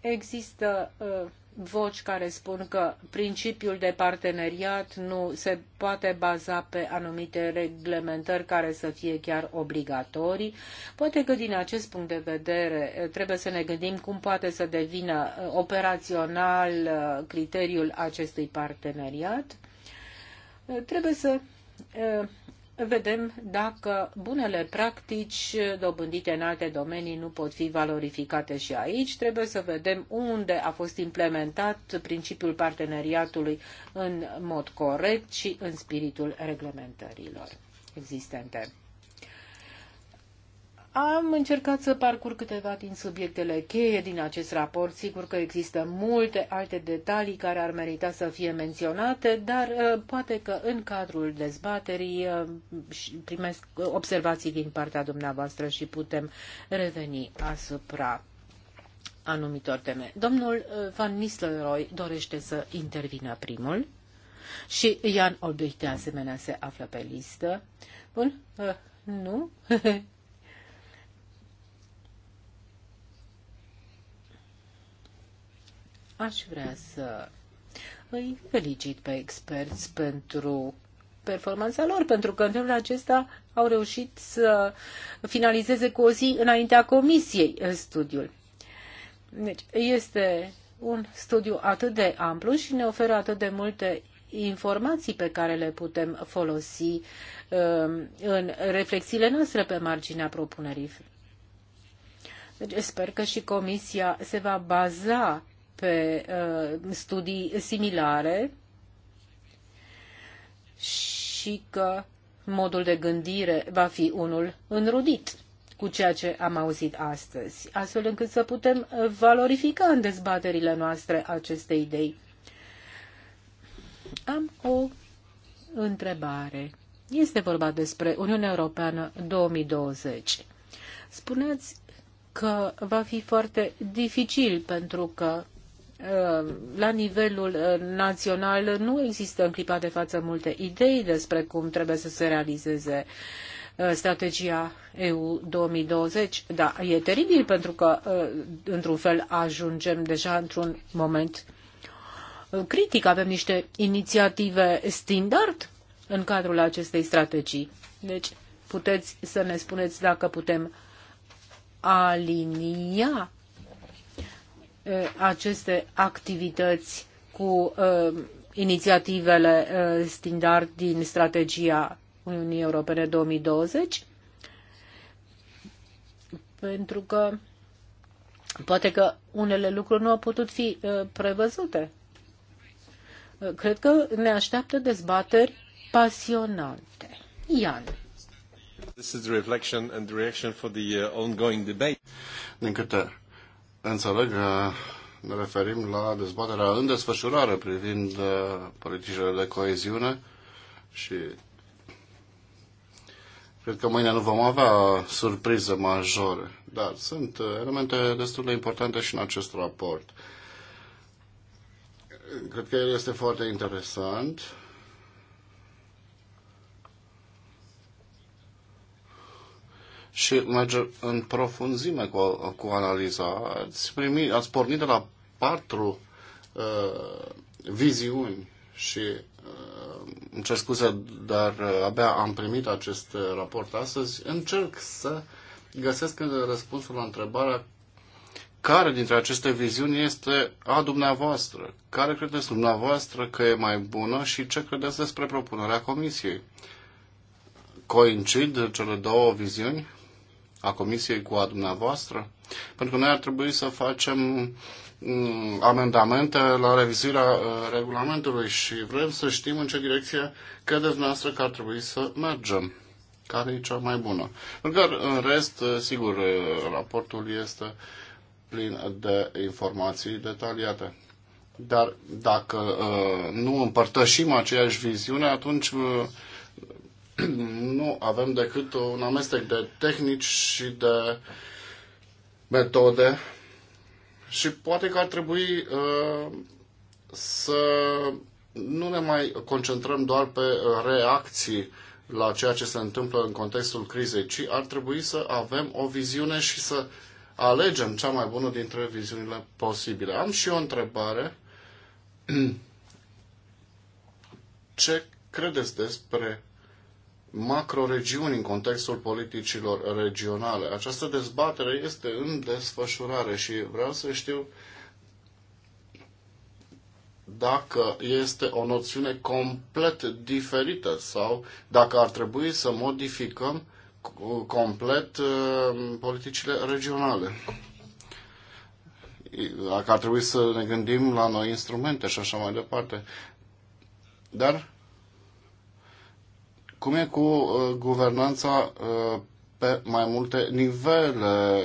Există uh, voci care spun că principiul de parteneriat nu se poate baza pe anumite reglementări care să fie chiar obligatorii. Poate că din acest punct de vedere eh, trebuie să ne gândim cum poate să devină eh, operațional eh, criteriul acestui parteneriat. Trebuie să vedem dacă bunele practici dobândite în alte domenii nu pot fi valorificate și aici. Trebuie să vedem unde a fost implementat principiul parteneriatului în mod corect și în spiritul reglementărilor existente. Am încercat să parcurg câteva din subiectele cheie din acest raport. Sigur că există multe alte detalii care ar merita să fie menționate, dar uh, poate că în cadrul dezbaterii uh, primesc uh, observații din partea dumneavoastră și putem reveni asupra anumitor teme. Domnul Van Nistelrooy dorește să intervină primul și Ian Olbrich de asemenea se află pe listă. Bun? Nu? (laughs) Aș vrea să îi felicit pe experți pentru performanța lor, pentru că în felul acesta au reușit să finalizeze cu o zi înaintea comisiei eh, studiul. Deci, este un studiu atât de amplu și ne oferă atât de multe informații pe care le putem folosi uh, în reflexiile noastre pe marginea propunerii. Deci sper că și Comisia se va baza pe uh, studii similare și că modul de gândire va fi unul înrudit cu ceea ce am auzit astăzi, astfel încât să putem valorifica în dezbaterile noastre aceste idei. Am o întrebare. Este vorba despre Uniunea Europeană 2020. Spuneți că va fi foarte dificil pentru că Uh, la nivelul uh, național nu există în clipa de față multe idei despre cum trebuie să se realizeze uh, strategia EU 2020, dar e teribil pentru că într-un fel ajungem deja într-un moment critic. Avem niște inițiative standard în cadrul acestei strategii. Deci puteți să ne spuneți dacă putem alinia aceste activități cu inițiativele standard din strategia Uniunii Europene 2020? Pentru că poate că unele lucruri nu au putut fi prevăzute. Cred că ne așteaptă dezbateri pasionante. Ian. This is the reflection and the reaction for the ongoing debate. Din câte Înțeleg că eh, ne referim la dezbaterea în desfășurare privind eh, politicile de coeziune și cred că mâine nu vom avea surprize majore, dar sunt eh, elemente destul de importante și în acest raport. Cred că el este foarte interesant și merge în profunzime cu, cu analiza. Ați, primi, ați pornit de la patru uh, viziuni și uh, îmi cer scuze, dar uh, abia am primit acest uh, raport astăzi. Încerc să găsesc răspunsul la întrebarea care dintre aceste viziuni este a dumneavoastră? Care credeți dumneavoastră că e mai bună și ce credeți despre propunerea Comisiei? Coincid cele două viziuni? a Comisiei cu a dumneavoastră? Pentru că noi ar trebui să facem mm, amendamente la revizirea uh, regulamentului și vrem să știm în ce direcție credeți noastră că ar trebui să mergem. Care e cea mai bună? În că, în rest, uh, sigur, uh, raportul este plin de informații detaliate. Dar dacă nu împărtășim aceeași viziune, atunci nu avem decât un amestec de tehnici și de metode și poate că ar trebui uh, să nu ne mai concentrăm doar pe reacții la ceea ce se întâmplă în contextul crizei, ci ar trebui să avem o viziune și să alegem cea mai bună dintre viziunile posibile. Am și o întrebare. (clears throat) Ce credeți despre macroregiuni în contextul politicilor regionale. Această dezbatere este în desfășurare și vreau să știu dacă este o noțiune complet diferită sau dacă ar trebui să modificăm complet uh, politicile regionale. Dacă ar trebui să ne gândim la noi instrumente și așa mai departe. Dar cum e cu uh, guvernanța uh, pe mai multe nivele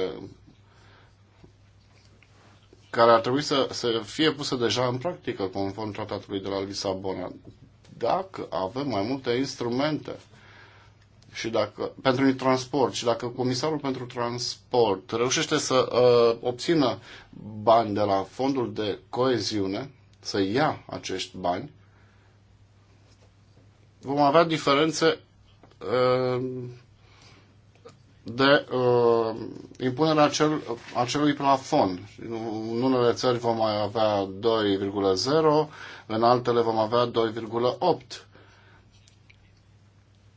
care ar trebui să, să fie pusă deja în practică conform tratatului de la Lisabona? Dacă avem mai multe instrumente și dacă, pentru transport și dacă comisarul pentru transport reușește să uh, obțină bani de la fondul de coeziune, să ia acești bani, vom avea diferențe uh, de uh, impunerea acel, acelui plafon. În unele țări vom mai avea 2,0, în altele vom avea 2,8.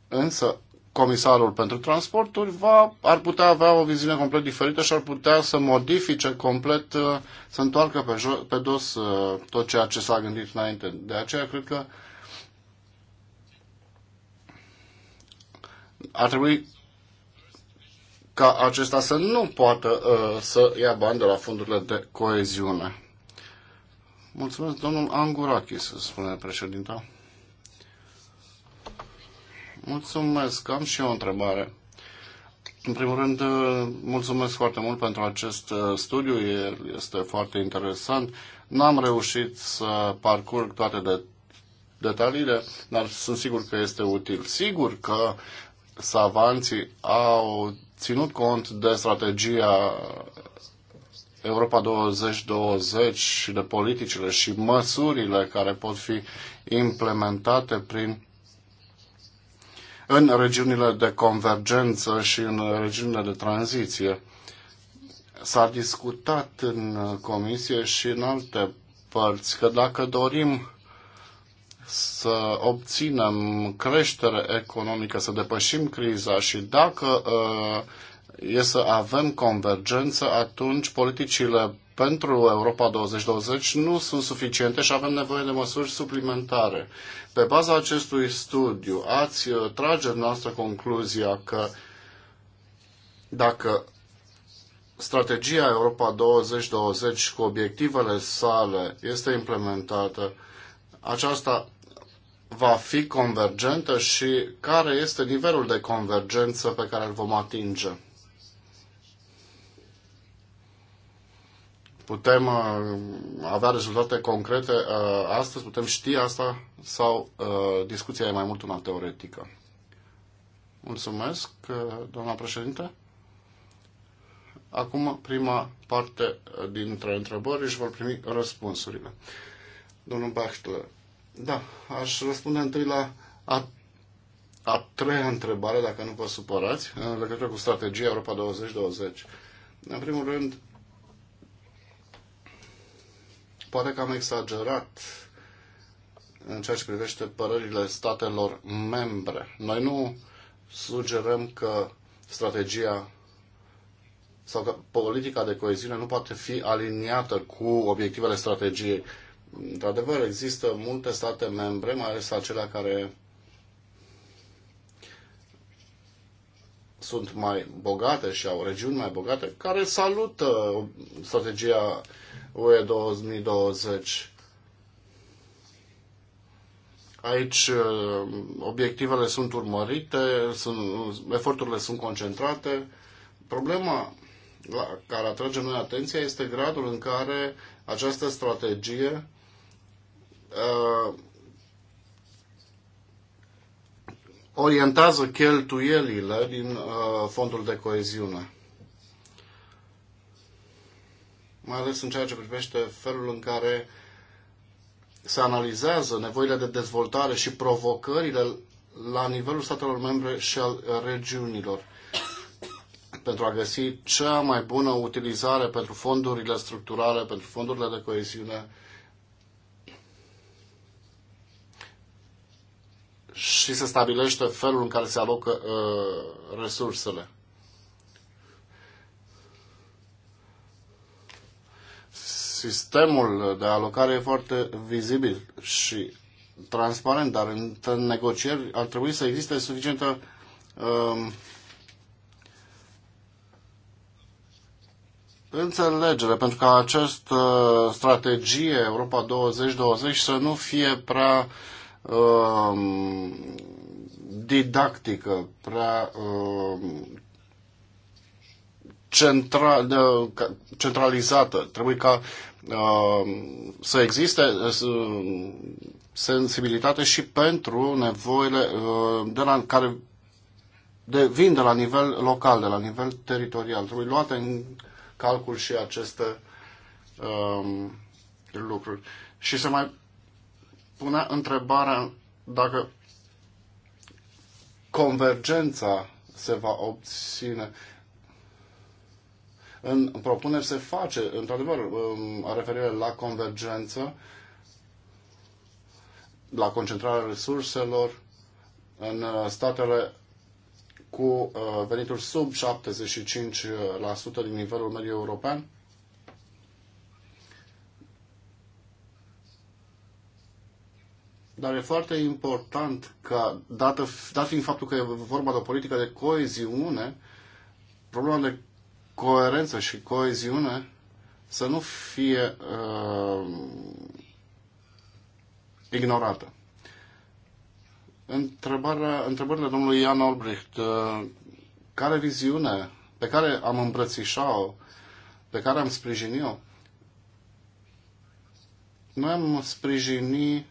Însă, comisarul pentru transporturi va, ar putea avea o viziune complet diferită și ar putea să modifice complet, uh, să întoarcă pe, pe dos tot ceea ce s-a gândit înainte. De aceea cred că ar trebui ca acesta să nu poată uh, să ia bani de la fondurile de coeziune. Mulțumesc, domnul să spune președinta. Mulțumesc, am și eu o întrebare. În primul rând, uh, mulțumesc foarte mult pentru acest uh, studiu, el este foarte interesant. N-am reușit să parcurg toate de detaliile, dar sunt sigur că este util. Sigur că savanții au ținut cont de strategia Europa 2020 și de politicile și măsurile care pot fi implementate prin în regiunile de convergență și în regiunile de tranziție. S-a discutat în comisie și în alte părți că dacă dorim să obținem creștere economică, să depășim criza și dacă uh, e să avem convergență, atunci politicile pentru Europa 2020 nu sunt suficiente și avem nevoie de măsuri suplimentare. Pe baza acestui studiu, ați uh, trage noastră concluzia că dacă strategia Europa 2020 cu obiectivele sale este implementată, aceasta va fi convergentă și care este nivelul de convergență pe care îl vom atinge. Putem uh, avea rezultate concrete uh, astăzi, putem ști asta sau uh, discuția e mai mult una teoretică? Mulțumesc, doamna președinte. Acum, prima parte dintre întrebări și vor primi răspunsurile. Domnul Bachtler. Da, aș răspunde întâi la a, a treia întrebare, dacă nu vă supărați, în legătură cu strategia Europa 2020. În primul rând, poate că am exagerat în ceea ce privește părerile statelor membre. Noi nu sugerăm că strategia sau că politica de coeziune nu poate fi aliniată cu obiectivele strategiei Într-adevăr, există multe state membre, mai ales acelea care sunt mai bogate și au regiuni mai bogate, care salută strategia UE 2020. Aici uh, obiectivele sunt urmărite, sunt, eforturile sunt concentrate. Problema la care atragem noi atenția este gradul în care această strategie Uh, orientează cheltuielile din uh, fondul de coeziune. Mai ales în ceea ce privește felul în care se analizează nevoile de dezvoltare și provocările la nivelul statelor membre și al regiunilor pentru a găsi cea mai bună utilizare pentru fondurile structurale, pentru fondurile de coeziune și se stabilește felul în care se alocă uh, resursele. Sistemul de alocare e foarte vizibil și transparent, dar în, negocieri ar trebui să existe suficientă uh, înțelegere, pentru că această strategie Europa 2020 să nu fie prea uh, Um, didactică, prea um, centralizată. Trebuie ca um, să existe uh, sensibilitate și pentru nevoile uh, de la care de, vin de la nivel local, de la nivel teritorial. Trebuie luate în calcul și aceste um, lucruri. Și să mai punea întrebarea dacă convergența se va obține. În propuneri se face, într-adevăr, a um, referire la convergență, la concentrarea resurselor în uh, statele cu uh, venituri sub 75% uh, din nivelul mediu european Dar e foarte important că, dată, dat fiind faptul că e vorba de o politică de coeziune, problema de coerență și coeziune să nu fie uh, ignorată. Întrebarea, întrebările domnului Ian Albrecht, uh, care viziune pe care am îmbrățișat-o, pe care am sprijinit-o, noi am sprijinit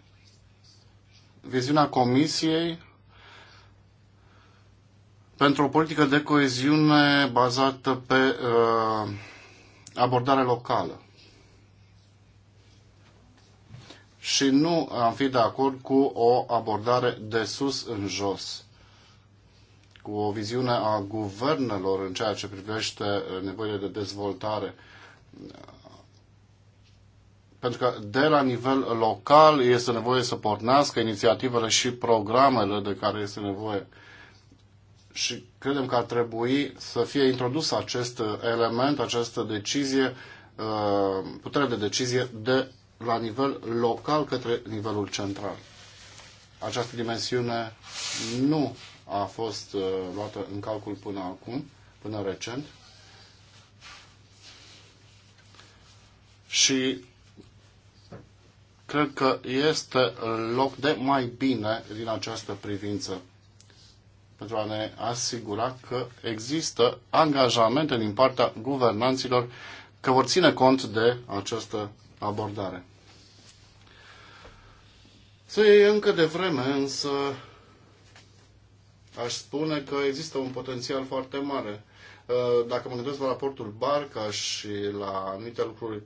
viziunea Comisiei pentru o politică de coeziune bazată pe uh, abordare locală. Și nu am fi de acord cu o abordare de sus în jos, cu o viziune a guvernelor în ceea ce privește nevoile de dezvoltare pentru că de la nivel local este nevoie să pornească inițiativele și programele de care este nevoie. Și credem că ar trebui să fie introdus acest element, această decizie, uh, putere de decizie de la nivel local către nivelul central. Această dimensiune nu a fost uh, luată în calcul până acum, până recent. Și cred că este loc de mai bine din această privință pentru a ne asigura că există angajamente din partea guvernanților că vor ține cont de această abordare. Să e încă de vreme, însă aș spune că există un potențial foarte mare. Dacă mă gândesc la raportul Barca și la anumite lucruri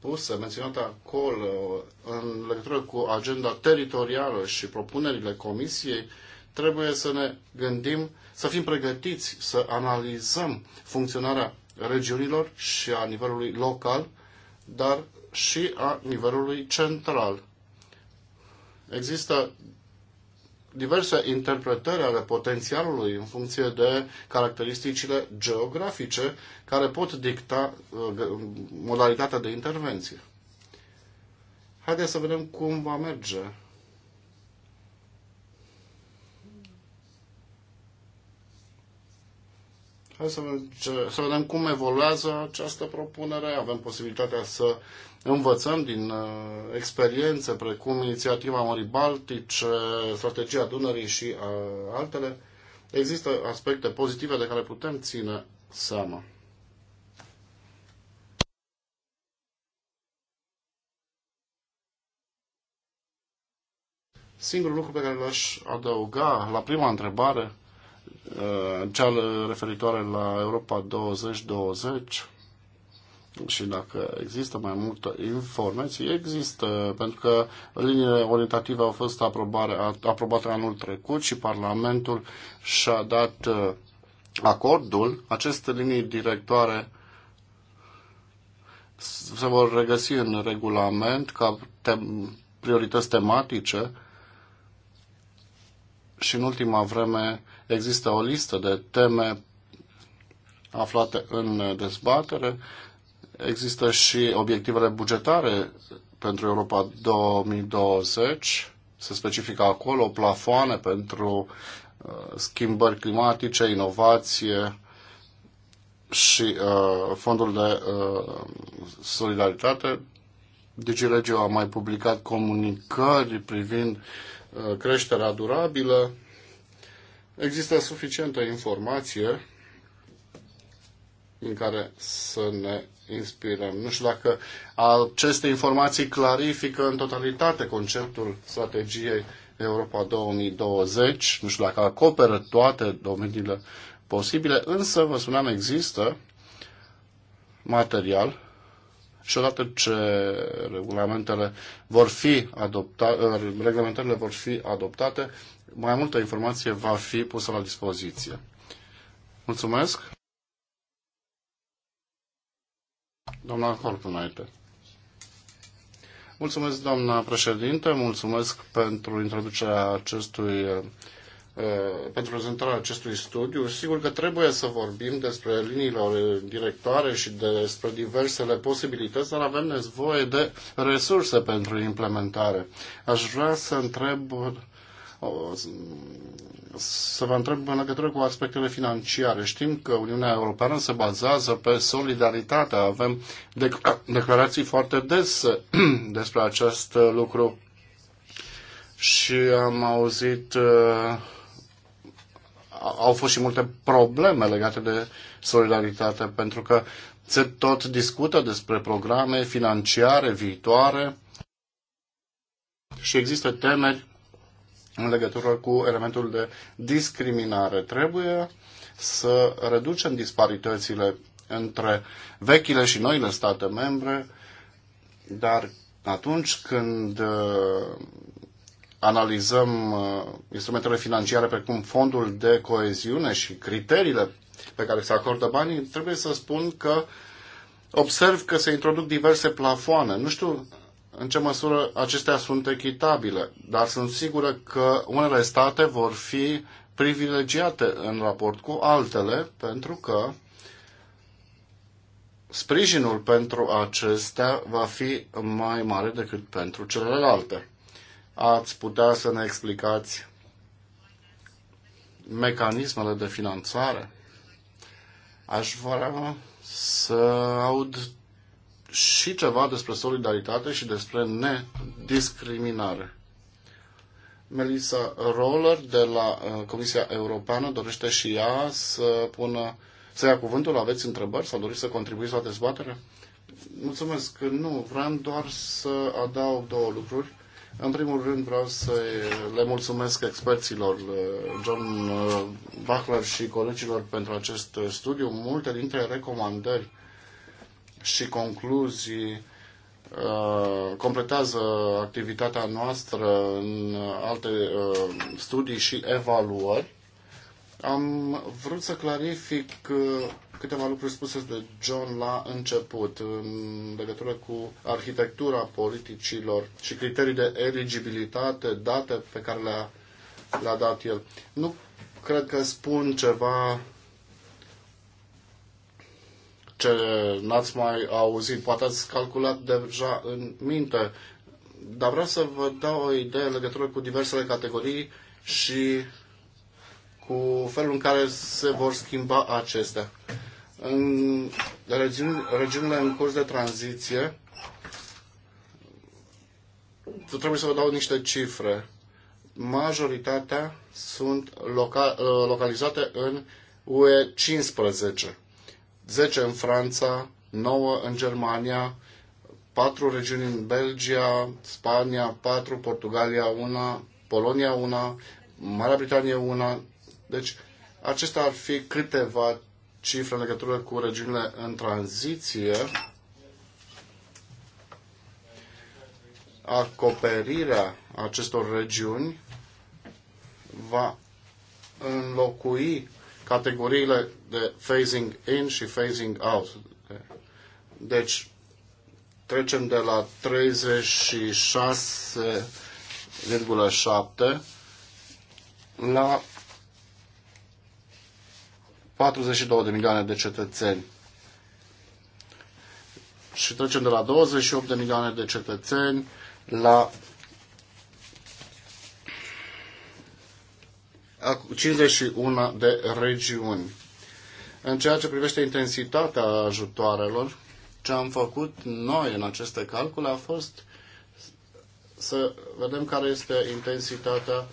pusă, menționată acolo, în legătură cu agenda teritorială și propunerile Comisiei, trebuie să ne gândim, să fim pregătiți să analizăm funcționarea regiunilor și a nivelului local, dar și a nivelului central. Există diverse interpretări ale potențialului în funcție de caracteristicile geografice care pot dicta uh, modalitatea de intervenție. Haideți să vedem cum va merge. Hai să, ce, să vedem cum evoluează această propunere. Avem posibilitatea să învățăm din uh, experiențe precum inițiativa Mării Baltice, strategia Dunării și uh, altele, există aspecte pozitive de care putem ține seama. Singurul lucru pe care l-aș adăuga la prima întrebare, uh, cea referitoare la Europa 2020, și dacă există mai multă informație, există, pentru că liniile orientative au fost aprobare, aprobate anul trecut și Parlamentul și-a dat uh, acordul. Aceste linii directoare se vor regăsi în regulament ca tem- priorități tematice și în ultima vreme există o listă de teme aflate în dezbatere Există și obiectivele bugetare pentru Europa 2020. Se specifică acolo plafoane pentru uh, schimbări climatice, inovație și uh, fondul de uh, solidaritate. DigiRegio a mai publicat comunicări privind uh, creșterea durabilă. Există suficientă informație în care să ne inspirăm. Nu știu dacă aceste informații clarifică în totalitate conceptul strategiei Europa 2020, nu știu dacă acoperă toate domeniile posibile, însă, vă spuneam, există material și odată ce regulamentele vor fi adoptate, reglementările vor fi adoptate, mai multă informație va fi pusă la dispoziție. Mulțumesc! Doamna Hortunaite. Mulțumesc, doamna președinte, mulțumesc pentru introducerea acestui uh, pentru prezentarea acestui studiu. Sigur că trebuie să vorbim despre liniile directoare și despre diversele posibilități, dar avem nevoie de resurse pentru implementare. Aș vrea să întreb uh, să vă întreb în legătură cu aspectele financiare. Știm că Uniunea Europeană se bazează pe solidaritate. Avem declarații foarte des (clears throat) despre acest lucru și am auzit uh, au fost și multe probleme legate de solidaritate pentru că se tot discută despre programe financiare viitoare și există temeri în legătură cu elementul de discriminare. Trebuie să reducem disparitățile între vechile și noile state membre, dar atunci când uh, analizăm uh, instrumentele financiare precum fondul de coeziune și criteriile pe care se acordă banii, trebuie să spun că observ că se introduc diverse plafoane. Nu știu în ce măsură acestea sunt echitabile, dar sunt sigură că unele state vor fi privilegiate în raport cu altele, pentru că sprijinul pentru acestea va fi mai mare decât pentru celelalte. Ați putea să ne explicați mecanismele de finanțare? Aș vrea să aud și ceva despre solidaritate și despre nediscriminare. Melissa Roller de la uh, Comisia Europeană dorește și ea să pună să ia cuvântul, aveți întrebări sau doriți să contribuiți la dezbatere? Mulțumesc. Nu, vreau doar să adaug două lucruri. În primul rând vreau să le mulțumesc experților uh, John uh, Bachler și colegilor pentru acest studiu. Multe dintre recomandări și concluzii uh, completează activitatea noastră în alte uh, studii și evaluări. Am vrut să clarific uh, câteva lucruri spuse de John la început în legătură cu arhitectura politicilor și criterii de eligibilitate, date pe care le-a, le-a dat el. Nu cred că spun ceva ce n-ați mai auzit, poate ați calculat deja în minte, dar vreau să vă dau o idee în legătură cu diversele categorii și cu felul în care se vor schimba acestea. În regiuni, regiunile în curs de tranziție, trebuie să vă dau niște cifre. Majoritatea sunt loca, localizate în UE 15. 10 în Franța, 9 în Germania, 4 regiuni în Belgia, Spania 4, Portugalia 1, Polonia 1, Marea Britanie 1. Deci acestea ar fi câteva cifre în legătură cu regiunile în tranziție. Acoperirea acestor regiuni va înlocui categoriile de phasing in și phasing out. Deci, trecem de la 36,7 la 42 de milioane de cetățeni. Și trecem de la 28 de milioane de cetățeni la 51 de regiuni. În ceea ce privește intensitatea ajutoarelor, ce am făcut noi în aceste calcule a fost să vedem care este intensitatea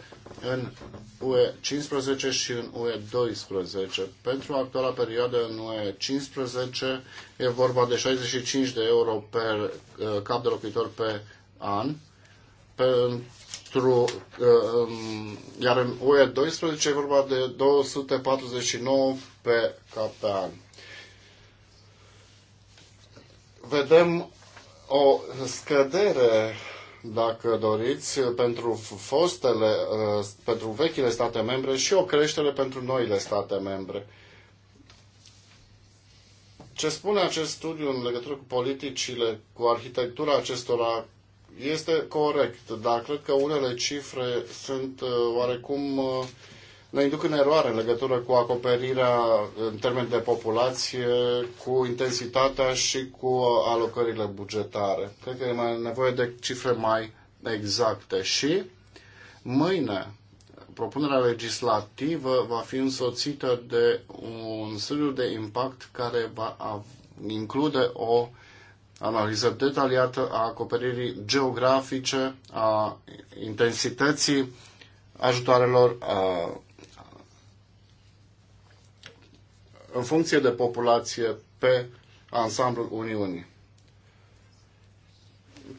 în UE 15 și în UE 12. Pentru actuala perioadă în UE 15 e vorba de 65 de euro per eh, cap de locuitor pe an. Pe, nostru, uh, um, iar în UE 12 e vorba de 249 pe cap pe an. Vedem o scădere, dacă doriți, pentru fostele, uh, pentru vechile state membre și o creștere pentru noile state membre. Ce spune acest studiu în legătură cu politicile, cu arhitectura acestora este corect, dar cred că unele cifre sunt uh, oarecum uh, ne induc în eroare în legătură cu acoperirea în termen de populație, cu intensitatea și cu alocările bugetare. Cred că e mai nevoie de cifre mai exacte și mâine propunerea legislativă va fi însoțită de un studiu de impact care va include o analiză detaliată a acoperirii geografice, a intensității ajutoarelor a, în funcție de populație pe ansamblul Uniunii.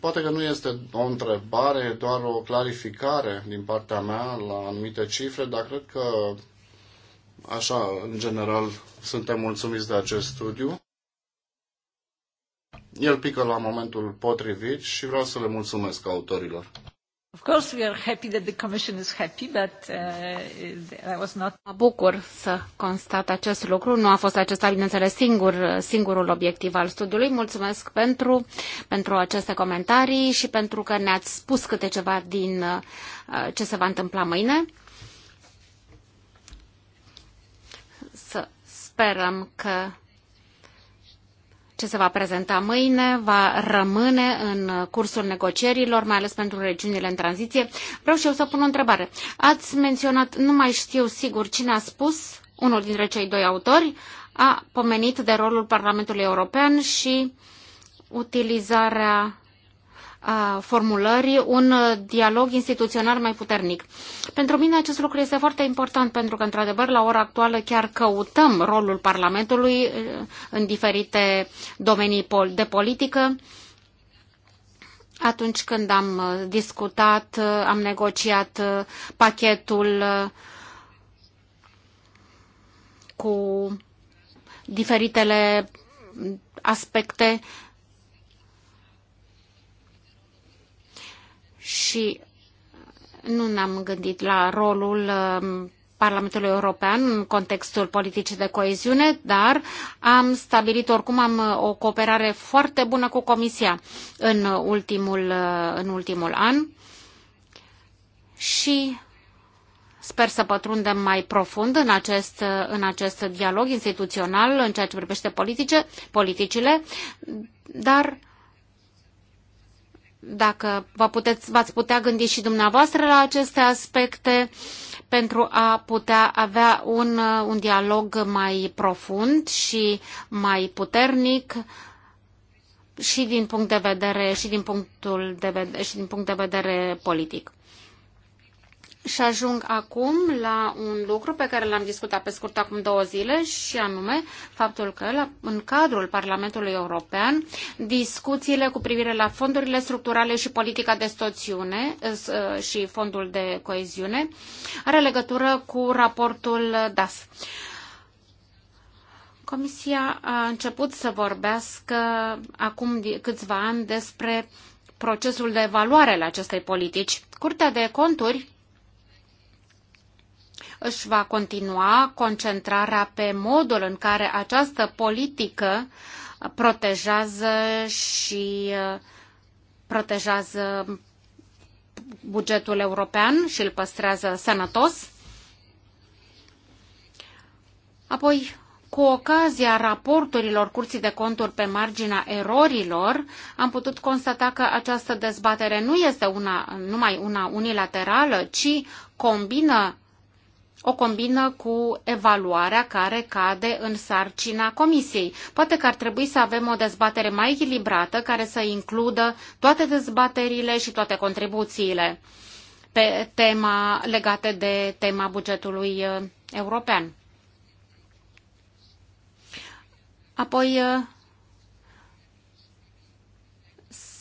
Poate că nu este o întrebare, doar o clarificare din partea mea la anumite cifre, dar cred că, așa, în general, suntem mulțumiți de acest studiu el pică la momentul potrivit și vreau să le mulțumesc autorilor. Of course, we are happy that the Commission is happy, but uh, I was not. Mă bucur să constat acest lucru. Nu a fost acesta, bineînțeles, singur, singurul obiectiv al studiului. Mulțumesc pentru, pentru aceste comentarii și pentru că ne-ați spus câte ceva din uh, ce se va întâmpla mâine. Să sperăm că ce se va prezenta mâine va rămâne în cursul negocierilor, mai ales pentru regiunile în tranziție. Vreau și eu să pun o întrebare. Ați menționat, nu mai știu sigur cine a spus, unul dintre cei doi autori, a pomenit de rolul Parlamentului European și utilizarea formulării un uh, dialog instituțional mai puternic. Pentru mine acest lucru este foarte important pentru că, într-adevăr, la ora actuală chiar căutăm rolul Parlamentului uh, în diferite domenii de politică. Atunci când am uh, discutat, am negociat pachetul cu diferitele aspecte uh, și nu ne-am gândit la rolul uh, Parlamentului European în contextul politicii de coeziune, dar am stabilit oricum am uh, o cooperare foarte bună cu Comisia în ultimul, uh, în ultimul an și Sper să pătrundem mai profund în acest, în acest dialog instituțional în ceea ce privește politice, politicile, dar dacă vă puteți, v-ați putea gândi și dumneavoastră la aceste aspecte pentru a putea avea un, uh, un dialog mai profund și mai puternic și din punct de vedere și din punctul de vedere, și din punct de vedere politic. Și ajung acum la un lucru pe care l-am discutat pe scurt acum două zile și anume faptul că la, în cadrul Parlamentului European discuțiile cu privire la fondurile structurale și politica de stoțiune ă, și fondul de coeziune are legătură cu raportul DAS. Comisia a început să vorbească acum câțiva ani despre procesul de evaluare la acestei politici. Curtea de conturi își va continua concentrarea pe modul în care această politică protejează și uh, protejează bugetul european și îl păstrează sănătos. Apoi, cu ocazia raporturilor Curții de Conturi pe marginea erorilor, am putut constata că această dezbatere nu este una, numai una unilaterală, ci combină o combină cu evaluarea care cade în sarcina comisiei. Poate că ar trebui să avem o dezbatere mai echilibrată care să includă toate dezbaterile și toate contribuțiile pe tema legate de tema bugetului uh, european. Apoi uh,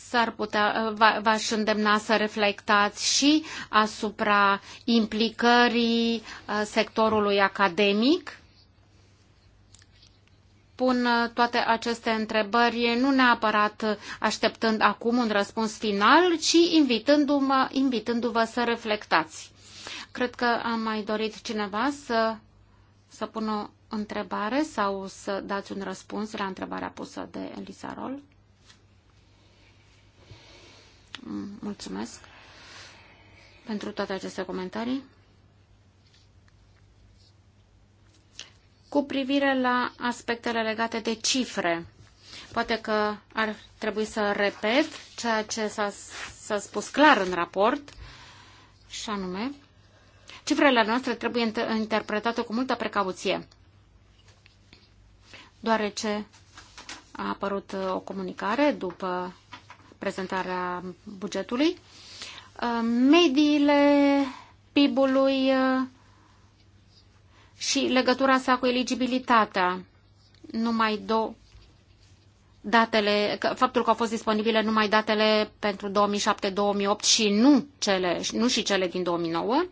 s-ar putea, uh, v-aș îndemna să reflectați și asupra implicării uh, sectorului academic. Pun uh, toate aceste întrebări nu neapărat așteptând acum un răspuns final, ci invitându vă invitându-vă să reflectați. Cred că am mai dorit cineva să, să pună o întrebare sau să dați un răspuns la întrebarea pusă de Elisa Mulțumesc pentru toate aceste comentarii. Cu privire la aspectele legate de cifre, poate că ar trebui să repet ceea ce s-a spus clar în raport, și anume, cifrele noastre trebuie interpretate cu multă precauție, deoarece a apărut uh, o comunicare după prezentarea bugetului. Uh, mediile PIB-ului uh, și legătura sa cu eligibilitatea. Numai două datele, faptul că au fost disponibile numai datele pentru 2007-2008 și nu, cele, nu și cele din 2009.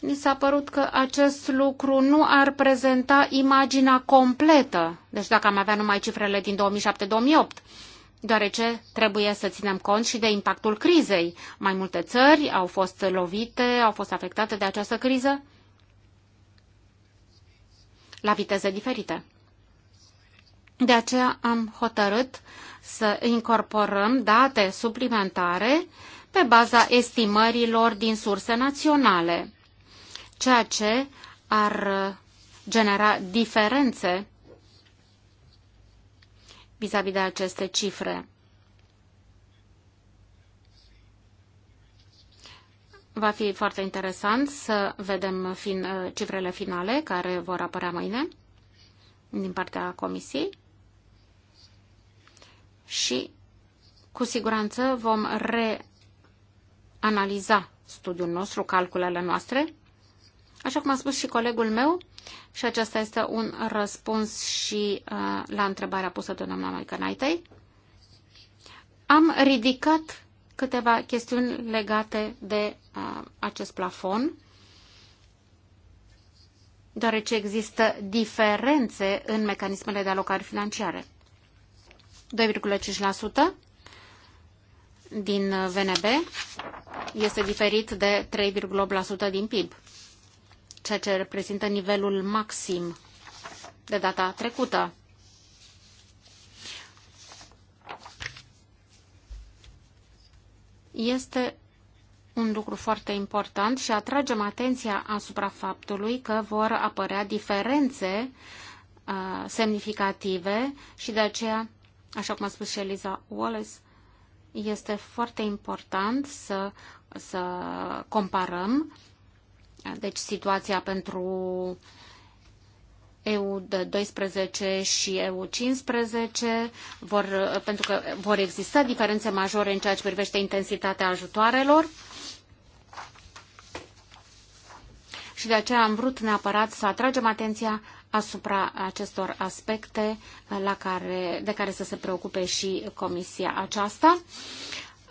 Mi s-a părut că acest lucru nu ar prezenta imaginea completă, deci dacă am avea numai cifrele din 2007-2008 deoarece trebuie să ținem cont și de impactul crizei. Mai multe țări au fost lovite, au fost afectate de această criză la viteze diferite. De aceea am hotărât să incorporăm date suplimentare pe baza estimărilor din surse naționale, ceea ce ar genera diferențe vis-a-vis de aceste cifre. Va fi foarte interesant să vedem fin, uh, cifrele finale care vor apărea mâine din partea Comisiei și cu siguranță vom reanaliza studiul nostru, calculele noastre. Așa cum a spus și colegul meu, și acesta este un răspuns și uh, la întrebarea pusă de doamna Maica Naitei. Am ridicat câteva chestiuni legate de uh, acest plafon, deoarece există diferențe în mecanismele de alocare financiare. 2,5% din VNB este diferit de 3,8% din PIB ceea ce reprezintă nivelul maxim de data trecută. Este un lucru foarte important și atragem atenția asupra faptului că vor apărea diferențe uh, semnificative și de aceea, așa cum a spus și Eliza Wallace, este foarte important să, să comparăm deci situația pentru EU12 și EU15 vor, pentru că vor exista diferențe majore în ceea ce privește intensitatea ajutoarelor. Și de aceea am vrut neapărat să atragem atenția asupra acestor aspecte la care, de care să se preocupe și comisia aceasta.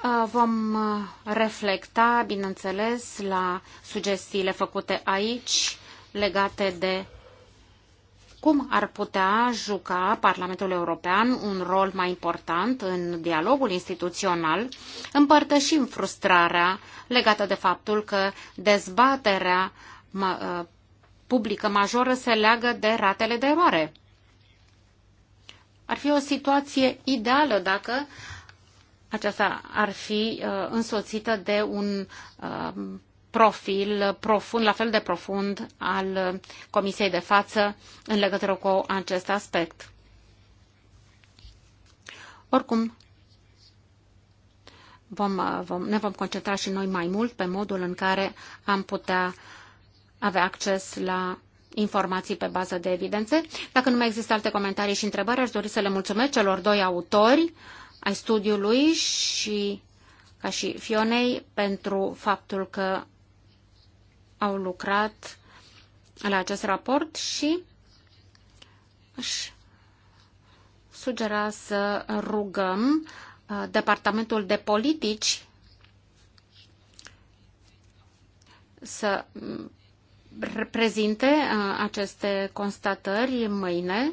Uh, vom uh, reflecta, bineînțeles, la sugestiile făcute aici legate de cum ar putea juca Parlamentul European un rol mai important în dialogul instituțional, împărtășim frustrarea legată de faptul că dezbaterea uh, publică majoră se leagă de ratele de eroare. Ar fi o situație ideală dacă aceasta ar fi uh, însoțită de un uh, profil profund, la fel de profund al uh, Comisiei de față în legătură cu acest aspect. Oricum, vom, vom, ne vom concentra și noi mai mult pe modul în care am putea avea acces la informații pe bază de evidențe. Dacă nu mai există alte comentarii și întrebări, aș dori să le mulțumesc celor doi autori ai studiului și ca și Fionei pentru faptul că au lucrat la acest raport și își sugera să rugăm uh, Departamentul de Politici să mm, reprezinte uh, aceste constatări mâine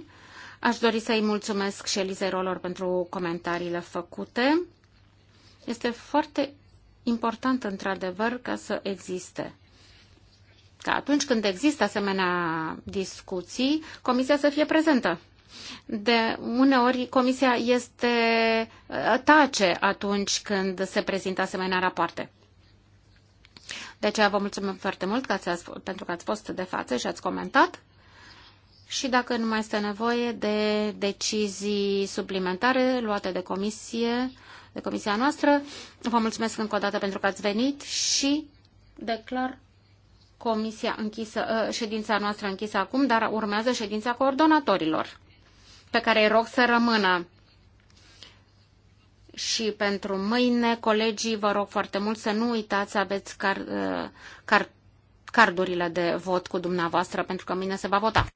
Aș dori să-i mulțumesc și Elizei Rolor pentru comentariile făcute. Este foarte important, într-adevăr, ca să existe. Ca atunci când există asemenea discuții, comisia să fie prezentă. De uneori comisia este uh, tace atunci când se prezintă asemenea rapoarte. De aceea vă mulțumim foarte mult că ați, pentru că ați fost de față și ați comentat și dacă nu mai este nevoie de decizii suplimentare luate de comisie, de comisia noastră, vă mulțumesc încă o dată pentru că ați venit și declar comisia închisă, ă, ședința noastră închisă acum, dar urmează ședința coordonatorilor, pe care îi rog să rămână. Și pentru mâine, colegii, vă rog foarte mult să nu uitați să aveți car, ă, car, cardurile de vot cu dumneavoastră, pentru că mâine se va vota.